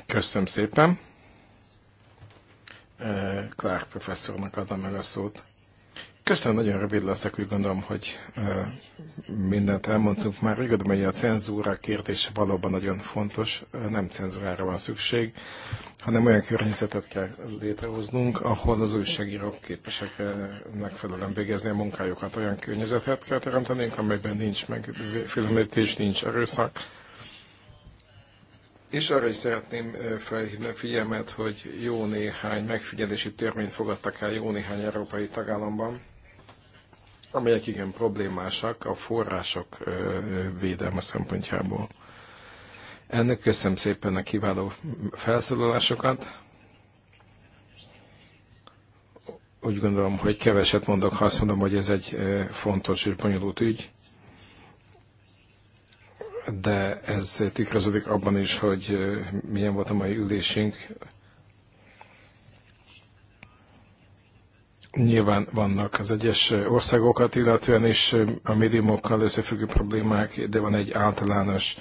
Köszönöm szépen! Eh, Clark professzornak adom meg a szót. Köszönöm, nagyon rövid leszek, úgy gondolom, hogy eh, mindent elmondtunk már. gondolom, hogy a cenzúra kérdése valóban nagyon fontos, eh, nem cenzúrára van szükség, hanem olyan környezetet kell létrehoznunk, ahol az újságírók képesek megfelelően végezni a munkájukat. Olyan környezetet kell teremtenünk, amelyben nincs megfélemlítés, nincs erőszak, és arra is szeretném felhívni a figyelmet, hogy jó néhány megfigyelési törvényt fogadtak el jó néhány európai tagállamban, amelyek igen problémásak a források védelme szempontjából. Ennek köszönöm szépen a kiváló felszólalásokat. Úgy gondolom, hogy keveset mondok, ha azt mondom, hogy ez egy fontos és bonyolult ügy de ez tükröződik abban is, hogy milyen volt a mai ülésünk. Nyilván vannak az egyes országokat, illetően is a médiumokkal összefüggő problémák, de van egy általános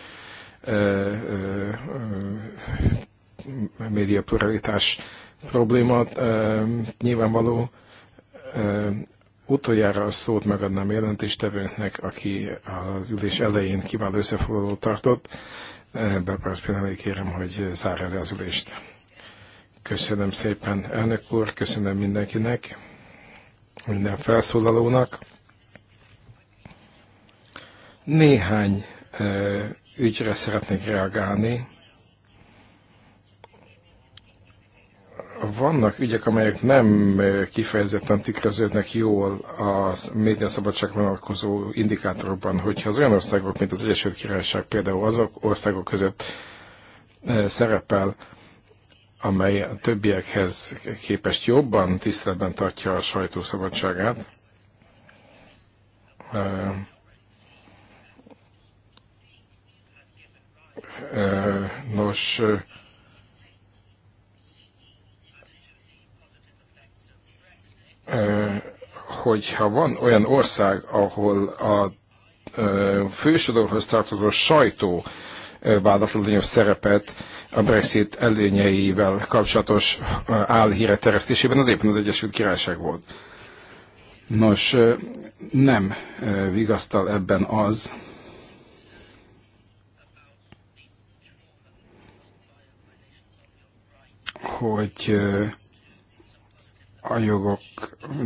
média pluralitás probléma. Nyilvánvaló Utoljára a szót megadnám jelentéstevőnknek, aki az ülés elején kiváló összefoglalót tartott. Bepárs pillanatban kérem, hogy zárja le az ülést. Köszönöm szépen, elnök úr, köszönöm mindenkinek, minden felszólalónak. Néhány ügyre szeretnék reagálni, vannak ügyek, amelyek nem eh, kifejezetten tükröződnek jól a szabadság vonatkozó indikátorokban, hogyha az olyan országok, mint az Egyesült Királyság például azok országok között eh, szerepel, amely a többiekhez képest jobban tiszteletben tartja a sajtószabadságát, eh, nos, hogyha van olyan ország, ahol a fősodorhoz tartozó sajtó vádatlanul szerepet a Brexit előnyeivel kapcsolatos álhíre teresztésében, az éppen az Egyesült Királyság volt. Nos, nem vigasztal ebben az, hogy a jogok.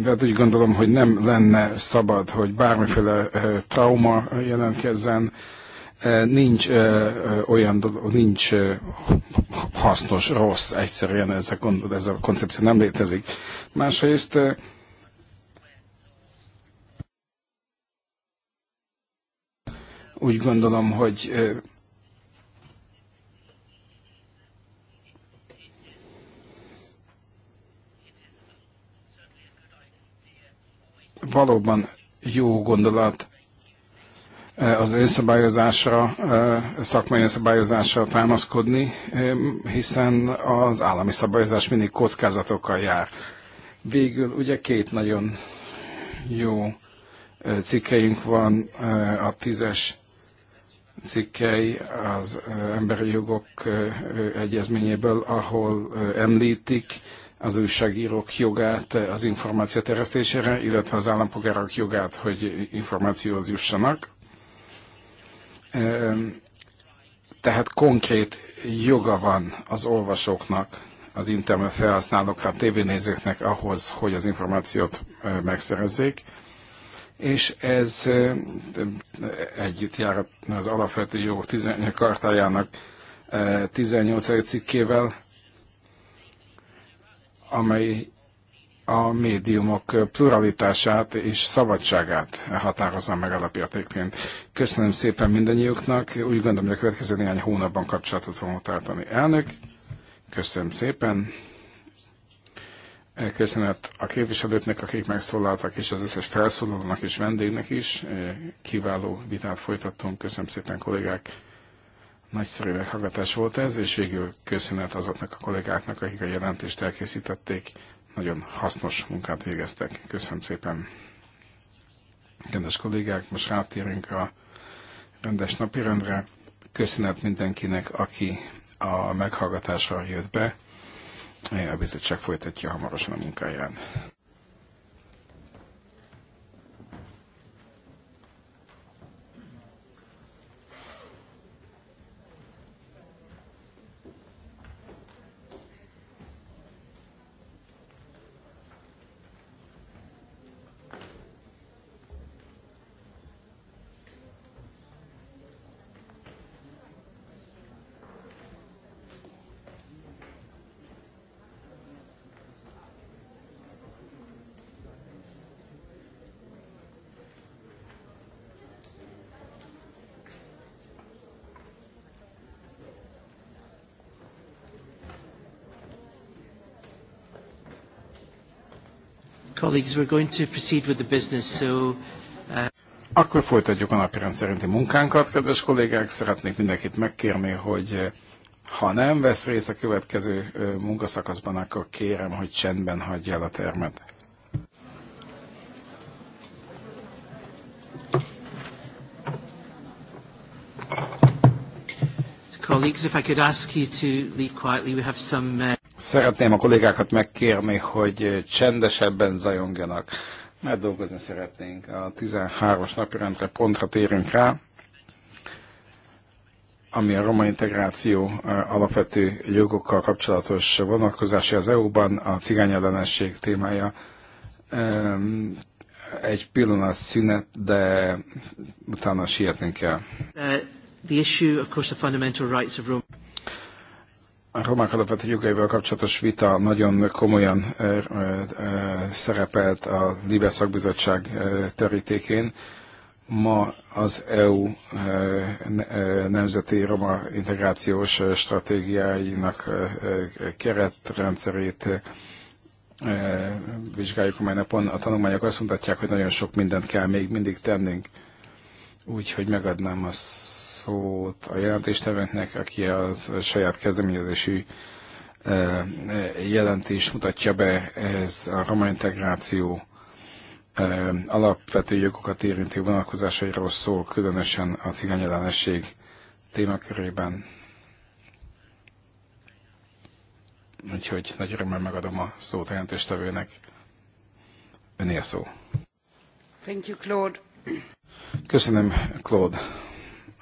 De hát úgy gondolom, hogy nem lenne szabad, hogy bármiféle eh, trauma jelentkezzen, eh, nincs eh, olyan dolog, nincs hasznos, rossz, egyszerűen ez a, ez a koncepció nem létezik. Másrészt úgy gondolom, hogy valóban jó gondolat eh, az önszabályozásra, eh, szakmai önszabályozásra támaszkodni, eh, hiszen az állami szabályozás mindig kockázatokkal jár. Végül ugye két nagyon jó cikkeink van, a tízes cikkei az emberi jogok egyezményéből, ahol említik az újságírók jogát az információ terjesztésére, illetve az állampolgárok jogát, hogy információhoz jussanak. Ehm, tehát konkrét joga van az olvasóknak, az internet felhasználókra, a hát tévénézőknek ahhoz, hogy az információt e, megszerezzék, és ez e, együtt jár az alapvető jogok kartájának 18. E, cikkével, amely a médiumok pluralitását és szabadságát határozza meg alapértékként. Köszönöm szépen mindannyiuknak, úgy gondolom, hogy a következő néhány hónapban kapcsolatot fogunk tartani. Elnök, köszönöm szépen. Köszönet a képviselőknek, akik megszólaltak, és az összes felszólalónak és vendégnek is. Kiváló vitát folytattunk. Köszönöm szépen, kollégák! Nagyszerű meghallgatás volt ez, és végül köszönet azoknak a kollégáknak, akik a jelentést elkészítették. Nagyon hasznos munkát végeztek. Köszönöm szépen. Kedves kollégák, most rátérünk a rendes napirendre. Köszönet mindenkinek, aki a meghallgatásra jött be. A bizottság folytatja hamarosan a munkáján. colleagues, we're going to proceed with the business, so... Uh, akkor folytatjuk a napirend szerinti munkánkat, kedves kollégák. Szeretnék mindenkit megkérni, hogy uh, ha nem vesz részt a következő uh, munkaszakaszban, akkor kérem, hogy csendben hagyja el a termet. Colleagues, if I could ask you to leave quietly, we have some uh, Szeretném a kollégákat megkérni, hogy csendesebben zajongjanak, mert dolgozni szeretnénk. A 13-as napirendre pontra térünk rá, ami a roma integráció alapvető jogokkal kapcsolatos vonatkozása az EU-ban, a cigányellenesség témája. Egy pillanat szünet, de utána sietnünk kell. Uh, the issue, of course, the fundamental rights of Roma a romák alapvető jogaival kapcsolatos vita nagyon komolyan ö, eh, ö, eh, eh, szerepelt a Libe szakbizottság ö, terítékén. Ma az EU nemzeti roma integrációs stratégiáinak keretrendszerét vizsgáljuk, amely napon a tanulmányok azt mutatják, hogy nagyon sok mindent kell még mindig tennünk. Úgyhogy megadnám az szót a jelentéstevőnknek, aki az saját kezdeményezésű e, e, jelentést mutatja be, ez a roma integráció e, alapvető jogokat érintő vonalkozásairól szól, különösen a cigányellenesség témakörében. Úgyhogy nagy örömmel megadom a szót a jelentéstevőnek. Önél szó. Thank you, Claude. Köszönöm, Claude.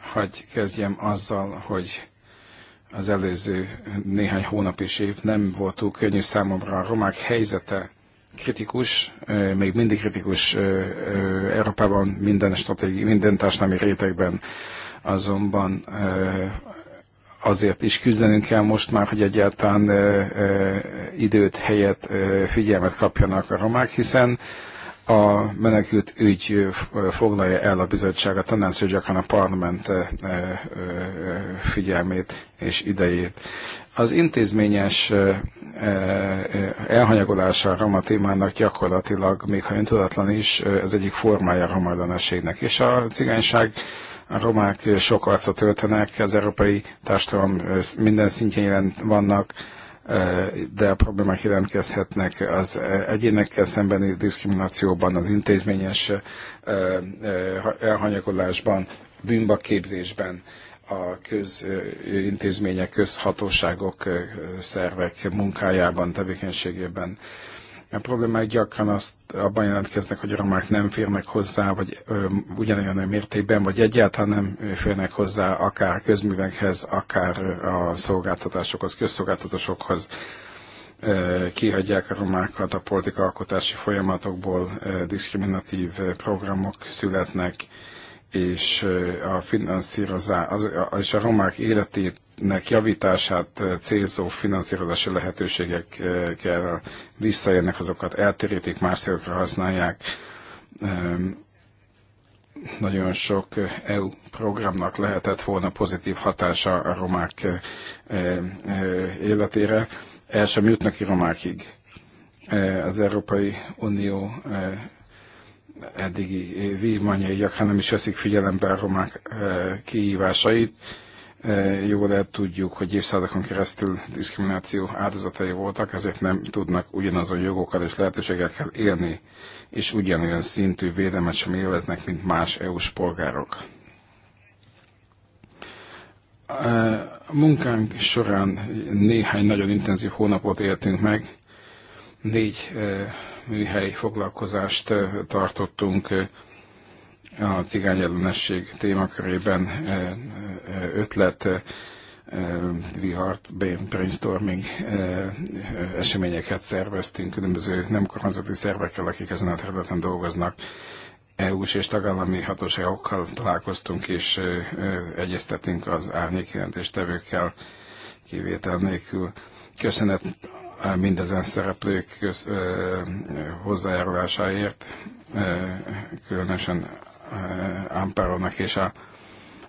Hagy kezdjem azzal, hogy az előző néhány hónap és év nem volt túl könnyű számomra. A romák helyzete kritikus, még mindig kritikus Európában minden, stratégi, minden társadalmi rétegben, azonban azért is küzdenünk kell most már, hogy egyáltalán időt, helyet, figyelmet kapjanak a romák, hiszen a menekült ügy foglalja el a bizottság, a tanács gyakran a parlament figyelmét és idejét. Az intézményes elhanyagolása a roma témának gyakorlatilag, még ha öntudatlan is, ez egyik formája a romaellenességnek. És a cigányság a romák sok arcot öltenek, az európai társadalom minden szintjén vannak, de a problémák jelentkezhetnek az egyénekkel szembeni diszkriminációban, az intézményes elhanyagolásban, bűnbakképzésben, a közintézmények, közhatóságok, szervek munkájában, tevékenységében a problémák gyakran azt abban jelentkeznek, hogy a romák nem férnek hozzá, vagy ö, ugyanolyan mértékben, vagy egyáltalán nem férnek hozzá akár közművekhez, akár a szolgáltatásokhoz, közszolgáltatásokhoz. kihagyják a romákat a alkotási folyamatokból, diszkriminatív programok születnek, és a finanszírozás, az, és a romák életét nek javítását eh, célzó finanszírozási lehetőségekkel eh, visszaérnek, azokat eltérítik, más célokra használják. Nagyon sok EU eh, e programnak lehetett volna pozitív hatása a romák életére. El sem jut neki romákig. Az Európai Unió eddigi vívmányai gyakran hát nem is veszik figyelembe a romák kihívásait Eh, jól el tudjuk, hogy évszázadokon keresztül diszkrimináció áldozatai voltak, ezért nem tudnak ugyanazon jogokkal és lehetőségekkel élni, és ugyanolyan szintű védelmet sem élveznek, mint más EU-s polgárok. A eh, munkánk során néhány nagyon intenzív hónapot éltünk meg, négy eh, műhely foglalkozást tartottunk a cigányellenesség témakörében eh, eh, ötlet eh, vihart, brainstorming eseményeket szerveztünk különböző nem kormányzati szervekkel, akik ezen a területen dolgoznak. EU-s és tagállami hatóságokkal találkoztunk és egyeztetünk az árnyék jelentéstevőkkel kivétel nélkül. Köszönet mindezen szereplők köz, hozzájárulásáért, különösen Eh, Amperónak és a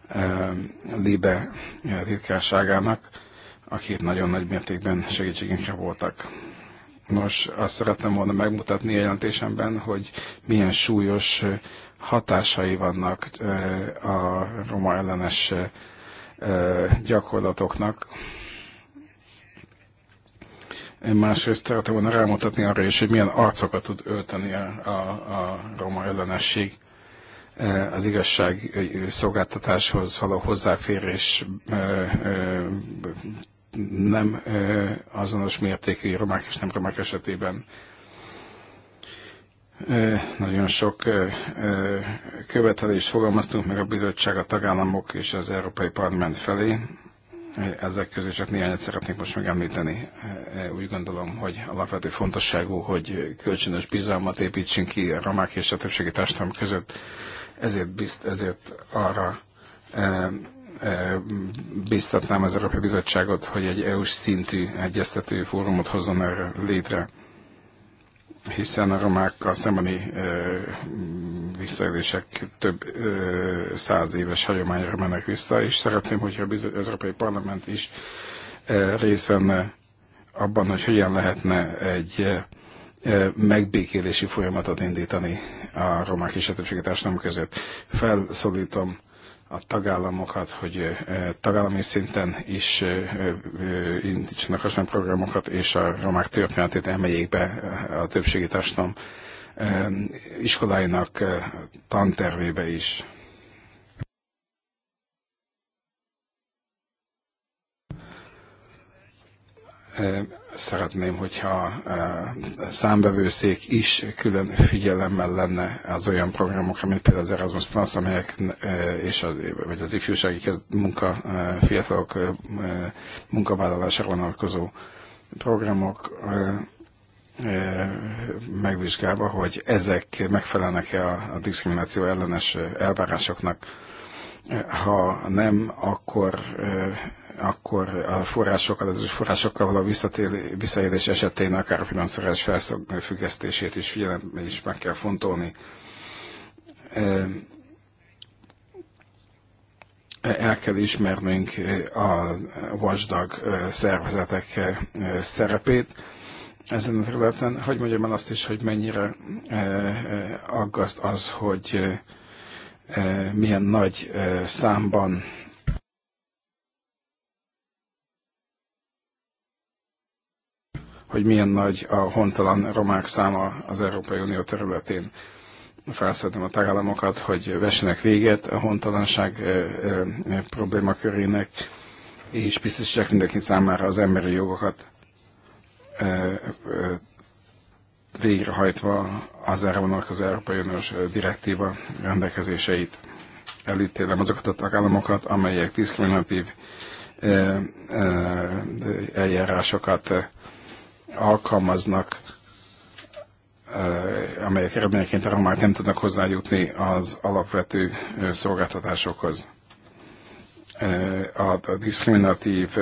eh, Libe eh, titkárságának, akik nagyon nagy mértékben segítségünkre voltak. Nos, azt szerettem volna megmutatni a jelentésemben, hogy milyen súlyos hatásai vannak a roma ellenes gyakorlatoknak. Én másrészt szerettem volna rámutatni arra is, hogy milyen arcokat tud ölteni a, a, a roma ellenesség E, az igazság szolgáltatáshoz való hozzáférés e, e, nem azonos mértékű romák és nem romák esetében. Nagyon sok követelést fogalmaztunk meg a bizottság, a tagállamok és az Európai Parlament felé. Ezek közül csak néhányat szeretnék most megemlíteni. Úgy gondolom, hogy alapvető fontosságú, hogy kölcsönös bizalmat építsünk ki a romák és a többségi társadalom között ezért, bizt, ezért arra biztatnám az Európai Bizottságot, hogy egy EU-s szintű egyeztető fórumot hozzon erre létre, hiszen a romákkal szembeni visszaélések több száz éves hagyományra mennek vissza, és szeretném, hogyha az Európai Parlament is részt venne abban, hogy hogyan lehetne egy megbékélési folyamatot indítani a romák és többségi társadalom között. Felszólítom a tagállamokat, hogy tagállami szinten is indítsanak hasonló programokat, és a romák történetét emeljék be a többségi társadalom iskoláinak tantervébe is. Uh, szeretném, hogyha e, számbevőszék is külön figyelemmel lenne az olyan programokra, mint például az Erasmus Plus, amelyek e, és az, vagy az ifjúsági munka, e, fiatalok munkavállalására vonatkozó programok megvizsgálva, hogy ezek megfelelnek-e a, a diszkrimináció ellenes elvárásoknak. Ha nem, akkor akkor a forrásokkal, az forrásokkal való visszaélés esetén akár a finanszírozás felfüggesztését is figyelembe is meg kell fontolni. El kell ismernünk a watchdog szervezetek szerepét ezen a területen. Hogy mondjam el azt is, hogy mennyire aggaszt az, hogy milyen nagy számban hogy milyen nagy a hontalan romák száma az Európai Unió területén. Felszóltam a tagállamokat, hogy vessenek véget a hontalanság problémakörének, és biztosítsák mindenki számára az emberi jogokat végrehajtva az erre vonalkozó Európai Uniós direktíva rendelkezéseit. Elítélem azokat a tagállamokat, amelyek diszkriminatív eljárásokat alkalmaznak, amelyek eredményeként a romák nem tudnak hozzájutni az alapvető szolgáltatásokhoz. A diszkriminatív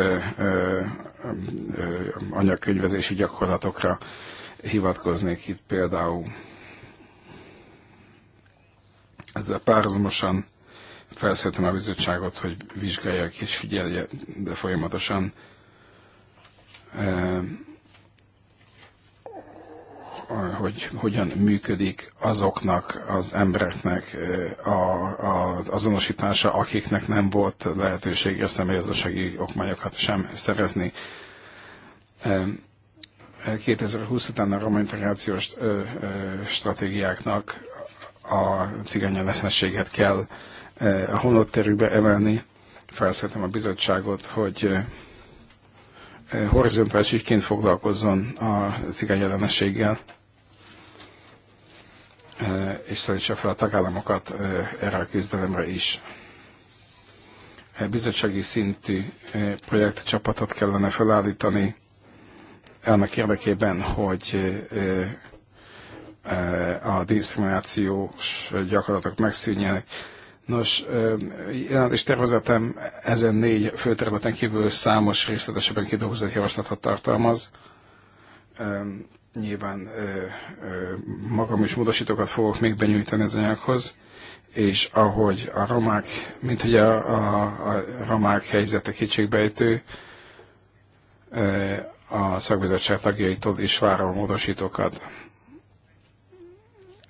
anyagkönyvezési gyakorlatokra hivatkoznék itt például. Ezzel párhuzamosan felszéltem a bizottságot, hogy vizsgálják és figyelje, de folyamatosan hogy hogyan működik azoknak az embereknek a, az azonosítása, akiknek nem volt lehetősége személygazdasági okmányokat sem szerezni. 2020 után a roma integrációs stratégiáknak a cigányellenességet kell a honlott terükbe emelni. Felszeretem a bizottságot, hogy horizontális ügyként foglalkozzon a ellenességgel, e, és szerintse fel a tagállamokat e, erre a küzdelemre is. E, bizottsági szintű projektcsapatot kellene felállítani annak érdekében, hogy a diszkriminációs gyakorlatok megszűnjenek, Nos, jelentés tervezetem ezen négy főterületen kívül számos részletesebben kidolgozott javaslatot tartalmaz. Nyilván magam is módosítókat fogok még benyújtani az anyaghoz, és ahogy a romák, mint hogy a, a, a romák helyzete kétségbejtő, a szakbizottság tagjaitól is várom a módosítókat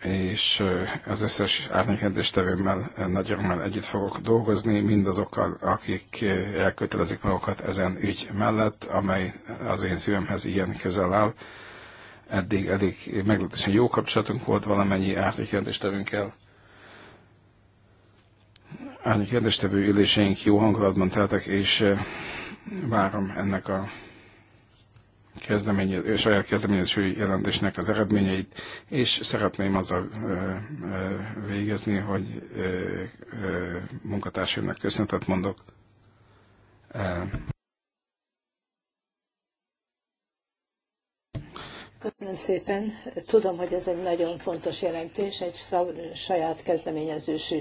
és az összes árnyékedéstevőmmel nagyjából együtt fogok dolgozni, mindazokkal, akik elkötelezik magukat ezen ügy mellett, amely az én szívemhez ilyen közel áll. Eddig elég meglehetősen jó kapcsolatunk volt valamennyi árnyékedéstevőnkkel. Árnyékedéstevő üléseink jó hangulatban teltek, és várom ennek a kezdeményez, saját kezdeményezői jelentésnek az eredményeit, és szeretném azzal végezni, hogy munkatársaimnak köszönetet mondok. Köszönöm szépen. Tudom, hogy ez egy nagyon fontos jelentés, egy szab, saját kezdeményezősű.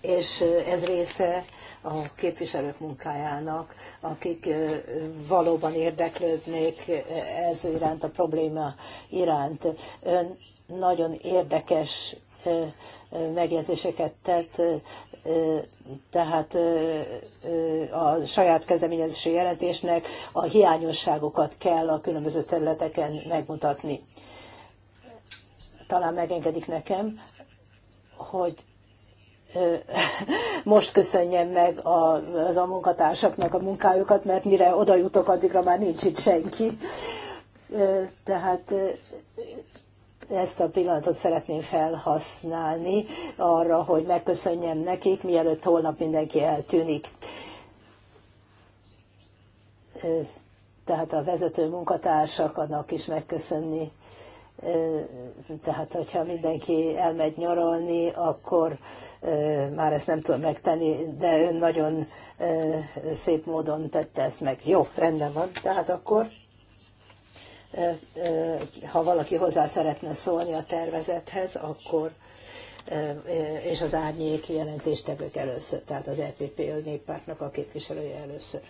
És ez része a képviselők munkájának, akik valóban érdeklődnék ez iránt, a probléma iránt. Ön nagyon érdekes megjegyzéseket tett, tehát a saját kezdeményezési jelentésnek a hiányosságokat kell a különböző területeken megmutatni. Talán megengedik nekem, hogy most köszönjem meg a, az a munkatársaknak a munkájukat, mert mire oda jutok, addigra már nincs itt senki. Tehát ezt a pillanatot szeretném felhasználni arra, hogy megköszönjem nekik, mielőtt holnap mindenki eltűnik. Tehát a vezető munkatársaknak is megköszönni tehát hogyha mindenki elmegy nyaralni, akkor már ezt nem tudom megtenni, de ön nagyon szép módon tette ezt meg. Jó, rendben van, tehát akkor ha valaki hozzá szeretne szólni a tervezethez, akkor és az árnyék jelentéstevők először, tehát az EPP néppártnak a képviselője először.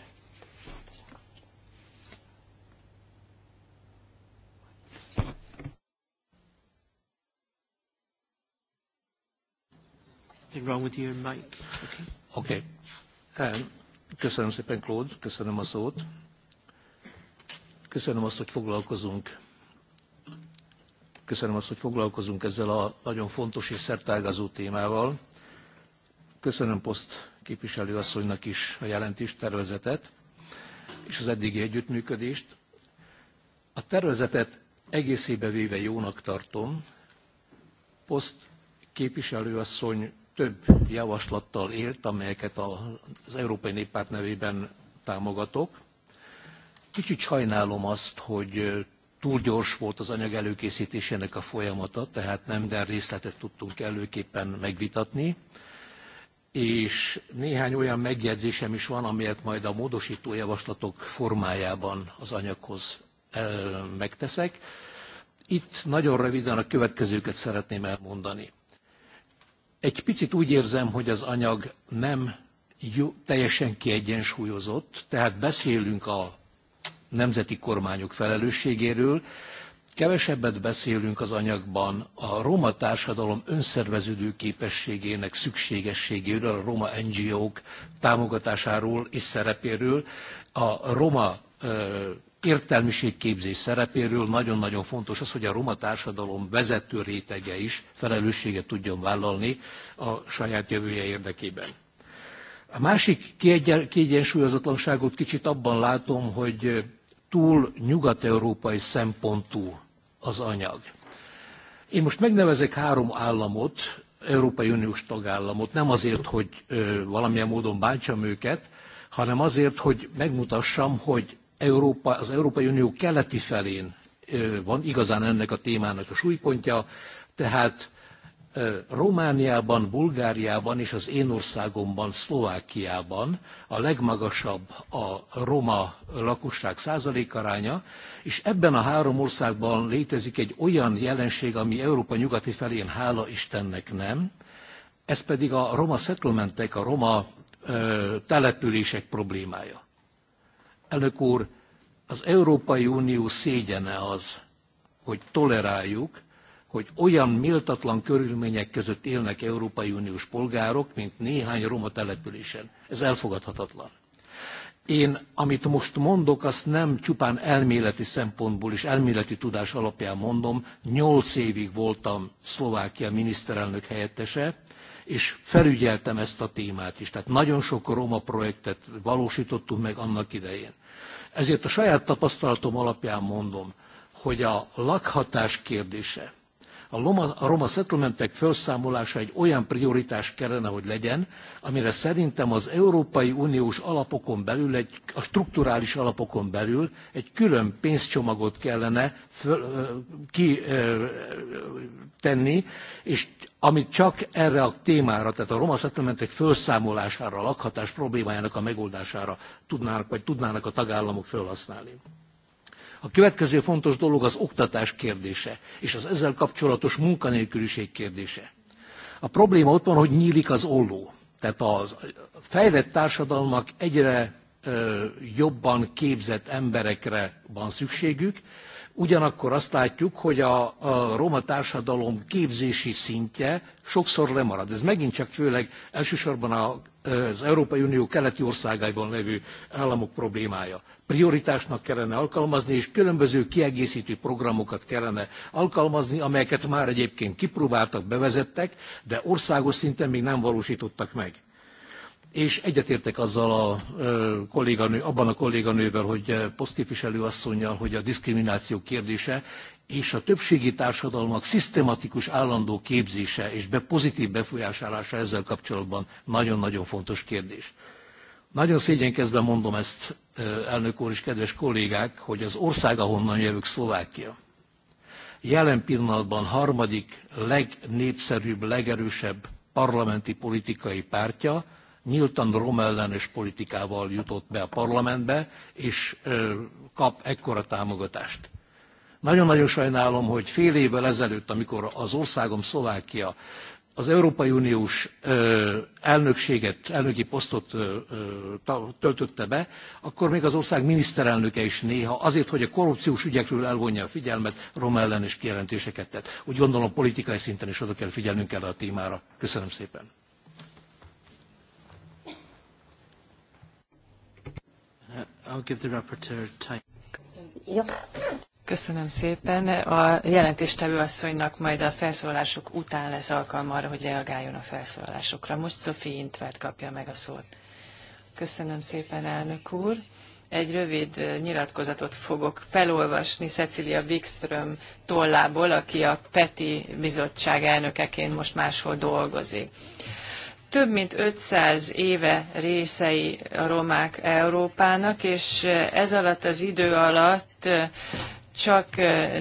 Something wrong with your mic. Okay. okay. Um, köszönöm szépen, Claude, köszönöm a szót. Köszönöm azt, hogy foglalkozunk Köszönöm azt, hogy foglalkozunk ezzel a nagyon fontos és szertágazó témával. Köszönöm poszt asszonynak is a tervezetet és az eddigi együttműködést. A tervezetet egészébe véve jónak tartom. Poszt képviselőasszony több javaslattal élt, amelyeket az Európai Néppárt nevében támogatok. Kicsit sajnálom azt, hogy túl gyors volt az anyag előkészítésének a folyamata, tehát nem minden részletet tudtunk előképpen megvitatni, és néhány olyan megjegyzésem is van, amelyet majd a módosító javaslatok formájában az anyaghoz megteszek. Itt nagyon röviden a következőket szeretném elmondani. Egy picit úgy érzem, hogy az anyag nem jó, teljesen kiegyensúlyozott, tehát beszélünk a nemzeti kormányok felelősségéről, kevesebbet beszélünk az anyagban a roma társadalom önszerveződő képességének szükségességéről, a roma NGO-k támogatásáról és szerepéről, a roma értelmiségképzés szerepéről nagyon-nagyon fontos az, hogy a roma társadalom vezető rétege is felelősséget tudjon vállalni a saját jövője érdekében. A másik kiegyensúlyozatlanságot kicsit abban látom, hogy túl nyugat-európai szempontú az anyag. Én most megnevezek három államot, Európai Uniós tagállamot, nem azért, hogy valamilyen módon bántsam őket, hanem azért, hogy megmutassam, hogy Európa, az Európai Unió keleti felén van igazán ennek a témának a súlypontja, tehát Romániában, Bulgáriában és az én országomban, Szlovákiában a legmagasabb a roma lakosság százalékaránya, és ebben a három országban létezik egy olyan jelenség, ami Európa nyugati felén hála Istennek nem, ez pedig a roma settlementek, a roma ö, települések problémája. Elnök úr, az Európai Unió szégyene az, hogy toleráljuk, hogy olyan méltatlan körülmények között élnek Európai Uniós polgárok, mint néhány roma településen. Ez elfogadhatatlan. Én, amit most mondok, azt nem csupán elméleti szempontból és elméleti tudás alapján mondom. Nyolc évig voltam Szlovákia miniszterelnök helyettese, és felügyeltem ezt a témát is. Tehát nagyon sok roma projektet valósítottunk meg annak idején. Ezért a saját tapasztalatom alapján mondom, hogy a lakhatás kérdése a Loma, a roma settlementek felszámolása egy olyan prioritás kellene, hogy legyen, amire szerintem az Európai Uniós alapokon belül, egy, a strukturális alapokon belül egy külön pénzcsomagot kellene kitenni, és amit csak erre a témára, tehát a roma szettlementek felszámolására, a lakhatás problémájának a megoldására tudnának, vagy tudnának a tagállamok felhasználni. A következő fontos dolog az oktatás kérdése, és az ezzel kapcsolatos munkanélküliség kérdése. A probléma ott van, hogy nyílik az olló. Tehát a fejlett társadalmak egyre ö, jobban képzett emberekre van szükségük, ugyanakkor azt látjuk, hogy a, a roma társadalom képzési szintje sokszor lemarad. Ez megint csak főleg elsősorban a, az Európai Unió keleti országaiban levő államok problémája prioritásnak kellene alkalmazni, és különböző kiegészítő programokat kellene alkalmazni, amelyeket már egyébként kipróbáltak, bevezettek, de országos szinten még nem valósítottak meg. És egyetértek azzal a kolléganő, abban a kolléganővel, hogy posztképviselő asszonynal, hogy a diszkrimináció kérdése és a többségi társadalmak szisztematikus állandó képzése és be pozitív befolyásolása ezzel kapcsolatban nagyon-nagyon fontos kérdés. Nagyon szégyenkezve mondom ezt, elnök úr és kedves kollégák, hogy az ország, ahonnan jövök, Szlovákia. Jelen pillanatban harmadik legnépszerűbb, legerősebb parlamenti politikai pártja, nyíltan romellenes politikával jutott be a parlamentbe, és kap ekkora támogatást. Nagyon-nagyon sajnálom, hogy fél évvel ezelőtt, amikor az országom Szlovákia az Európai Uniós elnökséget, elnöki posztot töltötte be, akkor még az ország miniszterelnöke is néha azért, hogy a korrupciós ügyekről elvonja a figyelmet, roma ellenes kijelentéseket tett. Úgy gondolom politikai szinten is oda kell figyelnünk erre a témára. Köszönöm szépen. Köszönöm. Köszönöm szépen. A jelentéstevő asszonynak majd a felszólalások után lesz alkalma arra, hogy reagáljon a felszólalásokra. Most Sophie Intvert kapja meg a szót. Köszönöm szépen, elnök úr. Egy rövid nyilatkozatot fogok felolvasni Cecilia Wikström tollából, aki a PETI bizottság elnökeként most máshol dolgozik több mint 500 éve részei a romák Európának, és ez alatt az idő alatt csak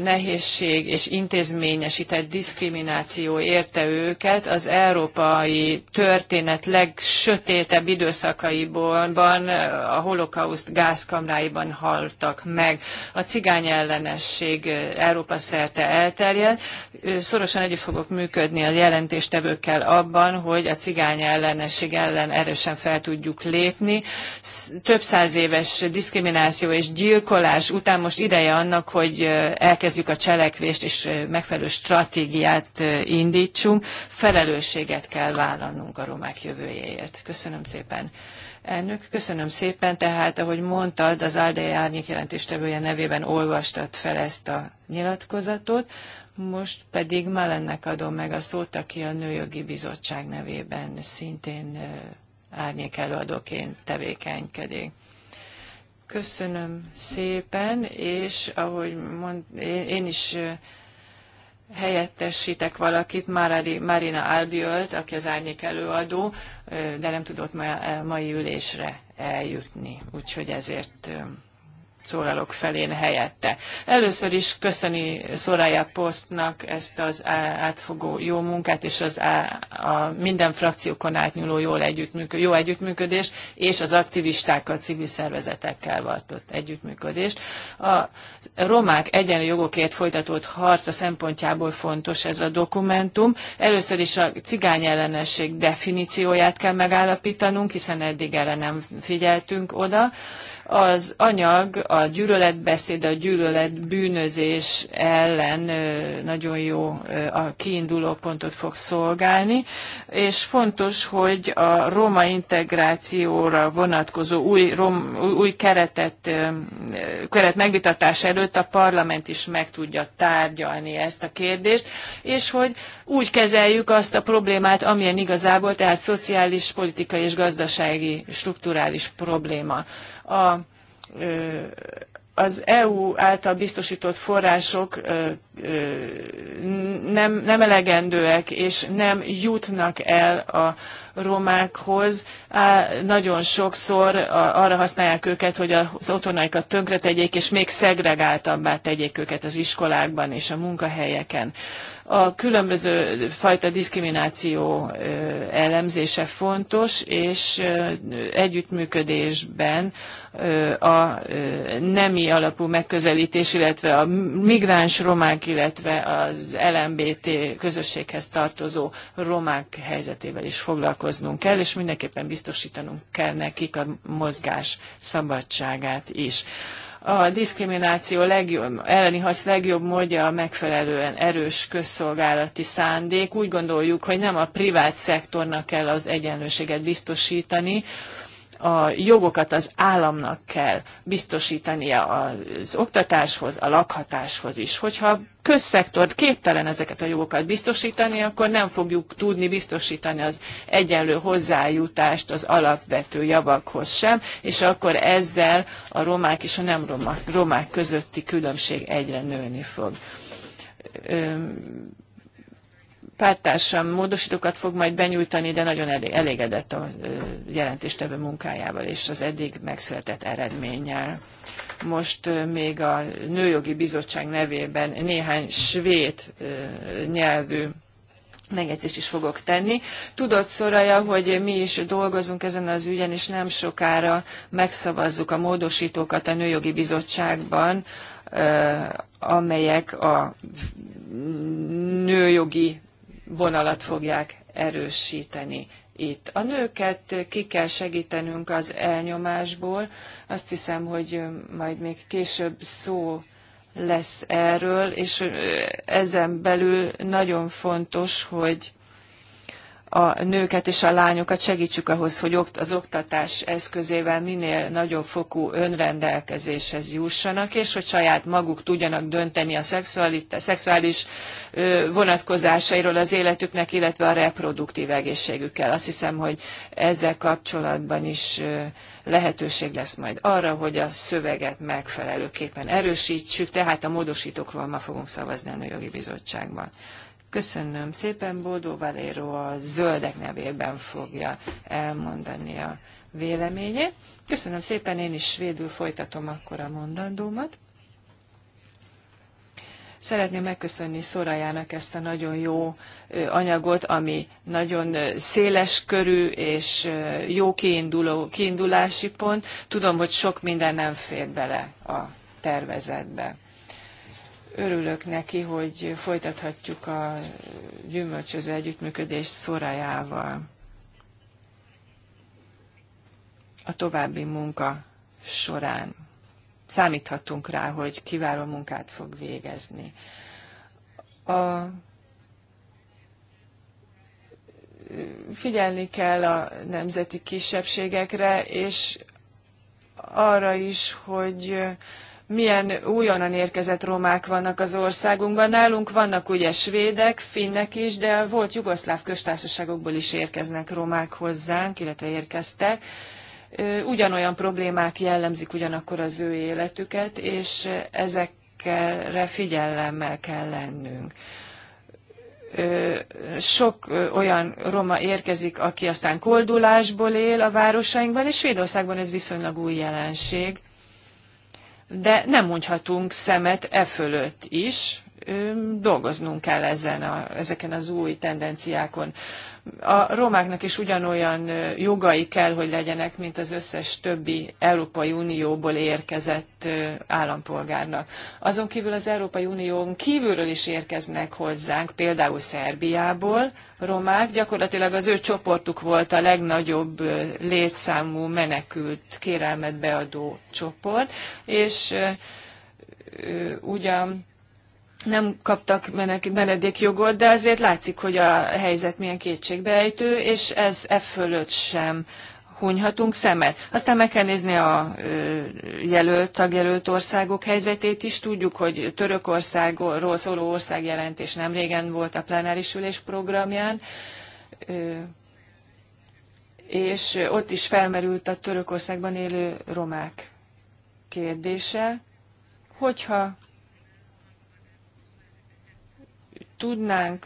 nehézség és intézményesített diszkrimináció érte őket az európai történet legsötétebb időszakaiban, a holokauszt gázkamráiban haltak meg. A cigány ellenesség Európa szerte elterjedt. Szorosan együtt fogok működni a jelentéstevőkkel abban, hogy a cigány ellenesség ellen erősen fel tudjuk lépni. Több száz éves diszkrimináció és gyilkolás után most ideje annak, hogy hogy elkezdjük a cselekvést és megfelelő stratégiát indítsunk. Felelősséget kell vállalnunk a romák jövőjéért. Köszönöm szépen. Elnök, köszönöm szépen. Tehát, ahogy mondtad, az Áldei Árnyék jelentéstevője nevében olvastad fel ezt a nyilatkozatot. Most pedig Malennek adom meg a szót, aki a Nőjogi Bizottság nevében szintén árnyék előadóként tevékenykedik. Köszönöm szépen, és ahogy mond, én, én is helyettesítek valakit, Marari, Marina Albiölt, aki az árnyék előadó, de nem tudott ma, mai ülésre eljutni, úgyhogy ezért szólalok felén helyette. Először is köszöni Szorája Posztnak ezt az átfogó jó munkát és az á, a minden frakciókon átnyúló jól együttműköd, jó együttműködést és az aktivistákkal, civil szervezetekkel valtott együttműködést. A romák egyenlő jogokért folytatott harca szempontjából fontos ez a dokumentum. Először is a cigány ellenesség definícióját kell megállapítanunk, hiszen eddig erre nem figyeltünk oda az anyag a gyűlöletbeszéd, a gyűlöletbűnözés ellen nagyon jó a kiinduló pontot fog szolgálni, és fontos, hogy a roma integrációra vonatkozó új, rom, új keretet, keret megvitatás előtt a parlament is meg tudja tárgyalni ezt a kérdést, és hogy úgy kezeljük azt a problémát, amilyen igazából, tehát szociális, politikai és gazdasági strukturális probléma a, az EU által biztosított források nem, nem elegendőek és nem jutnak el a romákhoz. nagyon sokszor arra használják őket, hogy az otthonaikat tönkretegyék, és még szegregáltabbá tegyék őket az iskolákban és a munkahelyeken. A különböző fajta diszkrimináció elemzése fontos, és együttműködésben a nemi alapú megközelítés, illetve a migráns romák, illetve az LMBT közösséghez tartozó romák helyzetével is foglalkoznunk kell, és mindenképpen biztosítanunk kell nekik a mozgás szabadságát is a diszkrimináció legjobb, elleni hasz legjobb módja a megfelelően erős közszolgálati szándék. Úgy gondoljuk, hogy nem a privát szektornak kell az egyenlőséget biztosítani, a jogokat az államnak kell biztosítania az oktatáshoz, a lakhatáshoz is. Hogyha közszektort képtelen ezeket a jogokat biztosítani, akkor nem fogjuk tudni biztosítani az egyenlő hozzájutást az alapvető javakhoz sem, és akkor ezzel a romák és a nem romák, romák közötti különbség egyre nőni fog pártársam módosítókat fog majd benyújtani, de nagyon elégedett a jelentéstevő munkájával és az eddig megszületett eredménnyel. Most még a Nőjogi Bizottság nevében néhány svéd nyelvű megjegyzést is fogok tenni. Tudod, Szoraja, hogy mi is dolgozunk ezen az ügyen, és nem sokára megszavazzuk a módosítókat a Nőjogi Bizottságban, amelyek a nőjogi vonalat fogják erősíteni itt. A nőket ki kell segítenünk az elnyomásból. Azt hiszem, hogy majd még később szó lesz erről, és ezen belül nagyon fontos, hogy a nőket és a lányokat segítsük ahhoz, hogy az oktatás eszközével minél nagyobb fokú önrendelkezéshez jussanak, és hogy saját maguk tudjanak dönteni a szexuális vonatkozásairól az életüknek, illetve a reproduktív egészségükkel. Azt hiszem, hogy ezzel kapcsolatban is lehetőség lesz majd arra, hogy a szöveget megfelelőképpen erősítsük, tehát a módosítókról ma fogunk szavazni a Nőjogi Bizottságban. Köszönöm szépen, Bódó Valéro a zöldek nevében fogja elmondani a véleményét. Köszönöm szépen, én is svédül folytatom akkor a mondandómat. Szeretném megköszönni Szorajának ezt a nagyon jó anyagot, ami nagyon széles körű és jó kiinduló, kiindulási pont. Tudom, hogy sok minden nem fér bele a tervezetbe. Örülök neki, hogy folytathatjuk a gyümölcsöző együttműködés szorájával a további munka során. Számíthatunk rá, hogy kiváló munkát fog végezni. A figyelni kell a nemzeti kisebbségekre, és arra is, hogy milyen újonnan érkezett romák vannak az országunkban. Nálunk vannak ugye svédek, finnek is, de volt jugoszláv köztársaságokból is érkeznek romák hozzánk, illetve érkeztek. Ugyanolyan problémák jellemzik ugyanakkor az ő életüket, és ezekre figyelemmel kell lennünk sok olyan roma érkezik, aki aztán koldulásból él a városainkban, és Svédországban ez viszonylag új jelenség de nem mondhatunk szemet e fölött is, dolgoznunk kell ezen a, ezeken az új tendenciákon. A romáknak is ugyanolyan jogai kell, hogy legyenek, mint az összes többi Európai Unióból érkezett állampolgárnak. Azon kívül az Európai Unión kívülről is érkeznek hozzánk, például Szerbiából romák, gyakorlatilag az ő csoportuk volt a legnagyobb létszámú menekült kérelmet beadó csoport, és ugyan nem kaptak menedékjogot, de azért látszik, hogy a helyzet milyen kétségbejtő, és ez e fölött sem hunyhatunk szemet. Aztán meg kell nézni a jelölt, tagjelölt országok helyzetét is. Tudjuk, hogy Törökországról szóló országjelentés nem régen volt a plenáris ülés programján, és ott is felmerült a Törökországban élő romák kérdése, hogyha tudnánk,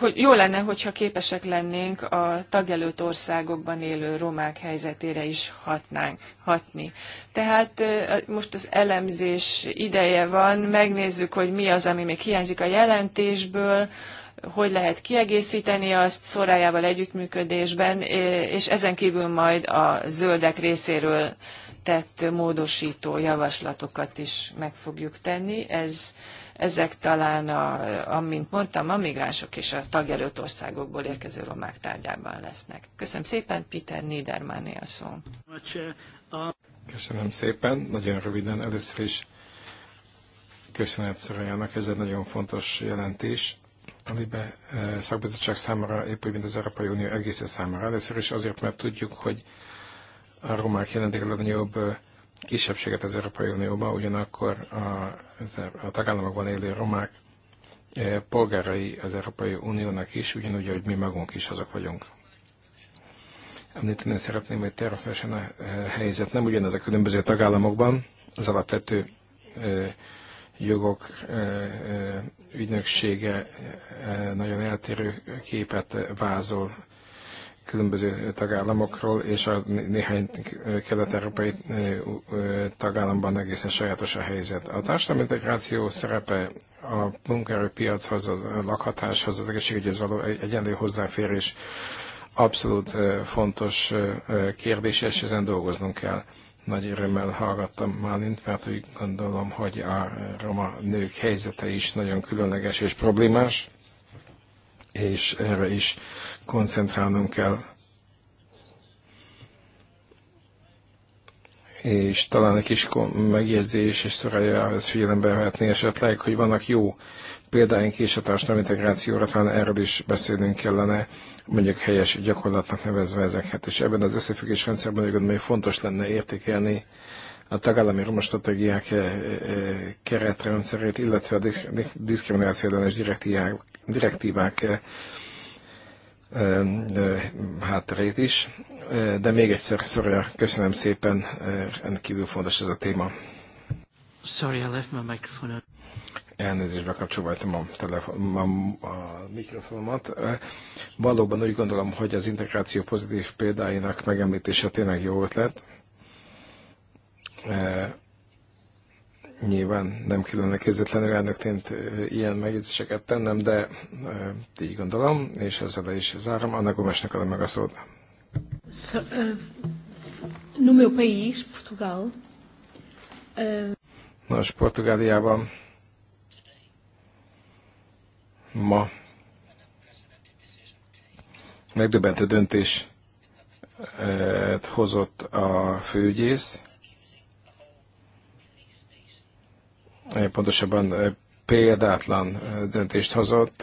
hogy jó lenne, hogyha képesek lennénk a tagjelölt országokban élő romák helyzetére is hatnánk, hatni. Tehát most az elemzés ideje van, megnézzük, hogy mi az, ami még hiányzik a jelentésből, hogy lehet kiegészíteni azt szorájával együttműködésben, és ezen kívül majd a zöldek részéről tett módosító javaslatokat is meg fogjuk tenni. Ez, ezek talán, a, amint mondtam, a migránsok és a tagjelölt országokból érkező romák tárgyában lesznek. Köszönöm szépen, Peter Niedermanné a szó. Köszönöm szépen, nagyon röviden először is köszönet Szarajának, ez egy nagyon fontos jelentés. A eh, szakbizottság számára, épp úgy, mint az Európai Unió egészen számára. Először is azért, mert tudjuk, hogy a romák jelentik a legnagyobb kisebbséget az Európai Unióban, ugyanakkor a, e- a tagállamokban élő romák polgárai az Európai Uniónak is, ugyanúgy, hogy mi magunk is azok vagyunk. Említeni szeretném, hogy természetesen a helyzet nem ugyanaz a különböző tagállamokban, az alapvető jogok ügynöksége nagyon eltérő képet vázol különböző tagállamokról, és a néhány kelet-európai tagállamban egészen sajátos a helyzet. A társadalmi integráció szerepe a munkaerőpiachoz, a lakhatáshoz, az egészségügyhez való egyenlő hozzáférés abszolút fontos kérdés, és ezen dolgoznunk kell. Nagy örömmel hallgattam Málint, mert úgy gondolom, hogy a roma nők helyzete is nagyon különleges és problémás és erre is koncentrálnunk kell. És talán egy kis megjegyzés, és Szorája ezt figyelembe vehetné esetleg, hogy vannak jó példáink és a társadalmi integrációra, talán erről is beszélnünk kellene, mondjuk helyes gyakorlatnak nevezve ezeket. És ebben az összefüggés rendszerben úgy gondolom, hogy fontos lenne értékelni a tagállami roma stratégiák eh, eh, keretrendszerét, illetve a diszkrimináció ellenes direktívák direktívák hátterét is, de még egyszer Szorja, köszönöm szépen, rendkívül fontos ez a téma. Sorry, I left my microphone on. Elnézést, bekapcsoltam a, telefon, a, a mikrofonomat. Valóban úgy gondolom, hogy az integráció pozitív példáinak megemlítése tényleg jó ötlet. Nyilván nem kellene közvetlenül elnökként ilyen megjegyzéseket tennem, de így gondolom, és ezzel is zárom. Anna Gomesnek adom meg a szót. So, uh, no meu país, Portugal. Uh... Nos, Portugáliában ma megdöbbentő döntés hozott a főügyész, pontosabban példátlan döntést hozott.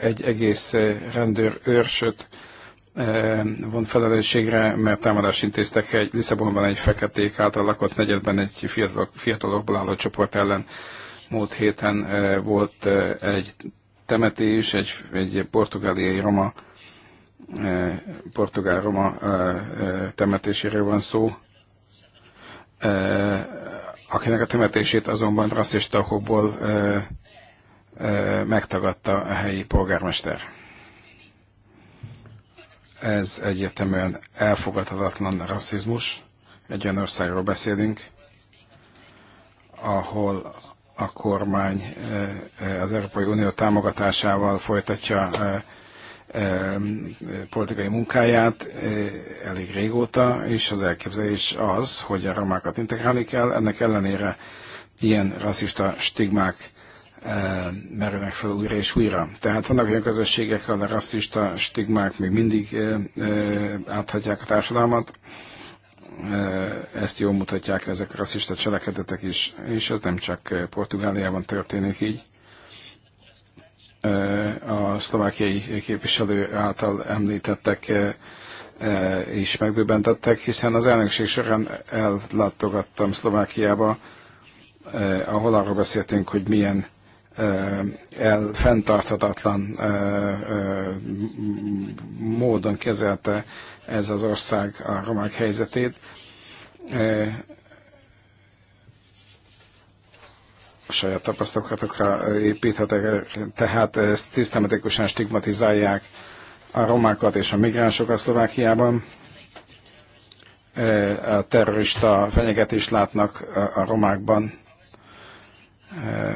Egy egész rendőr őrsöt von felelősségre, mert támadást intéztek egy Lisszabonban egy feketék által lakott negyedben egy fiatalok, fiatalokból álló csoport ellen. Múlt héten volt egy temetés, egy, egy portugáliai roma, portugál roma temetéséről van szó, akinek a temetését azonban rasszista okokból ö, ö, megtagadta a helyi polgármester. Ez egyértelműen elfogadhatatlan rasszizmus. Egy olyan országról beszélünk, ahol a kormány az Európai Unió támogatásával folytatja politikai munkáját eh, elég régóta, és az elképzelés az, hogy a romákat integrálni kell, ennek ellenére ilyen rasszista stigmák eh, merülnek fel újra és újra. Tehát vannak olyan közösségek, ahol a rasszista stigmák még mindig eh, áthatják a társadalmat, ezt jól mutatják ezek a rasszista cselekedetek is, és ez nem csak Portugáliában történik így, a szlovákiai képviselő által említettek is megdöbbentettek, hiszen az elnökség során ellátogattam Szlovákiába, ahol arról beszéltünk, hogy milyen el, fenntarthatatlan módon kezelte ez az ország a romák helyzetét. saját tapasztalatokra építhetek, tehát szisztematikusan stigmatizálják a romákat és a migránsokat Szlovákiában. A terrorista fenyegetést látnak a romákban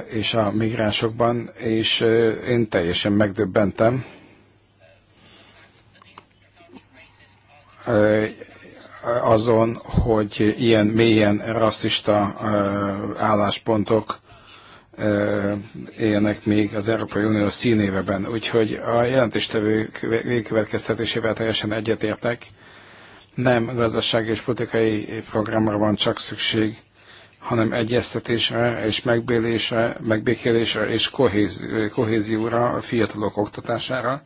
és a migránsokban, és én teljesen megdöbbentem. azon, hogy ilyen mélyen rasszista álláspontok éljenek még az Európai Unió színéveben. Úgyhogy a jelentéstevők végkövetkeztetésével teljesen egyetértek. Nem gazdasági és politikai programra van csak szükség, hanem egyeztetésre és megbélésre, megbékélésre és kohézióra, a fiatalok oktatására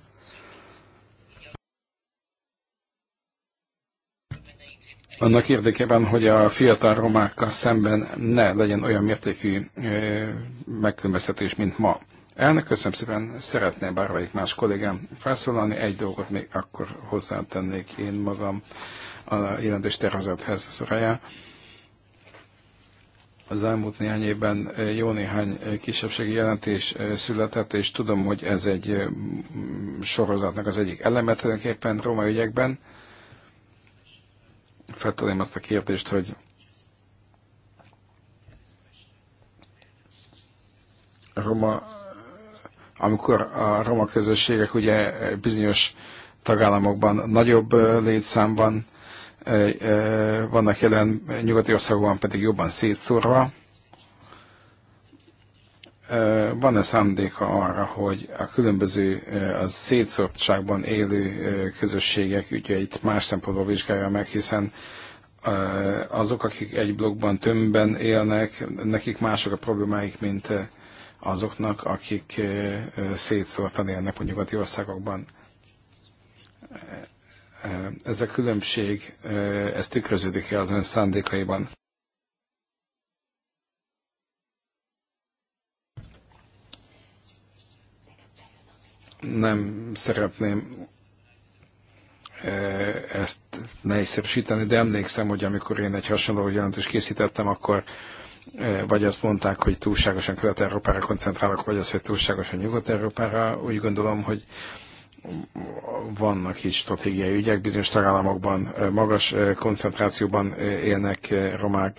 annak érdekében, hogy a fiatal romákkal szemben ne legyen olyan mértékű megkülönböztetés, mint ma. Elnök, köszönöm szépen, szeretném bármelyik más kollégám felszólalni. Egy dolgot még akkor hozzátennék én magam a jelentős tervezethez, Szorája. Az elmúlt néhány évben jó néhány kisebbségi jelentés született, és tudom, hogy ez egy sorozatnak az egyik eleme tulajdonképpen római ügyekben feltenném azt a kérdést, hogy Roma, amikor a roma közösségek ugye bizonyos tagállamokban nagyobb létszámban vannak jelen, nyugati országokban pedig jobban szétszórva, van-e szándéka arra, hogy a különböző a szétszortságban élő közösségek ügyeit más szempontból vizsgálja meg, hiszen azok, akik egy blokkban tömbben élnek, nekik mások a problémáik, mint azoknak, akik szétszórtan élnek a nyugati országokban. Ez a különbség, ez tükröződik-e az ön szándékaiban? nem szeretném e, ezt nehézszerűsíteni, de emlékszem, hogy amikor én egy hasonló jelentést készítettem, akkor e, vagy azt mondták, hogy túlságosan Kelet-Európára koncentrálok, vagy azt, hogy túlságosan Nyugat-Európára. Úgy gondolom, hogy vannak itt stratégiai ügyek, bizonyos tagállamokban magas koncentrációban élnek romák,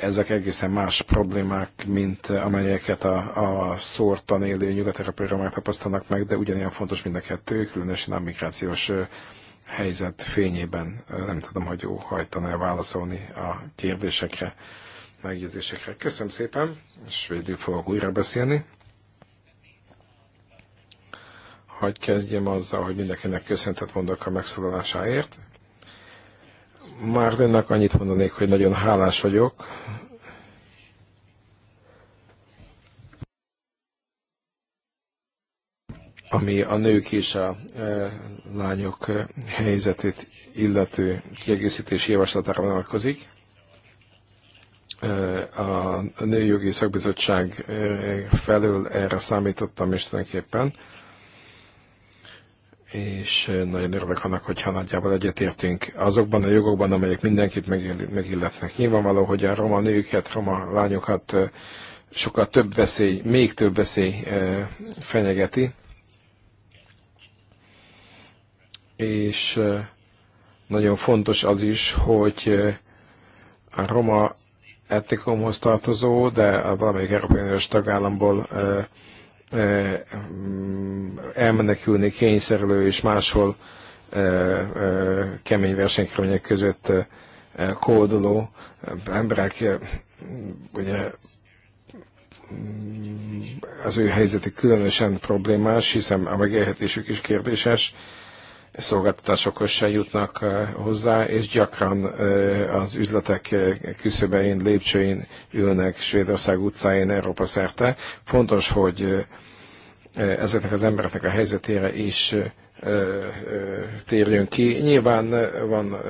ezek egészen más problémák, mint amelyeket a, a szórtan élő nyugat-európai romák tapasztalnak meg, de ugyanilyen fontos mind a kettő, különösen a migrációs helyzet fényében. Nem tudom, hogy jó hajtaná válaszolni a kérdésekre, megjegyzésekre. Köszönöm szépen, és végül fogok újra beszélni hagyd kezdjem azzal, hogy mindenkinek köszöntet mondok a megszólalásáért. Márdennak annyit mondanék, hogy nagyon hálás vagyok. Ami a nők és a e, lányok e, helyzetét illető kiegészítési javaslatára vonatkozik e, a Nőjogi Szakbizottság e, felől erre számítottam is tulajdonképpen és nagyon örülök annak, hogyha nagyjából egyetértünk azokban a jogokban, amelyek mindenkit megilletnek. Nyilvánvaló, hogy a roma nőket, roma lányokat sokkal több veszély, még több veszély fenyegeti, és nagyon fontos az is, hogy a roma etnikumhoz tartozó, de a valamelyik Európai Uniós tagállamból elmenekülni kényszerülő és máshol kemény versenykörülmények között kódoló emberek, ugye mm, az ő helyzetük különösen problémás, hiszen a megélhetésük is kérdéses, szolgáltatásokhoz se jutnak hozzá, és gyakran az üzletek küszöbein, lépcsőin ülnek Svédország utcáin Európa szerte. Fontos, hogy ezeknek az embereknek a helyzetére is térjön ki. Nyilván van,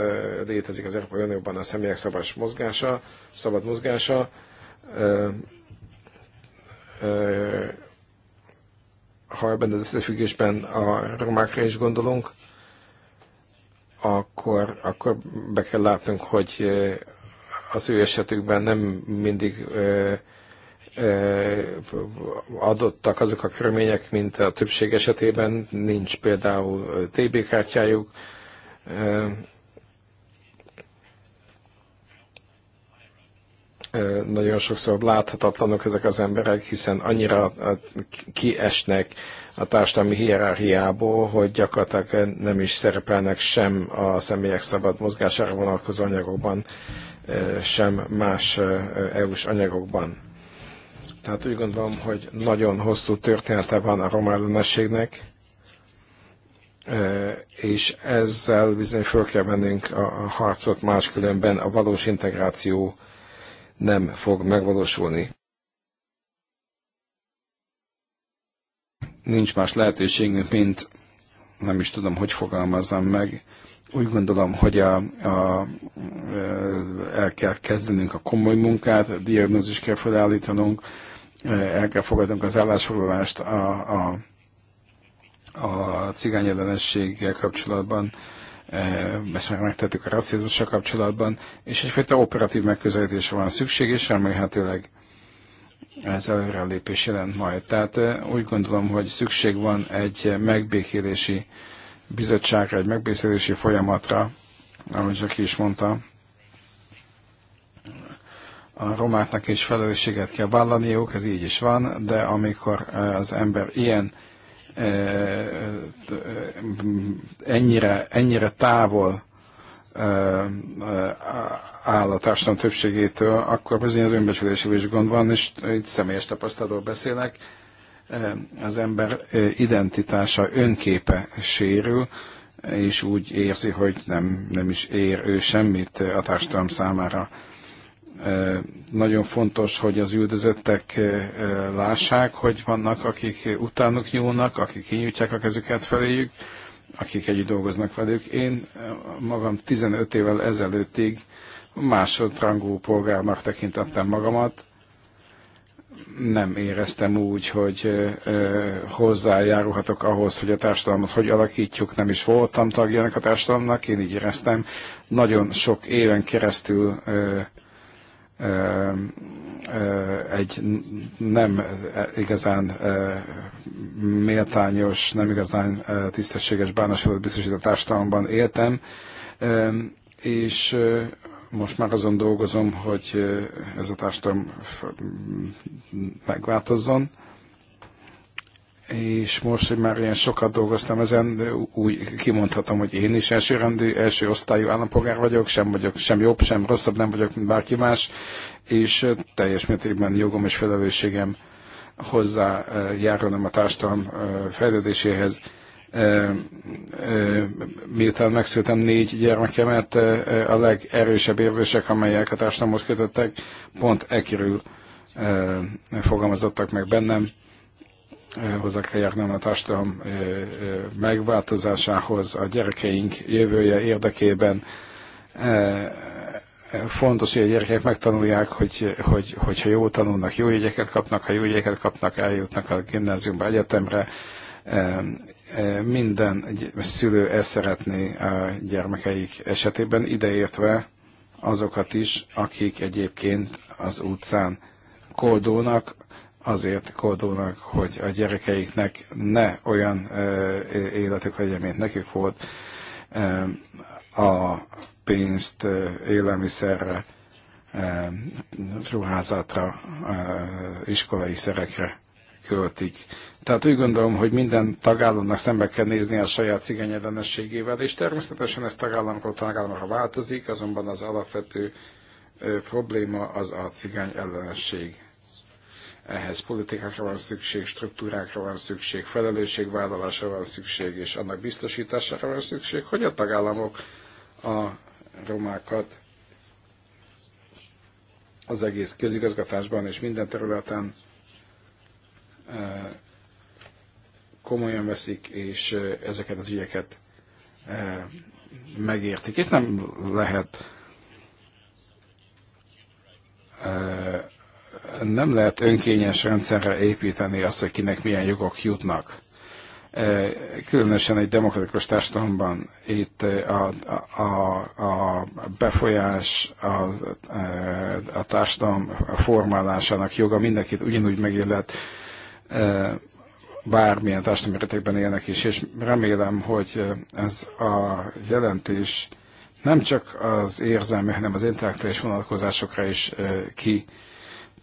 létezik az Európai Unióban a személyek szabad mozgása, szabad mozgása, ha ebben az összefüggésben a romákra is gondolunk, akkor, akkor be kell látnunk, hogy az ő esetükben nem mindig adottak azok a körmények, mint a többség esetében, nincs például TB kártyájuk, nagyon sokszor láthatatlanok ezek az emberek, hiszen annyira kiesnek a társadalmi hierarchiából, hogy gyakorlatilag nem is szerepelnek sem a személyek szabad mozgására vonatkozó anyagokban, sem más EU-s anyagokban. Tehát úgy gondolom, hogy nagyon hosszú története van a roma ellenességnek, és ezzel bizony föl kell vennünk a harcot, máskülönben a valós integráció nem fog megvalósulni. nincs más lehetőségünk, mint nem is tudom, hogy fogalmazzam meg. Úgy gondolom, hogy a, a, el kell kezdenünk a komoly munkát, a diagnózis kell felállítanunk, el kell fogadnunk az állásfoglalást a, a, a cigányellenességgel kapcsolatban, ezt már megtettük a rasszizmussal kapcsolatban, és egyfajta operatív megközelítésre van szükség, és remélhetőleg ez előrelépés jelent majd. Tehát úgy gondolom, hogy szükség van egy megbékélési bizottságra, egy megbékélési folyamatra, ahogy Zsaki is mondta, a romáknak is felelősséget kell vállalniuk, ez így is van, de amikor az ember ilyen ennyire, ennyire távol áll a társadalom többségétől, akkor bizony az önbecsüléséből is gond van, és itt személyes tapasztalatról beszélek, e, az ember e, identitása, önképe sérül, és úgy érzi, hogy nem, nem is ér ő semmit a társadalom számára. E, nagyon fontos, hogy az üldözöttek lássák, hogy vannak, akik utánuk nyúlnak, akik kinyújtják a kezüket feléjük, akik együtt dolgoznak velük. Én magam 15 évvel ezelőttig másodrangú polgárnak tekintettem magamat, nem éreztem úgy, hogy hozzájárulhatok ahhoz, hogy a társadalmat hogy alakítjuk, nem is voltam tagja ennek a társadalomnak, én így éreztem. Nagyon sok éven keresztül ö, ö, ö, egy nem igazán méltányos, nem igazán tisztességes bánásodat biztosított társadalomban éltem, és most már azon dolgozom, hogy ez a társadalom megváltozzon, és most, hogy már ilyen sokat dolgoztam ezen, úgy kimondhatom, hogy én is elsőrendű, első osztályú állampolgár vagyok, sem vagyok sem jobb, sem rosszabb, nem vagyok, mint bárki más, és teljes mértékben jogom és felelősségem hozzá járulnom a társadalom fejlődéséhez miután megszültem négy gyermekemet, a legerősebb érzések, amelyek a társadalomhoz kötöttek, pont e körül fogalmazottak meg bennem. Hozzá kell járnom a társadalom megváltozásához, a gyerekeink jövője érdekében. Fontos, hogy a gyerekek megtanulják, hogy, hogy, hogyha jó tanulnak, jó jegyeket kapnak, ha jó jegyeket kapnak, eljutnak a gimnáziumba, egyetemre, minden szülő ezt szeretné a gyermekeik esetében, ideértve azokat is, akik egyébként az utcán koldónak, azért koldónak, hogy a gyerekeiknek ne olyan életük legyen, mint nekik volt a pénzt élelmiszerre, ruházatra, iskolai szerekre költik. Tehát úgy gondolom, hogy minden tagállamnak szembe kell nézni a saját cigányedenességével, és természetesen ez tagállamról tagállamokra változik, azonban az alapvető probléma az a cigány ellenesség. Ehhez politikákra van szükség, struktúrákra van szükség, felelősségvállalásra van szükség, és annak biztosítására van szükség, hogy a tagállamok a romákat az egész közigazgatásban és minden területen komolyan veszik, és ezeket az ügyeket megértik. Itt nem lehet nem lehet önkényes rendszerre építeni azt, hogy kinek milyen jogok jutnak. Különösen egy demokratikus társadalomban itt a, a, a befolyás, a, a társadalom formálásának joga mindenkit ugyanúgy megillet, bármilyen társadalmi élnek is, és remélem, hogy ez a jelentés nem csak az érzelmi, hanem az intellektuális vonatkozásokra is ki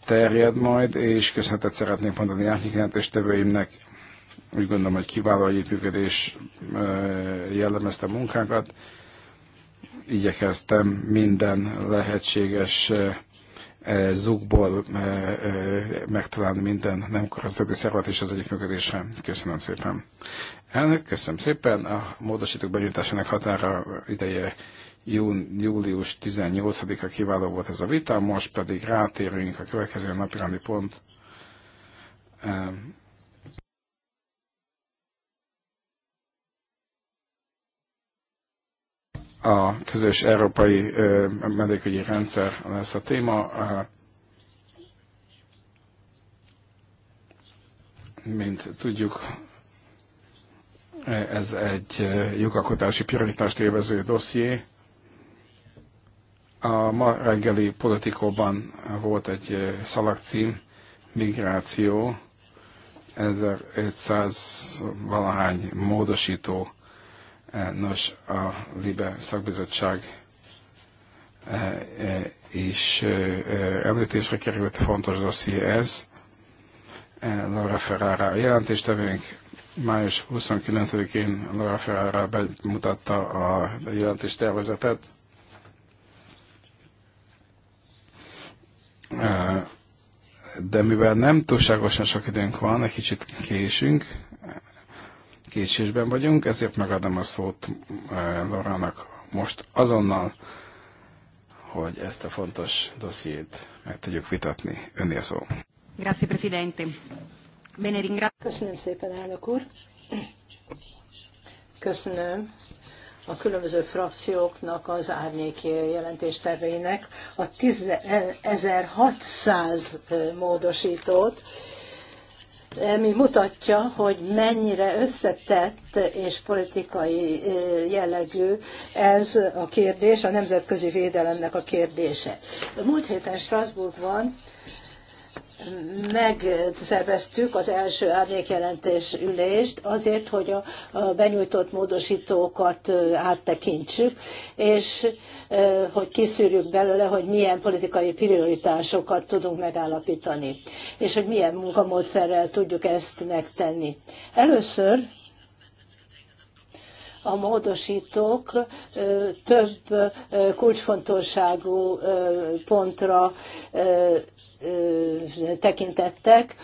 terjed majd, és köszönetet szeretnék mondani jelentéstevőimnek. Úgy gondolom, hogy kiváló együttműködés jellemezte munkánkat. Igyekeztem minden lehetséges E, zugból e, e, megtalálni minden nem kormányzati szervet és az együttműködésre. Köszönöm szépen. Elnök, köszönöm szépen. A módosítók benyújtásának határa ideje jún, július 18-a kiváló volt ez a vita, most pedig rátérünk a következő napirendi pont a közös európai medékügyi rendszer lesz a téma. Mint tudjuk, ez egy jogalkotási prioritást élvező dosszié. A ma reggeli politikóban volt egy szalagcím, migráció, 1500 valahány módosító Nos, a LIBE szakbizottság eh, eh, is eh, említésre került, fontos dosszié ez. Laura Ferrara a jelentéstevőnk. Május 29-én Laura Ferrara bemutatta a jelentést tervezetet. De mivel nem túlságosan sok időnk van, egy kicsit késünk, késésben vagyunk, ezért megadom a szót eh, Lorának most azonnal, hogy ezt a fontos dossziét meg tudjuk vitatni. Önnél szó. Grazie, Presidente. Bene, Köszönöm szépen, elnök úr. Köszönöm a különböző frakcióknak, az árnyék jelentésterveinek a 10, 1600 módosítót, ami mutatja, hogy mennyire összetett és politikai eh, jellegű ez a kérdés, a nemzetközi védelemnek a kérdése. Múlt héten Strasbourgban megszerveztük az első árnyékjelentés ülést azért, hogy a benyújtott módosítókat áttekintsük, és hogy kiszűrjük belőle, hogy milyen politikai prioritásokat tudunk megállapítani, és hogy milyen munkamódszerrel tudjuk ezt megtenni. Először a módosítók több kulcsfontosságú pontra tekintettek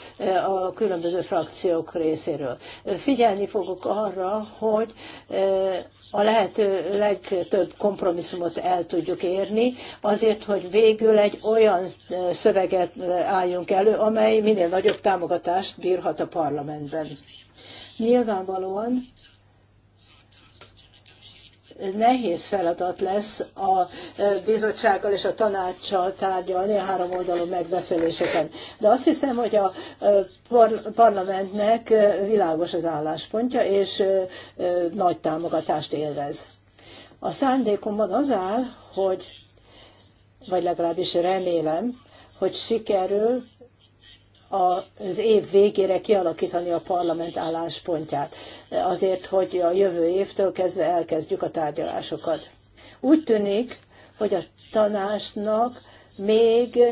a különböző frakciók részéről. Figyelni fogok arra, hogy a lehető legtöbb kompromisszumot el tudjuk érni, azért, hogy végül egy olyan szöveget álljunk elő, amely minél nagyobb támogatást bírhat a parlamentben. Nyilvánvalóan nehéz feladat lesz a e, bizottsággal és a tanácssal tárgyalni a három oldalú megbeszéléseken. De azt hiszem, hogy a e, parlamentnek e, világos az álláspontja, és nagy támogatást élvez. A szándékomban az áll, hogy, vagy legalábbis remélem, hogy sikerül az év végére kialakítani a parlament álláspontját, azért, hogy a jövő évtől kezdve elkezdjük a tárgyalásokat. Úgy tűnik, hogy a tanácsnak még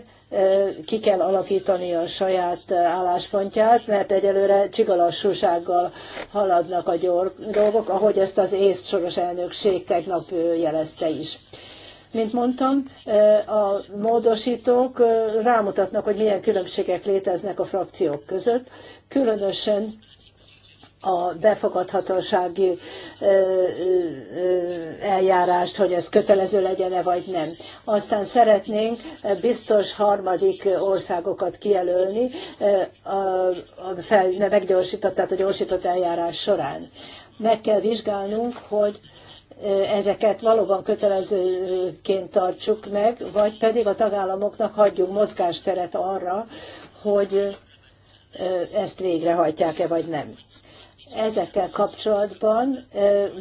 ki kell alakítani a saját álláspontját, mert egyelőre csigalassúsággal haladnak a dolgok, ahogy ezt az észt soros elnökség tegnap jelezte is. Mint mondtam, a módosítók rámutatnak, hogy milyen különbségek léteznek a frakciók között, különösen a befogadhatósági eljárást, hogy ez kötelező legyen-e vagy nem. Aztán szeretnénk biztos harmadik országokat kijelölni a fel, meggyorsított, tehát a gyorsított eljárás során. Meg kell vizsgálnunk, hogy ezeket valóban kötelezőként tartsuk meg, vagy pedig a tagállamoknak hagyjunk mozgásteret arra, hogy ezt végrehajtják-e vagy nem. Ezekkel kapcsolatban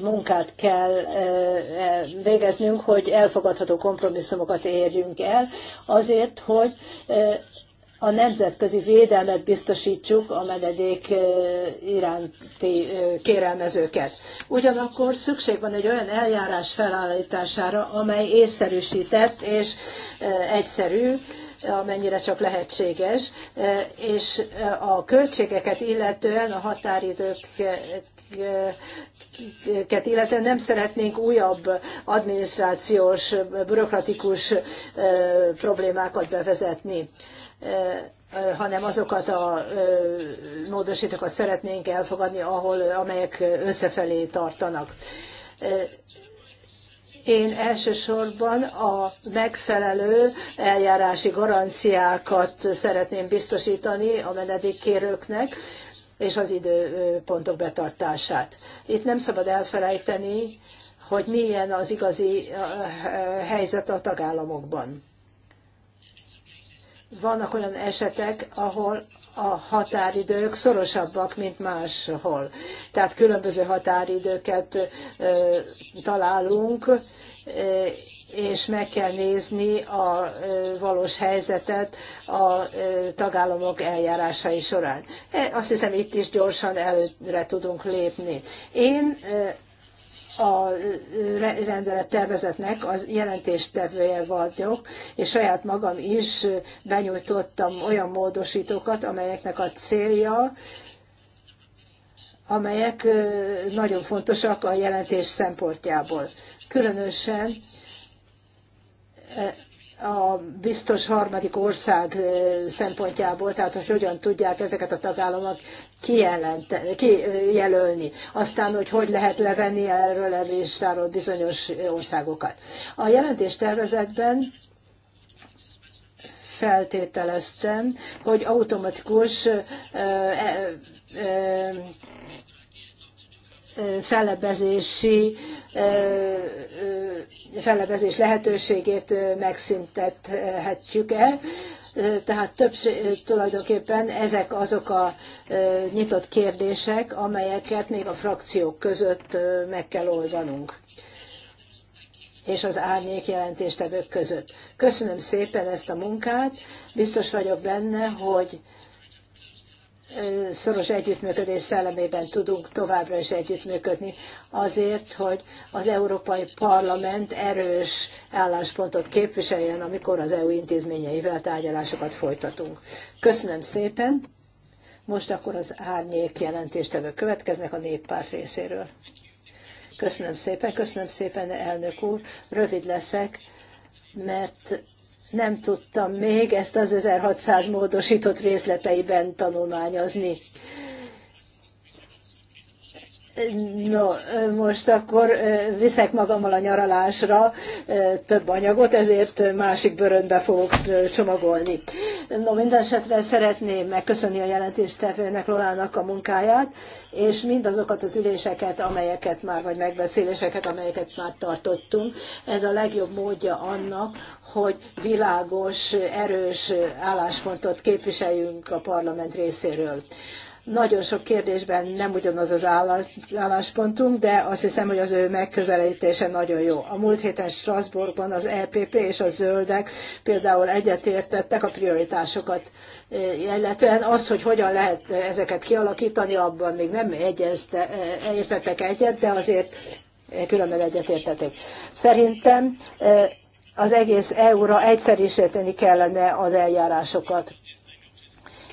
munkát kell e, végeznünk, hogy elfogadható kompromisszumokat érjünk el, azért, hogy a nemzetközi védelmet biztosítsuk a menedék iránti kérelmezőket. Ugyanakkor szükség van egy olyan eljárás felállítására, amely észszerűsített és egyszerű, amennyire csak lehetséges, és a költségeket illetően, a határidőket illetően nem szeretnénk újabb adminisztrációs, bürokratikus problémákat bevezetni hanem azokat a módosítókat szeretnénk elfogadni, ahol, amelyek összefelé tartanak. Én elsősorban a megfelelő eljárási garanciákat szeretném biztosítani a menedékkérőknek, és az időpontok betartását. Itt nem szabad elfelejteni, hogy milyen az igazi helyzet a tagállamokban vannak olyan esetek, ahol a határidők szorosabbak, mint máshol. Tehát különböző határidőket találunk, és meg kell nézni a valós helyzetet a tagállamok eljárásai során. E, azt hiszem, itt is gyorsan előre tudunk lépni. Én a rendelet tervezetnek az jelentéstevője vagyok, és saját magam is benyújtottam olyan módosítókat, amelyeknek a célja, amelyek nagyon fontosak a jelentés szempontjából. Különösen a biztos harmadik ország szempontjából, tehát hogy hogyan tudják ezeket a tagállamok kijelölni. Aztán, hogy hogy lehet levenni erről a listáról bizonyos országokat. A jelentés tervezetben feltételeztem, hogy automatikus fellebezési fellebezés lehetőségét megszüntethetjük-e. Tehát többség, tulajdonképpen ezek azok a nyitott kérdések, amelyeket még a frakciók között meg kell oldanunk és az árnyék jelentéstevők között. Köszönöm szépen ezt a munkát, biztos vagyok benne, hogy szoros együttműködés szellemében tudunk továbbra is együttműködni, azért, hogy az Európai Parlament erős álláspontot képviseljen, amikor az EU intézményeivel tárgyalásokat folytatunk. Köszönöm szépen! Most akkor az árnyék jelentéstevők következnek a néppárt részéről. Köszönöm szépen, köszönöm szépen, elnök úr. Rövid leszek, mert nem tudtam még ezt az 1600 módosított részleteiben tanulmányozni. No, most akkor viszek magammal a nyaralásra több anyagot, ezért másik bőrönbe fogok csomagolni. No, esetre szeretném megköszönni a jelentéstevőnek, Lolának a munkáját, és mindazokat az üléseket, amelyeket már, vagy megbeszéléseket, amelyeket már tartottunk. Ez a legjobb módja annak, hogy világos, erős álláspontot képviseljünk a parlament részéről. Nagyon sok kérdésben nem ugyanaz az álláspontunk, de azt hiszem, hogy az ő megközelítése nagyon jó. A múlt héten Strasbourgban az EPP és a zöldek például egyetértettek a prioritásokat e, illetően az, hogy hogyan lehet ezeket kialakítani, abban még nem egyezte, e, értettek egyet, de azért különben egyetértették. Szerintem e, az egész EU-ra egyszerűsíteni kellene az eljárásokat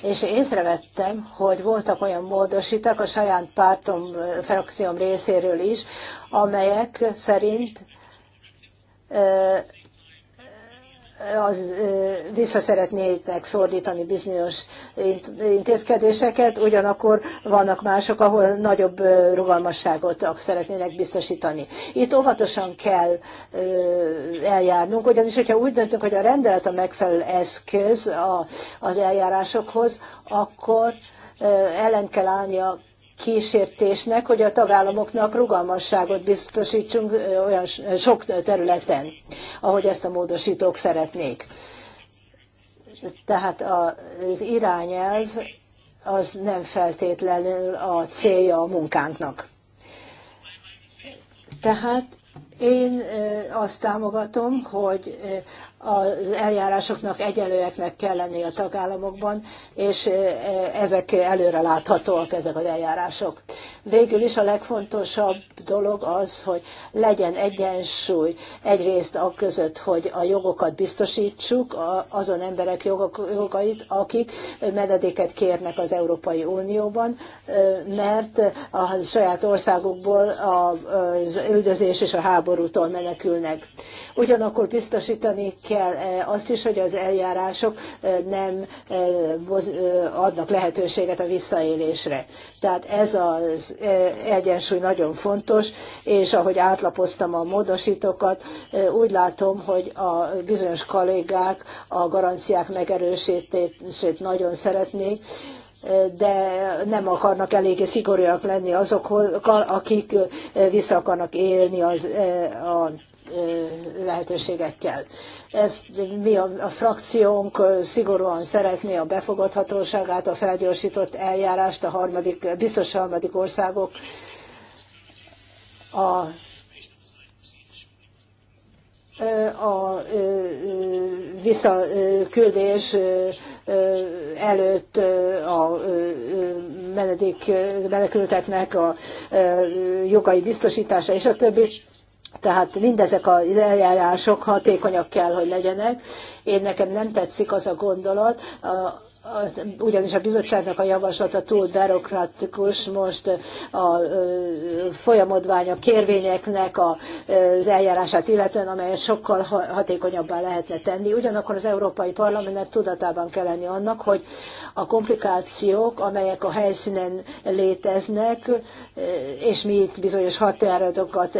és észrevettem, hogy voltak olyan módosítak a saját pártom, frakcióm részéről is, amelyek szerint az, vissza szeretnétek fordítani bizonyos intézkedéseket, ugyanakkor vannak mások, ahol nagyobb rugalmasságot szeretnének biztosítani. Itt óvatosan kell eljárnunk, ugyanis hogyha úgy döntünk, hogy a rendelet a megfelelő eszköz az eljárásokhoz, akkor ellen kell állni a kísértésnek, hogy a tagállamoknak rugalmasságot biztosítsunk olyan sok területen, ahogy ezt a módosítók szeretnék. Tehát az irányelv az nem feltétlenül a célja a munkánknak. Tehát én azt támogatom, hogy az eljárásoknak egyenlőeknek kell lenni a tagállamokban, és ezek előre láthatóak, ezek az eljárások. Végül is a legfontosabb dolog az, hogy legyen egyensúly egyrészt a között, hogy a jogokat biztosítsuk, azon emberek jogait, akik menedéket kérnek az Európai Unióban, mert a saját országukból az üldözés és a háború háborútól menekülnek. Ugyanakkor biztosítani kell eh, azt is, hogy az eljárások eh, nem eh, adnak lehetőséget a visszaélésre. Tehát ez az egyensúly nagyon fontos, és ahogy átlapoztam a módosítókat, úgy látom, hogy a bizonyos kollégák a garanciák megerősítését nagyon szeretnék, de nem akarnak eléggé szigorúak lenni azokkal, akik vissza akarnak élni az, e, a e, lehetőségekkel. Ezt mi a, a frakciónk szigorúan szeretné a befogadhatóságát, a felgyorsított eljárást a harmadik, biztos harmadik országok a e, a visszaküldés előtt a menedék, menekülteknek a jogai biztosítása és a többi. Tehát mindezek a eljárások hatékonyak kell, hogy legyenek. Én nekem nem tetszik az a gondolat, ugyanis a bizottságnak a javaslata túl derokratikus, most a folyamodványok, kérvényeknek az eljárását illetően, amelyet sokkal hatékonyabbá lehetne tenni. Ugyanakkor az Európai Parlamentnek tudatában kell lenni annak, hogy a komplikációk, amelyek a helyszínen léteznek, és mi itt bizonyos határozatokat,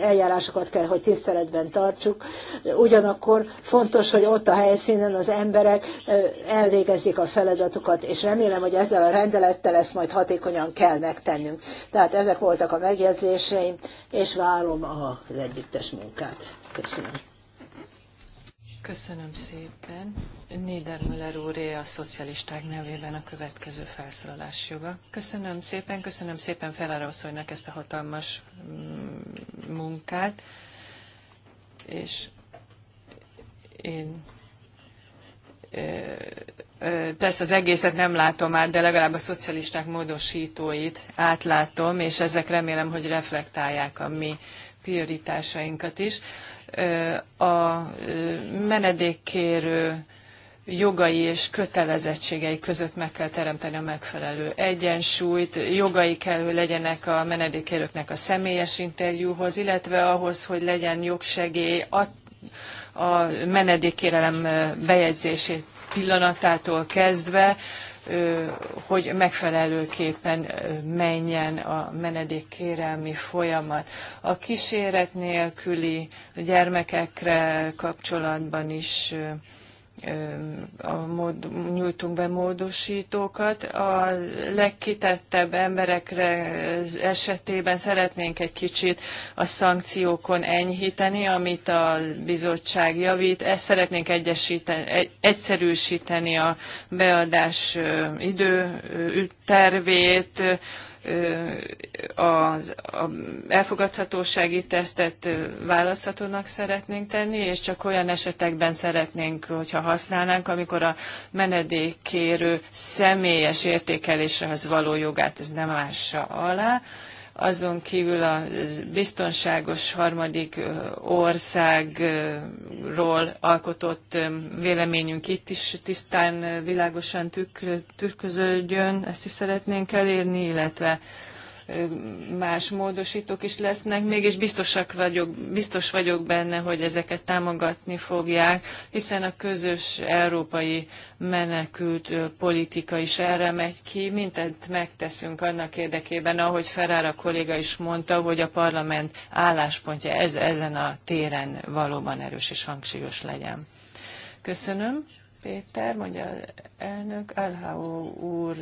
eljárásokat kell, hogy tiszteletben tartsuk, ugyanakkor fontos, hogy ott a helyszínen az emberek elvégezik elvégzik a feladatukat, és remélem, hogy ezzel a rendelettel ezt majd hatékonyan kell megtennünk. Tehát ezek voltak a megjegyzéseim, és várom az együttes munkát. Köszönöm. Köszönöm szépen. Niedermüller úré a szocialisták nevében a következő felszólalás joga. Köszönöm szépen, köszönöm szépen Ferrara asszonynak ezt a hatalmas mm, munkát, és én Persze az egészet nem látom át, de legalább a szocialisták módosítóit átlátom, és ezek remélem, hogy reflektálják a mi prioritásainkat is. A menedékkérő jogai és kötelezettségei között meg kell teremteni a megfelelő egyensúlyt, jogai kell, hogy legyenek a menedékkérőknek a személyes interjúhoz, illetve ahhoz, hogy legyen jogsegély a menedékkérelem bejegyzését pillanatától kezdve, hogy megfelelőképpen menjen a menedékkérelmi folyamat. A kíséret nélküli gyermekekre kapcsolatban is a mód, nyújtunk be módosítókat. A legkitettebb emberekre esetében szeretnénk egy kicsit a szankciókon enyhíteni, amit a bizottság javít. Ezt szeretnénk egyesíteni, egyszerűsíteni a beadás idő tervét, az a elfogadhatósági tesztet választhatónak szeretnénk tenni, és csak olyan esetekben szeretnénk, hogyha használnánk, amikor a menedékkérő személyes értékelésehez való jogát ez nem ássa alá, azon kívül a biztonságos harmadik országról alkotott véleményünk itt is tisztán, világosan tükröződjön, ezt is szeretnénk elérni, illetve más módosítók is lesznek, mégis biztosak vagyok, biztos vagyok benne, hogy ezeket támogatni fogják, hiszen a közös európai menekült politika is erre megy ki, mindent megteszünk annak érdekében, ahogy Ferrara kolléga is mondta, hogy a parlament álláspontja ez, ezen a téren valóban erős és hangsúlyos legyen. Köszönöm. Péter, mondja az elnök, Alhau úr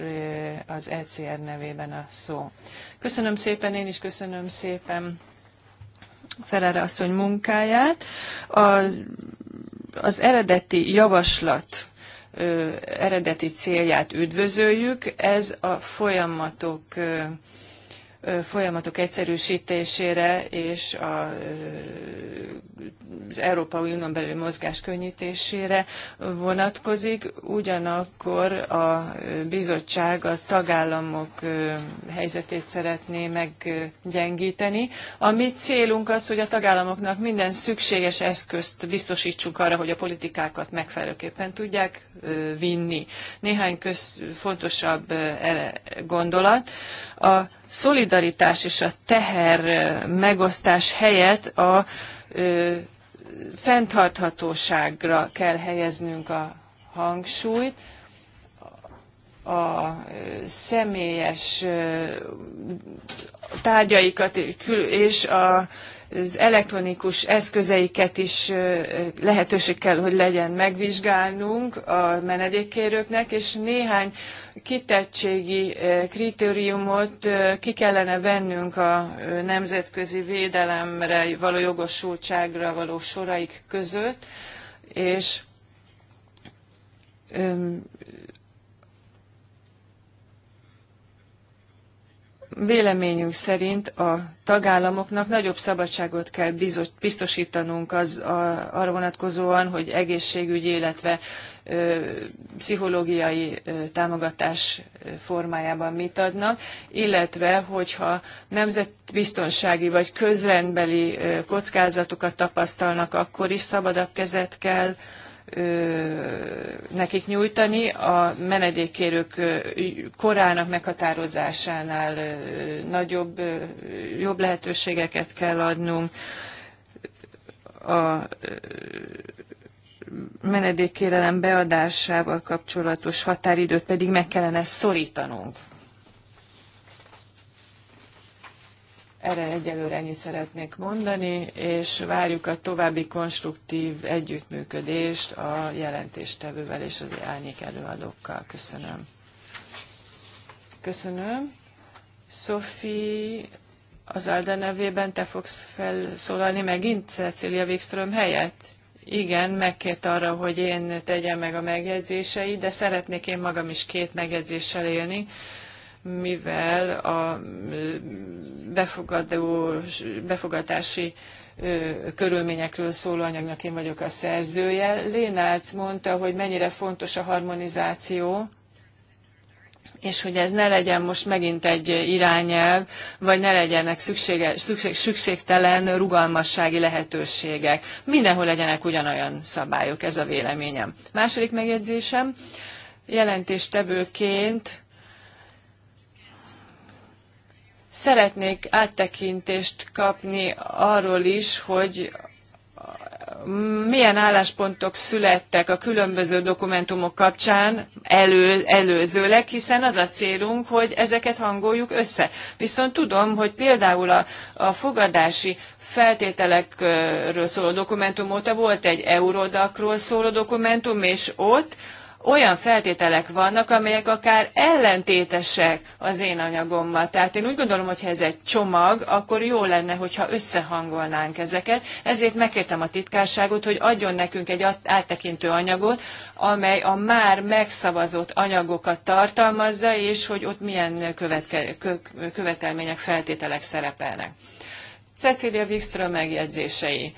az ECR nevében a szó. Köszönöm szépen, én is köszönöm szépen Ferere asszony munkáját. A, az eredeti javaslat ö, eredeti célját üdvözöljük. Ez a folyamatok ö, folyamatok egyszerűsítésére és a, az Európai Unión belüli mozgás könnyítésére vonatkozik, ugyanakkor a bizottság a tagállamok helyzetét szeretné meggyengíteni. A mi célunk az, hogy a tagállamoknak minden szükséges eszközt biztosítsunk arra, hogy a politikákat megfelelőképpen tudják vinni. Néhány köz, fontosabb e-, gondolat. A szolidaritás és a teher megosztás helyett a ö, fenntarthatóságra kell helyeznünk a hangsúlyt, a személyes tárgyaikat és a az elektronikus eszközeiket is lehetőség kell, hogy legyen megvizsgálnunk a menedékkérőknek, és néhány kitettségi kritériumot ki kellene vennünk a nemzetközi védelemre való jogosultságra való soraik között, és véleményünk szerint a tagállamoknak nagyobb szabadságot kell biztosítanunk az, a, arra vonatkozóan, hogy egészségügyi, illetve ö, pszichológiai ö, támogatás formájában mit adnak, illetve hogyha nemzetbiztonsági vagy közrendbeli ö, kockázatokat tapasztalnak, akkor is szabadabb kezet kell ö, nekik nyújtani. A menedékkérők korának meghatározásánál nagyobb, jobb lehetőségeket kell adnunk. A menedékkérelem beadásával kapcsolatos határidőt pedig meg kellene szorítanunk. Erre egyelőre ennyi szeretnék mondani, és várjuk a további konstruktív együttműködést a jelentéstevővel és az árnyék előadókkal. Köszönöm. Köszönöm. Sophie, az Alda nevében te fogsz felszólalni megint Cecilia Wikström helyett? Igen, megkért arra, hogy én tegyem meg a megjegyzéseit, de szeretnék én magam is két megjegyzéssel élni mivel a befogadó, befogadási körülményekről szóló anyagnak én vagyok a szerzője. Lénác mondta, hogy mennyire fontos a harmonizáció, és hogy ez ne legyen most megint egy irányelv, vagy ne legyenek szüksége, szükség, szükségtelen rugalmassági lehetőségek. Mindenhol legyenek ugyanolyan szabályok, ez a véleményem. Második megjegyzésem, jelentéstevőként Szeretnék áttekintést kapni arról is, hogy milyen álláspontok születtek a különböző dokumentumok kapcsán elő, előzőleg, hiszen az a célunk, hogy ezeket hangoljuk össze. Viszont tudom, hogy például a, a fogadási feltételekről szóló dokumentum óta volt egy eurodakról szóló dokumentum, és ott olyan feltételek vannak, amelyek akár ellentétesek az én anyagommal. Tehát én úgy gondolom, hogy ha ez egy csomag, akkor jó lenne, hogyha összehangolnánk ezeket. Ezért megkértem a titkárságot, hogy adjon nekünk egy áttekintő anyagot, amely a már megszavazott anyagokat tartalmazza, és hogy ott milyen követke, követelmények, feltételek szerepelnek. Cecilia Wikström megjegyzései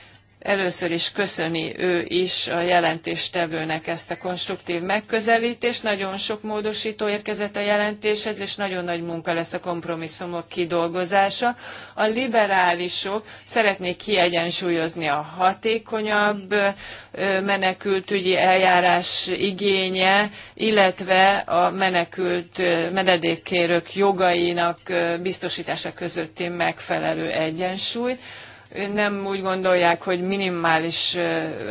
Először is köszöni ő is a jelentéstevőnek ezt a konstruktív megközelítést. Nagyon sok módosító érkezett a jelentéshez, és nagyon nagy munka lesz a kompromisszumok kidolgozása. A liberálisok szeretnék kiegyensúlyozni a hatékonyabb menekültügyi eljárás igénye, illetve a menekült menedékkérők jogainak biztosítása közötti megfelelő egyensúlyt nem úgy gondolják, hogy minimális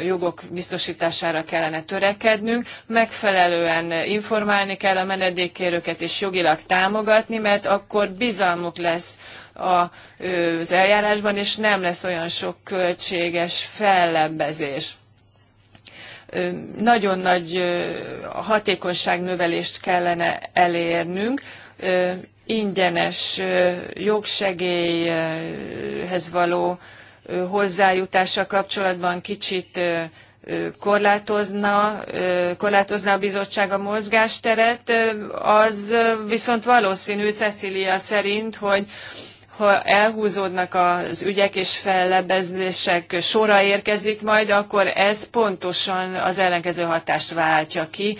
jogok biztosítására kellene törekednünk, megfelelően informálni kell a menedékkérőket és jogilag támogatni, mert akkor bizalmuk lesz az eljárásban, és nem lesz olyan sok költséges fellebbezés nagyon nagy hatékonyságnövelést kellene elérnünk, ingyenes jogsegélyhez való hozzájutása kapcsolatban kicsit korlátozna, korlátozna a bizottság a mozgásteret, az viszont valószínű Cecília szerint, hogy ha elhúzódnak az ügyek és fellebbezések sora érkezik majd, akkor ez pontosan az ellenkező hatást váltja ki.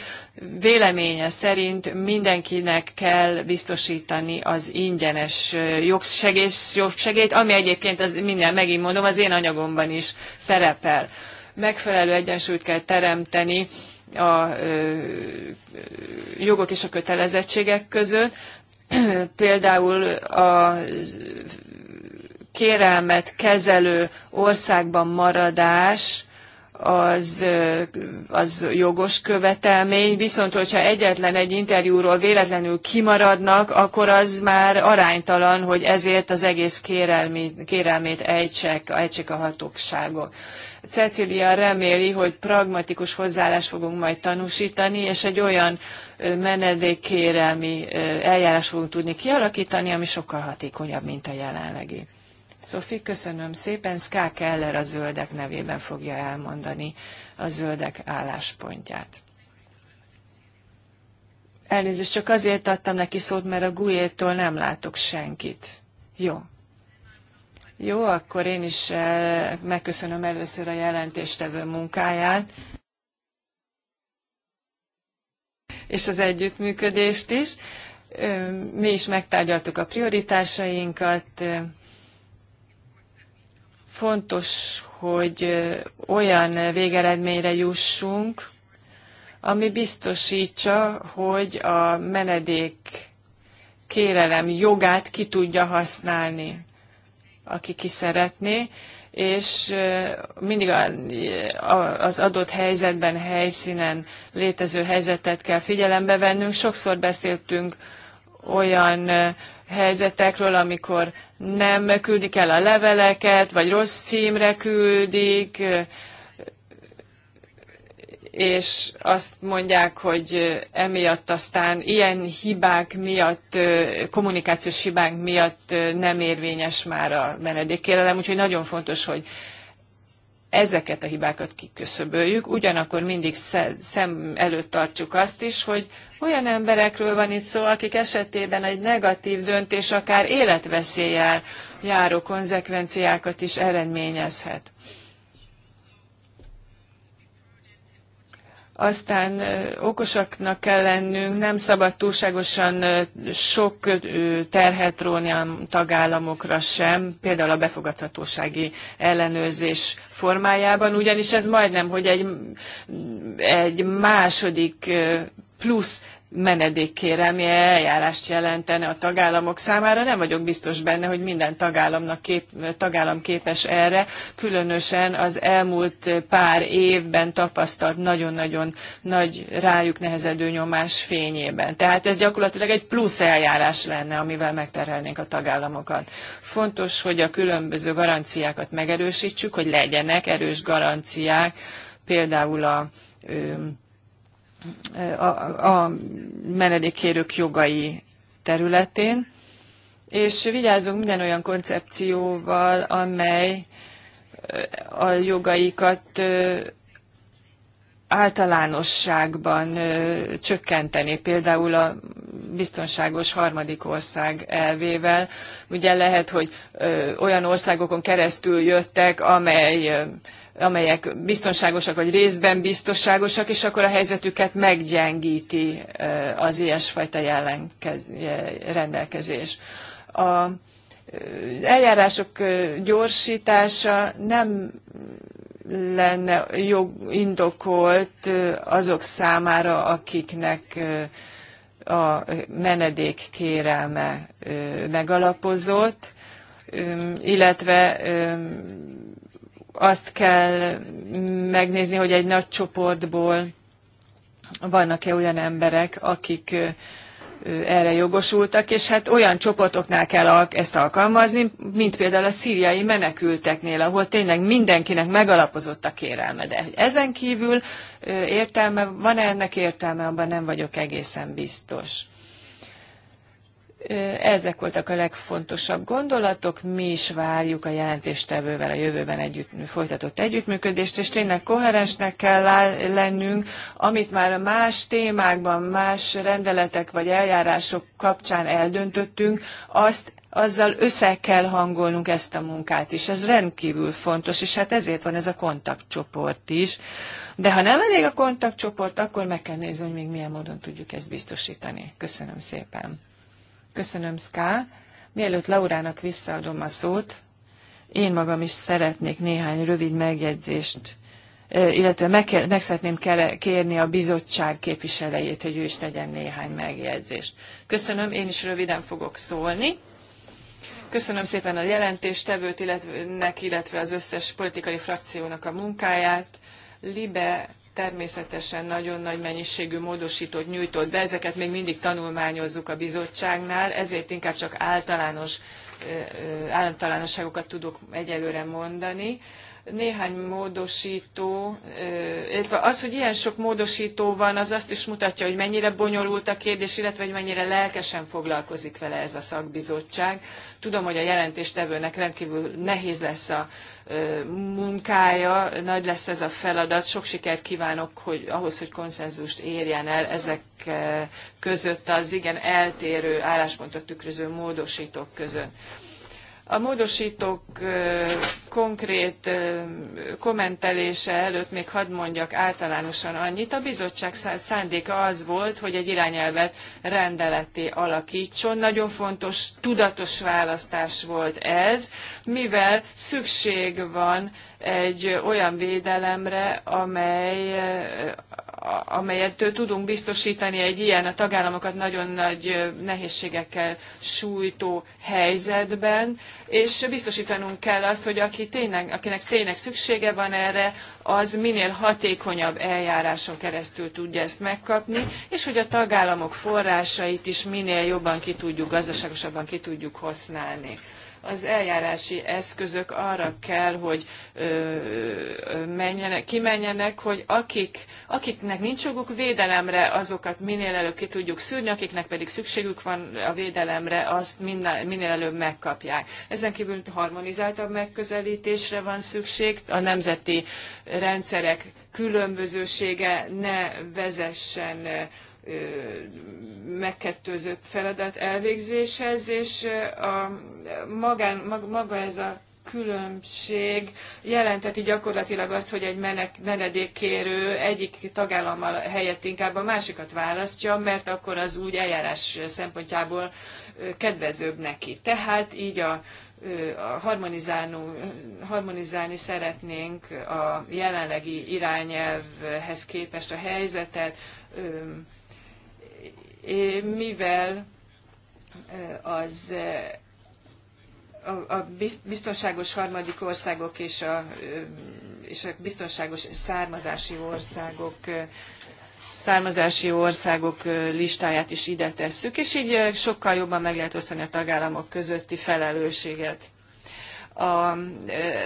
Véleménye szerint mindenkinek kell biztosítani az ingyenes jogsegész, jogsegélyt, ami egyébként az minden megint mondom, az én anyagomban is szerepel. Megfelelő egyensúlyt kell teremteni a jogok és a kötelezettségek között, például a kérelmet kezelő országban maradás az, az jogos követelmény, viszont hogyha egyetlen egy interjúról véletlenül kimaradnak, akkor az már aránytalan, hogy ezért az egész kérelmi, kérelmét ejtsek, ejtsek a hatóságok. Cecilia reméli, hogy pragmatikus hozzáállást fogunk majd tanúsítani, és egy olyan menedékkérelmi eljárás fogunk tudni kialakítani, ami sokkal hatékonyabb, mint a jelenlegi. Sophie, köszönöm szépen. Ská Keller a zöldek nevében fogja elmondani a zöldek álláspontját. Elnézést, csak azért adtam neki szót, mert a Gujétól nem látok senkit. Jó. Jó, akkor én is eh, megköszönöm először a jelentéstevő munkáját és az együttműködést is. Mi is megtárgyaltuk a prioritásainkat, fontos, hogy olyan végeredményre jussunk, ami biztosítsa, hogy a menedék kérelem jogát ki tudja használni, aki ki szeretné, és mindig az adott helyzetben, helyszínen létező helyzetet kell figyelembe vennünk. Sokszor beszéltünk olyan helyzetekről, amikor nem küldik el a leveleket, vagy rossz címre küldik, és azt mondják, hogy emiatt aztán ilyen hibák miatt, kommunikációs hibák miatt nem érvényes már a menedékkérelem, úgyhogy nagyon fontos, hogy ezeket a hibákat kiköszöböljük, ugyanakkor mindig szem előtt tartsuk azt is, hogy olyan emberekről van itt szó, akik esetében egy negatív döntés akár életveszéllyel járó konzekvenciákat is eredményezhet. aztán okosaknak kell lennünk, nem szabad túlságosan sok terhet róni a tagállamokra sem, például a befogadhatósági ellenőrzés formájában, ugyanis ez majdnem, hogy egy, egy második plusz menedékkérelmi eljárást jelentene a tagállamok számára. Nem vagyok biztos benne, hogy minden tagállamnak kép, tagállam képes erre, különösen az elmúlt pár évben tapasztalt nagyon-nagyon nagy rájuk nehezedő nyomás fényében. Tehát ez gyakorlatilag egy plusz eljárás lenne, amivel megterhelnénk a tagállamokat. Fontos, hogy a különböző garanciákat megerősítsük, hogy legyenek erős garanciák, például a a, a menedékkérők jogai területén, és vigyázunk minden olyan koncepcióval, amely a jogaikat általánosságban csökkenteni, például a biztonságos harmadik ország elvével. Ugye lehet, hogy olyan országokon keresztül jöttek, amely amelyek biztonságosak, vagy részben biztonságosak, és akkor a helyzetüket meggyengíti az ilyesfajta jellenkez, rendelkezés. A eljárások gyorsítása nem lenne jog, indokolt azok számára, akiknek a menedék kérelme megalapozott, illetve azt kell megnézni, hogy egy nagy csoportból vannak-e olyan emberek, akik erre jogosultak, és hát olyan csoportoknál kell ezt alkalmazni, mint például a szíriai menekülteknél, ahol tényleg mindenkinek megalapozott a kérelme. De ezen kívül értelme, van -e ennek értelme, abban nem vagyok egészen biztos. Ezek voltak a legfontosabb gondolatok, mi is várjuk a jelentéstevővel a jövőben együtt, folytatott együttműködést, és tényleg koherensnek kell lennünk, amit már a más témákban, más rendeletek vagy eljárások kapcsán eldöntöttünk, azt azzal össze kell hangolnunk ezt a munkát is. Ez rendkívül fontos, és hát ezért van ez a kontaktcsoport is. De ha nem elég a kontaktcsoport, akkor meg kell nézni, hogy még milyen módon tudjuk ezt biztosítani. Köszönöm szépen. Köszönöm, Ská. Mielőtt Laurának visszaadom a szót, én magam is szeretnék néhány rövid megjegyzést, illetve meg, meg szeretném kérni a bizottság képviselejét, hogy ő is tegyen néhány megjegyzést. Köszönöm, én is röviden fogok szólni. Köszönöm szépen a jelentéstevőt, illetve, illetve az összes politikai frakciónak a munkáját. Libe természetesen nagyon nagy mennyiségű módosítót nyújtott be, ezeket még mindig tanulmányozzuk a bizottságnál, ezért inkább csak általános, általánosságokat tudok egyelőre mondani néhány módosító, illetve az, hogy ilyen sok módosító van, az azt is mutatja, hogy mennyire bonyolult a kérdés, illetve hogy mennyire lelkesen foglalkozik vele ez a szakbizottság. Tudom, hogy a jelentéstevőnek rendkívül nehéz lesz a munkája, nagy lesz ez a feladat. Sok sikert kívánok hogy, ahhoz, hogy konszenzust érjen el ezek között az igen eltérő álláspontot tükröző módosítók között. A módosítók konkrét kommentelése előtt még hadd mondjak általánosan annyit. A bizottság szándéka az volt, hogy egy irányelvet rendeleté alakítson. Nagyon fontos, tudatos választás volt ez, mivel szükség van egy olyan védelemre, amely amelyet tudunk biztosítani egy ilyen a tagállamokat nagyon nagy nehézségekkel sújtó helyzetben, és biztosítanunk kell azt, hogy aki tényleg, akinek tényleg szüksége van erre, az minél hatékonyabb eljáráson keresztül tudja ezt megkapni, és hogy a tagállamok forrásait is minél jobban ki tudjuk, gazdaságosabban ki tudjuk használni az eljárási eszközök arra kell, hogy ö, menjenek, kimenjenek, hogy akik, akiknek nincs joguk védelemre, azokat minél előbb ki tudjuk szűrni, akiknek pedig szükségük van a védelemre, azt minél, minél előbb megkapják. Ezen kívül harmonizáltabb megközelítésre van szükség, a nemzeti rendszerek különbözősége ne vezessen megkettőzött feladat elvégzéshez, és a magán, mag, maga ez a különbség jelenteti gyakorlatilag azt, hogy egy menek, menedékkérő egyik tagállammal helyett inkább a másikat választja, mert akkor az úgy eljárás szempontjából kedvezőbb neki. Tehát így a, a harmonizálni szeretnénk a jelenlegi irányelvhez képest a helyzetet, mivel az a biztonságos harmadik országok és a, és a biztonságos származási országok származási országok listáját is ide tesszük, és így sokkal jobban meg lehet osztani a tagállamok közötti felelősséget a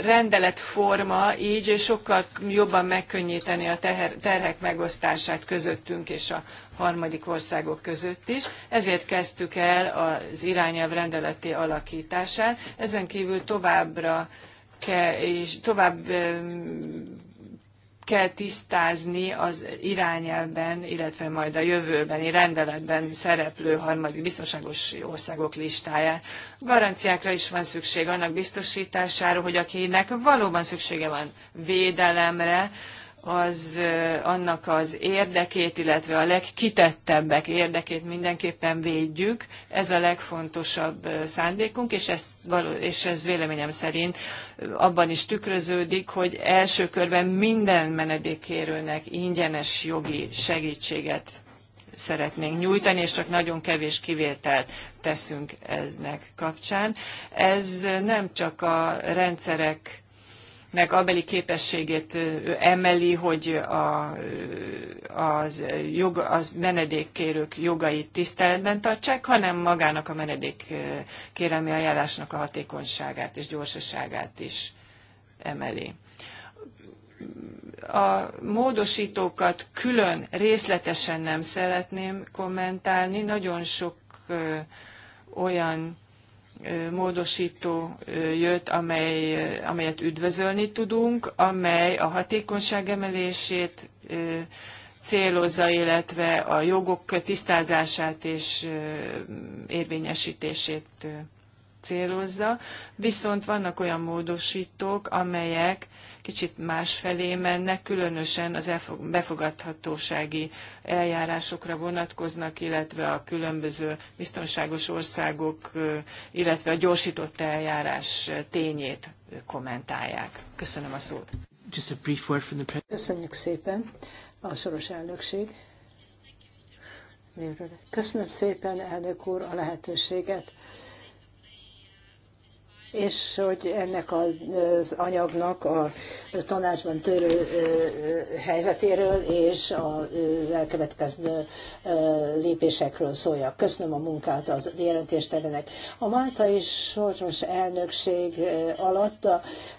rendeletforma így sokkal jobban megkönnyíteni a terhek megosztását közöttünk és a harmadik országok között is. Ezért kezdtük el az irányelv rendeleti alakítását. Ezen kívül továbbra és tovább kell tisztázni az irányelben, illetve majd a jövőbeni rendeletben szereplő harmadik biztonságos országok listáját. Garanciákra is van szükség annak biztosítására, hogy akinek valóban szüksége van védelemre, az annak az érdekét, illetve a legkitettebbek érdekét mindenképpen védjük. Ez a legfontosabb szándékunk, és ez, való, és ez véleményem szerint abban is tükröződik, hogy első körben minden menedékkérőnek ingyenes jogi segítséget szeretnénk nyújtani, és csak nagyon kevés kivételt teszünk eznek kapcsán. Ez nem csak a rendszerek meg abeli képességét emeli, hogy a, az, jog, az menedékkérők jogait tiszteletben tartsák, hanem magának a menedékkérelmi ajánlásnak a hatékonyságát és gyorsaságát is emeli a módosítókat külön részletesen nem szeretném kommentálni. Nagyon sok ö, olyan módosító jött, amely, amelyet üdvözölni tudunk, amely a hatékonyság emelését célozza, illetve a jogok tisztázását és érvényesítését célozza. Viszont vannak olyan módosítók, amelyek kicsit más felé mennek, különösen az befogadhatósági eljárásokra vonatkoznak, illetve a különböző biztonságos országok, illetve a gyorsított eljárás tényét kommentálják. Köszönöm a szót. Köszönjük szépen a soros elnökség. Köszönöm szépen, elnök úr, a lehetőséget és hogy ennek az anyagnak a tanácsban törő helyzetéről és a elkövetkező lépésekről szóljak. Köszönöm a munkát az jelentéstevenek. A Máltai Soros elnökség alatt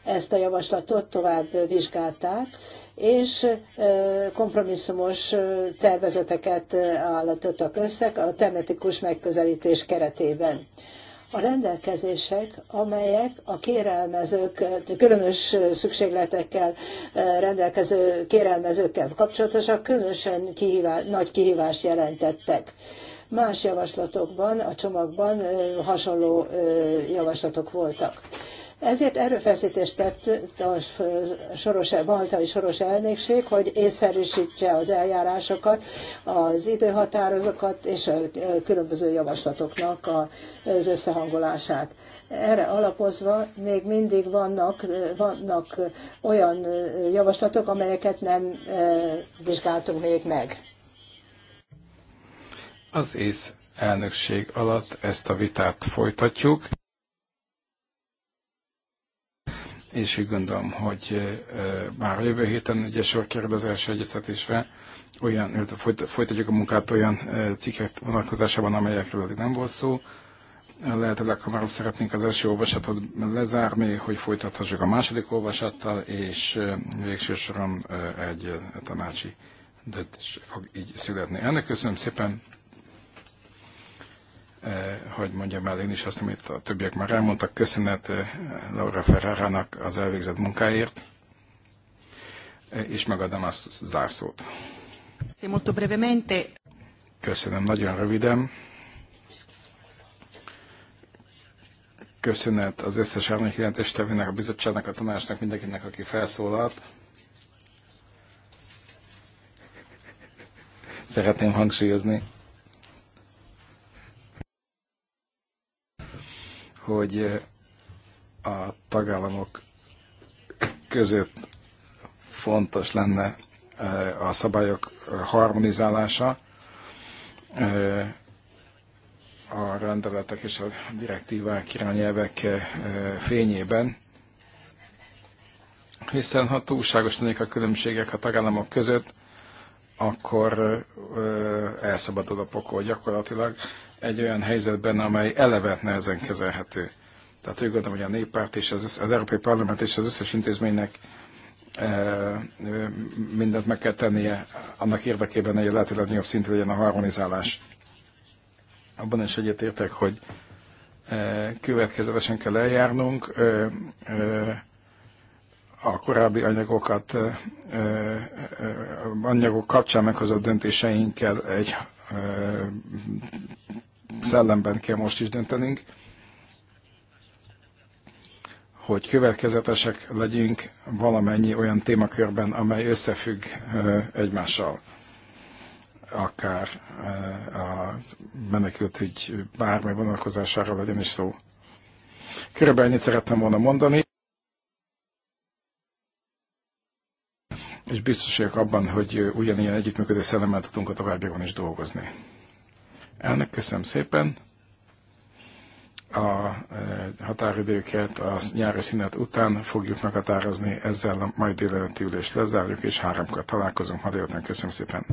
ezt a javaslatot tovább vizsgálták, és kompromisszumos tervezeteket állítottak össze a tematikus megközelítés keretében a rendelkezések, amelyek a kérelmezők, különös szükségletekkel eh, rendelkező kérelmezőkkel kapcsolatosak, különösen kihívás, nagy kihívást jelentettek. Más javaslatokban, a csomagban eh, hasonló eh, javaslatok voltak. Ezért erőfeszítést tett a soros, baltai soros elnökség, hogy észszerűsítse az eljárásokat, az időhatározokat és a különböző javaslatoknak az összehangolását. Erre alapozva még mindig vannak, vannak olyan javaslatok, amelyeket nem e, vizsgáltunk még meg. Az ész elnökség alatt ezt a vitát folytatjuk. és úgy gondolom, hogy már jövő héten ugye sor kerül az első egyeztetésre, olyan, folytatjuk a munkát olyan cikkek vonatkozásában, amelyekről eddig nem volt szó. lehet Lehetőleg hamarabb szeretnénk az első olvasatot lezárni, hogy folytathassuk a második olvasattal, és végső soron egy tanácsi döntés fog így születni. Ennek köszönöm szépen, Eh, hogy mondjam el én is azt, amit a többiek már elmondtak. Köszönet eh, Laura Ferrara-nak az elvégzett munkáért, eh, és megadom a zárszót. Köszönöm, nagyon röviden. Köszönet az összes árnyékjelentés tevének, a bizottságnak, a tanácsnak, mindenkinek, aki felszólalt. Szeretném hangsúlyozni hogy a tagállamok között fontos lenne eh, a szabályok harmonizálása, eh, a rendeletek és a direktívák, irányelvek eh, fényében, hiszen ha túlságos lennék a különbségek a tagállamok között, akkor elszabadul a pokol gyakorlatilag, egy olyan helyzetben, amely eleve nehezen kezelhető. Tehát úgy gondolom, hogy a néppárt és az, az Európai Parlament és az összes intézménynek e, e, mindent meg kell tennie annak érdekében, hogy lehetőleg nagyobb szintű legyen a harmonizálás. Abban is egyetértek, hogy e, következetesen kell eljárnunk, a korábbi anyagokat, anyagok kapcsán meghozott döntéseinkkel egy szellemben kell most is döntenünk, hogy következetesek legyünk valamennyi olyan témakörben, amely összefügg egymással akár a menekült ügy bármely vonalkozására legyen is szó. Körülbelül ennyit szerettem volna mondani, és biztos vagyok abban, hogy ugyanilyen együttműködés szellemmel tudunk a továbbiakban is dolgozni. Elnök, köszönöm szépen. A e, határidőket a nyári szünet után fogjuk meghatározni, ezzel a mai délelőtti ülést lezárjuk, és háromkor találkozunk. Ma délután köszönöm szépen.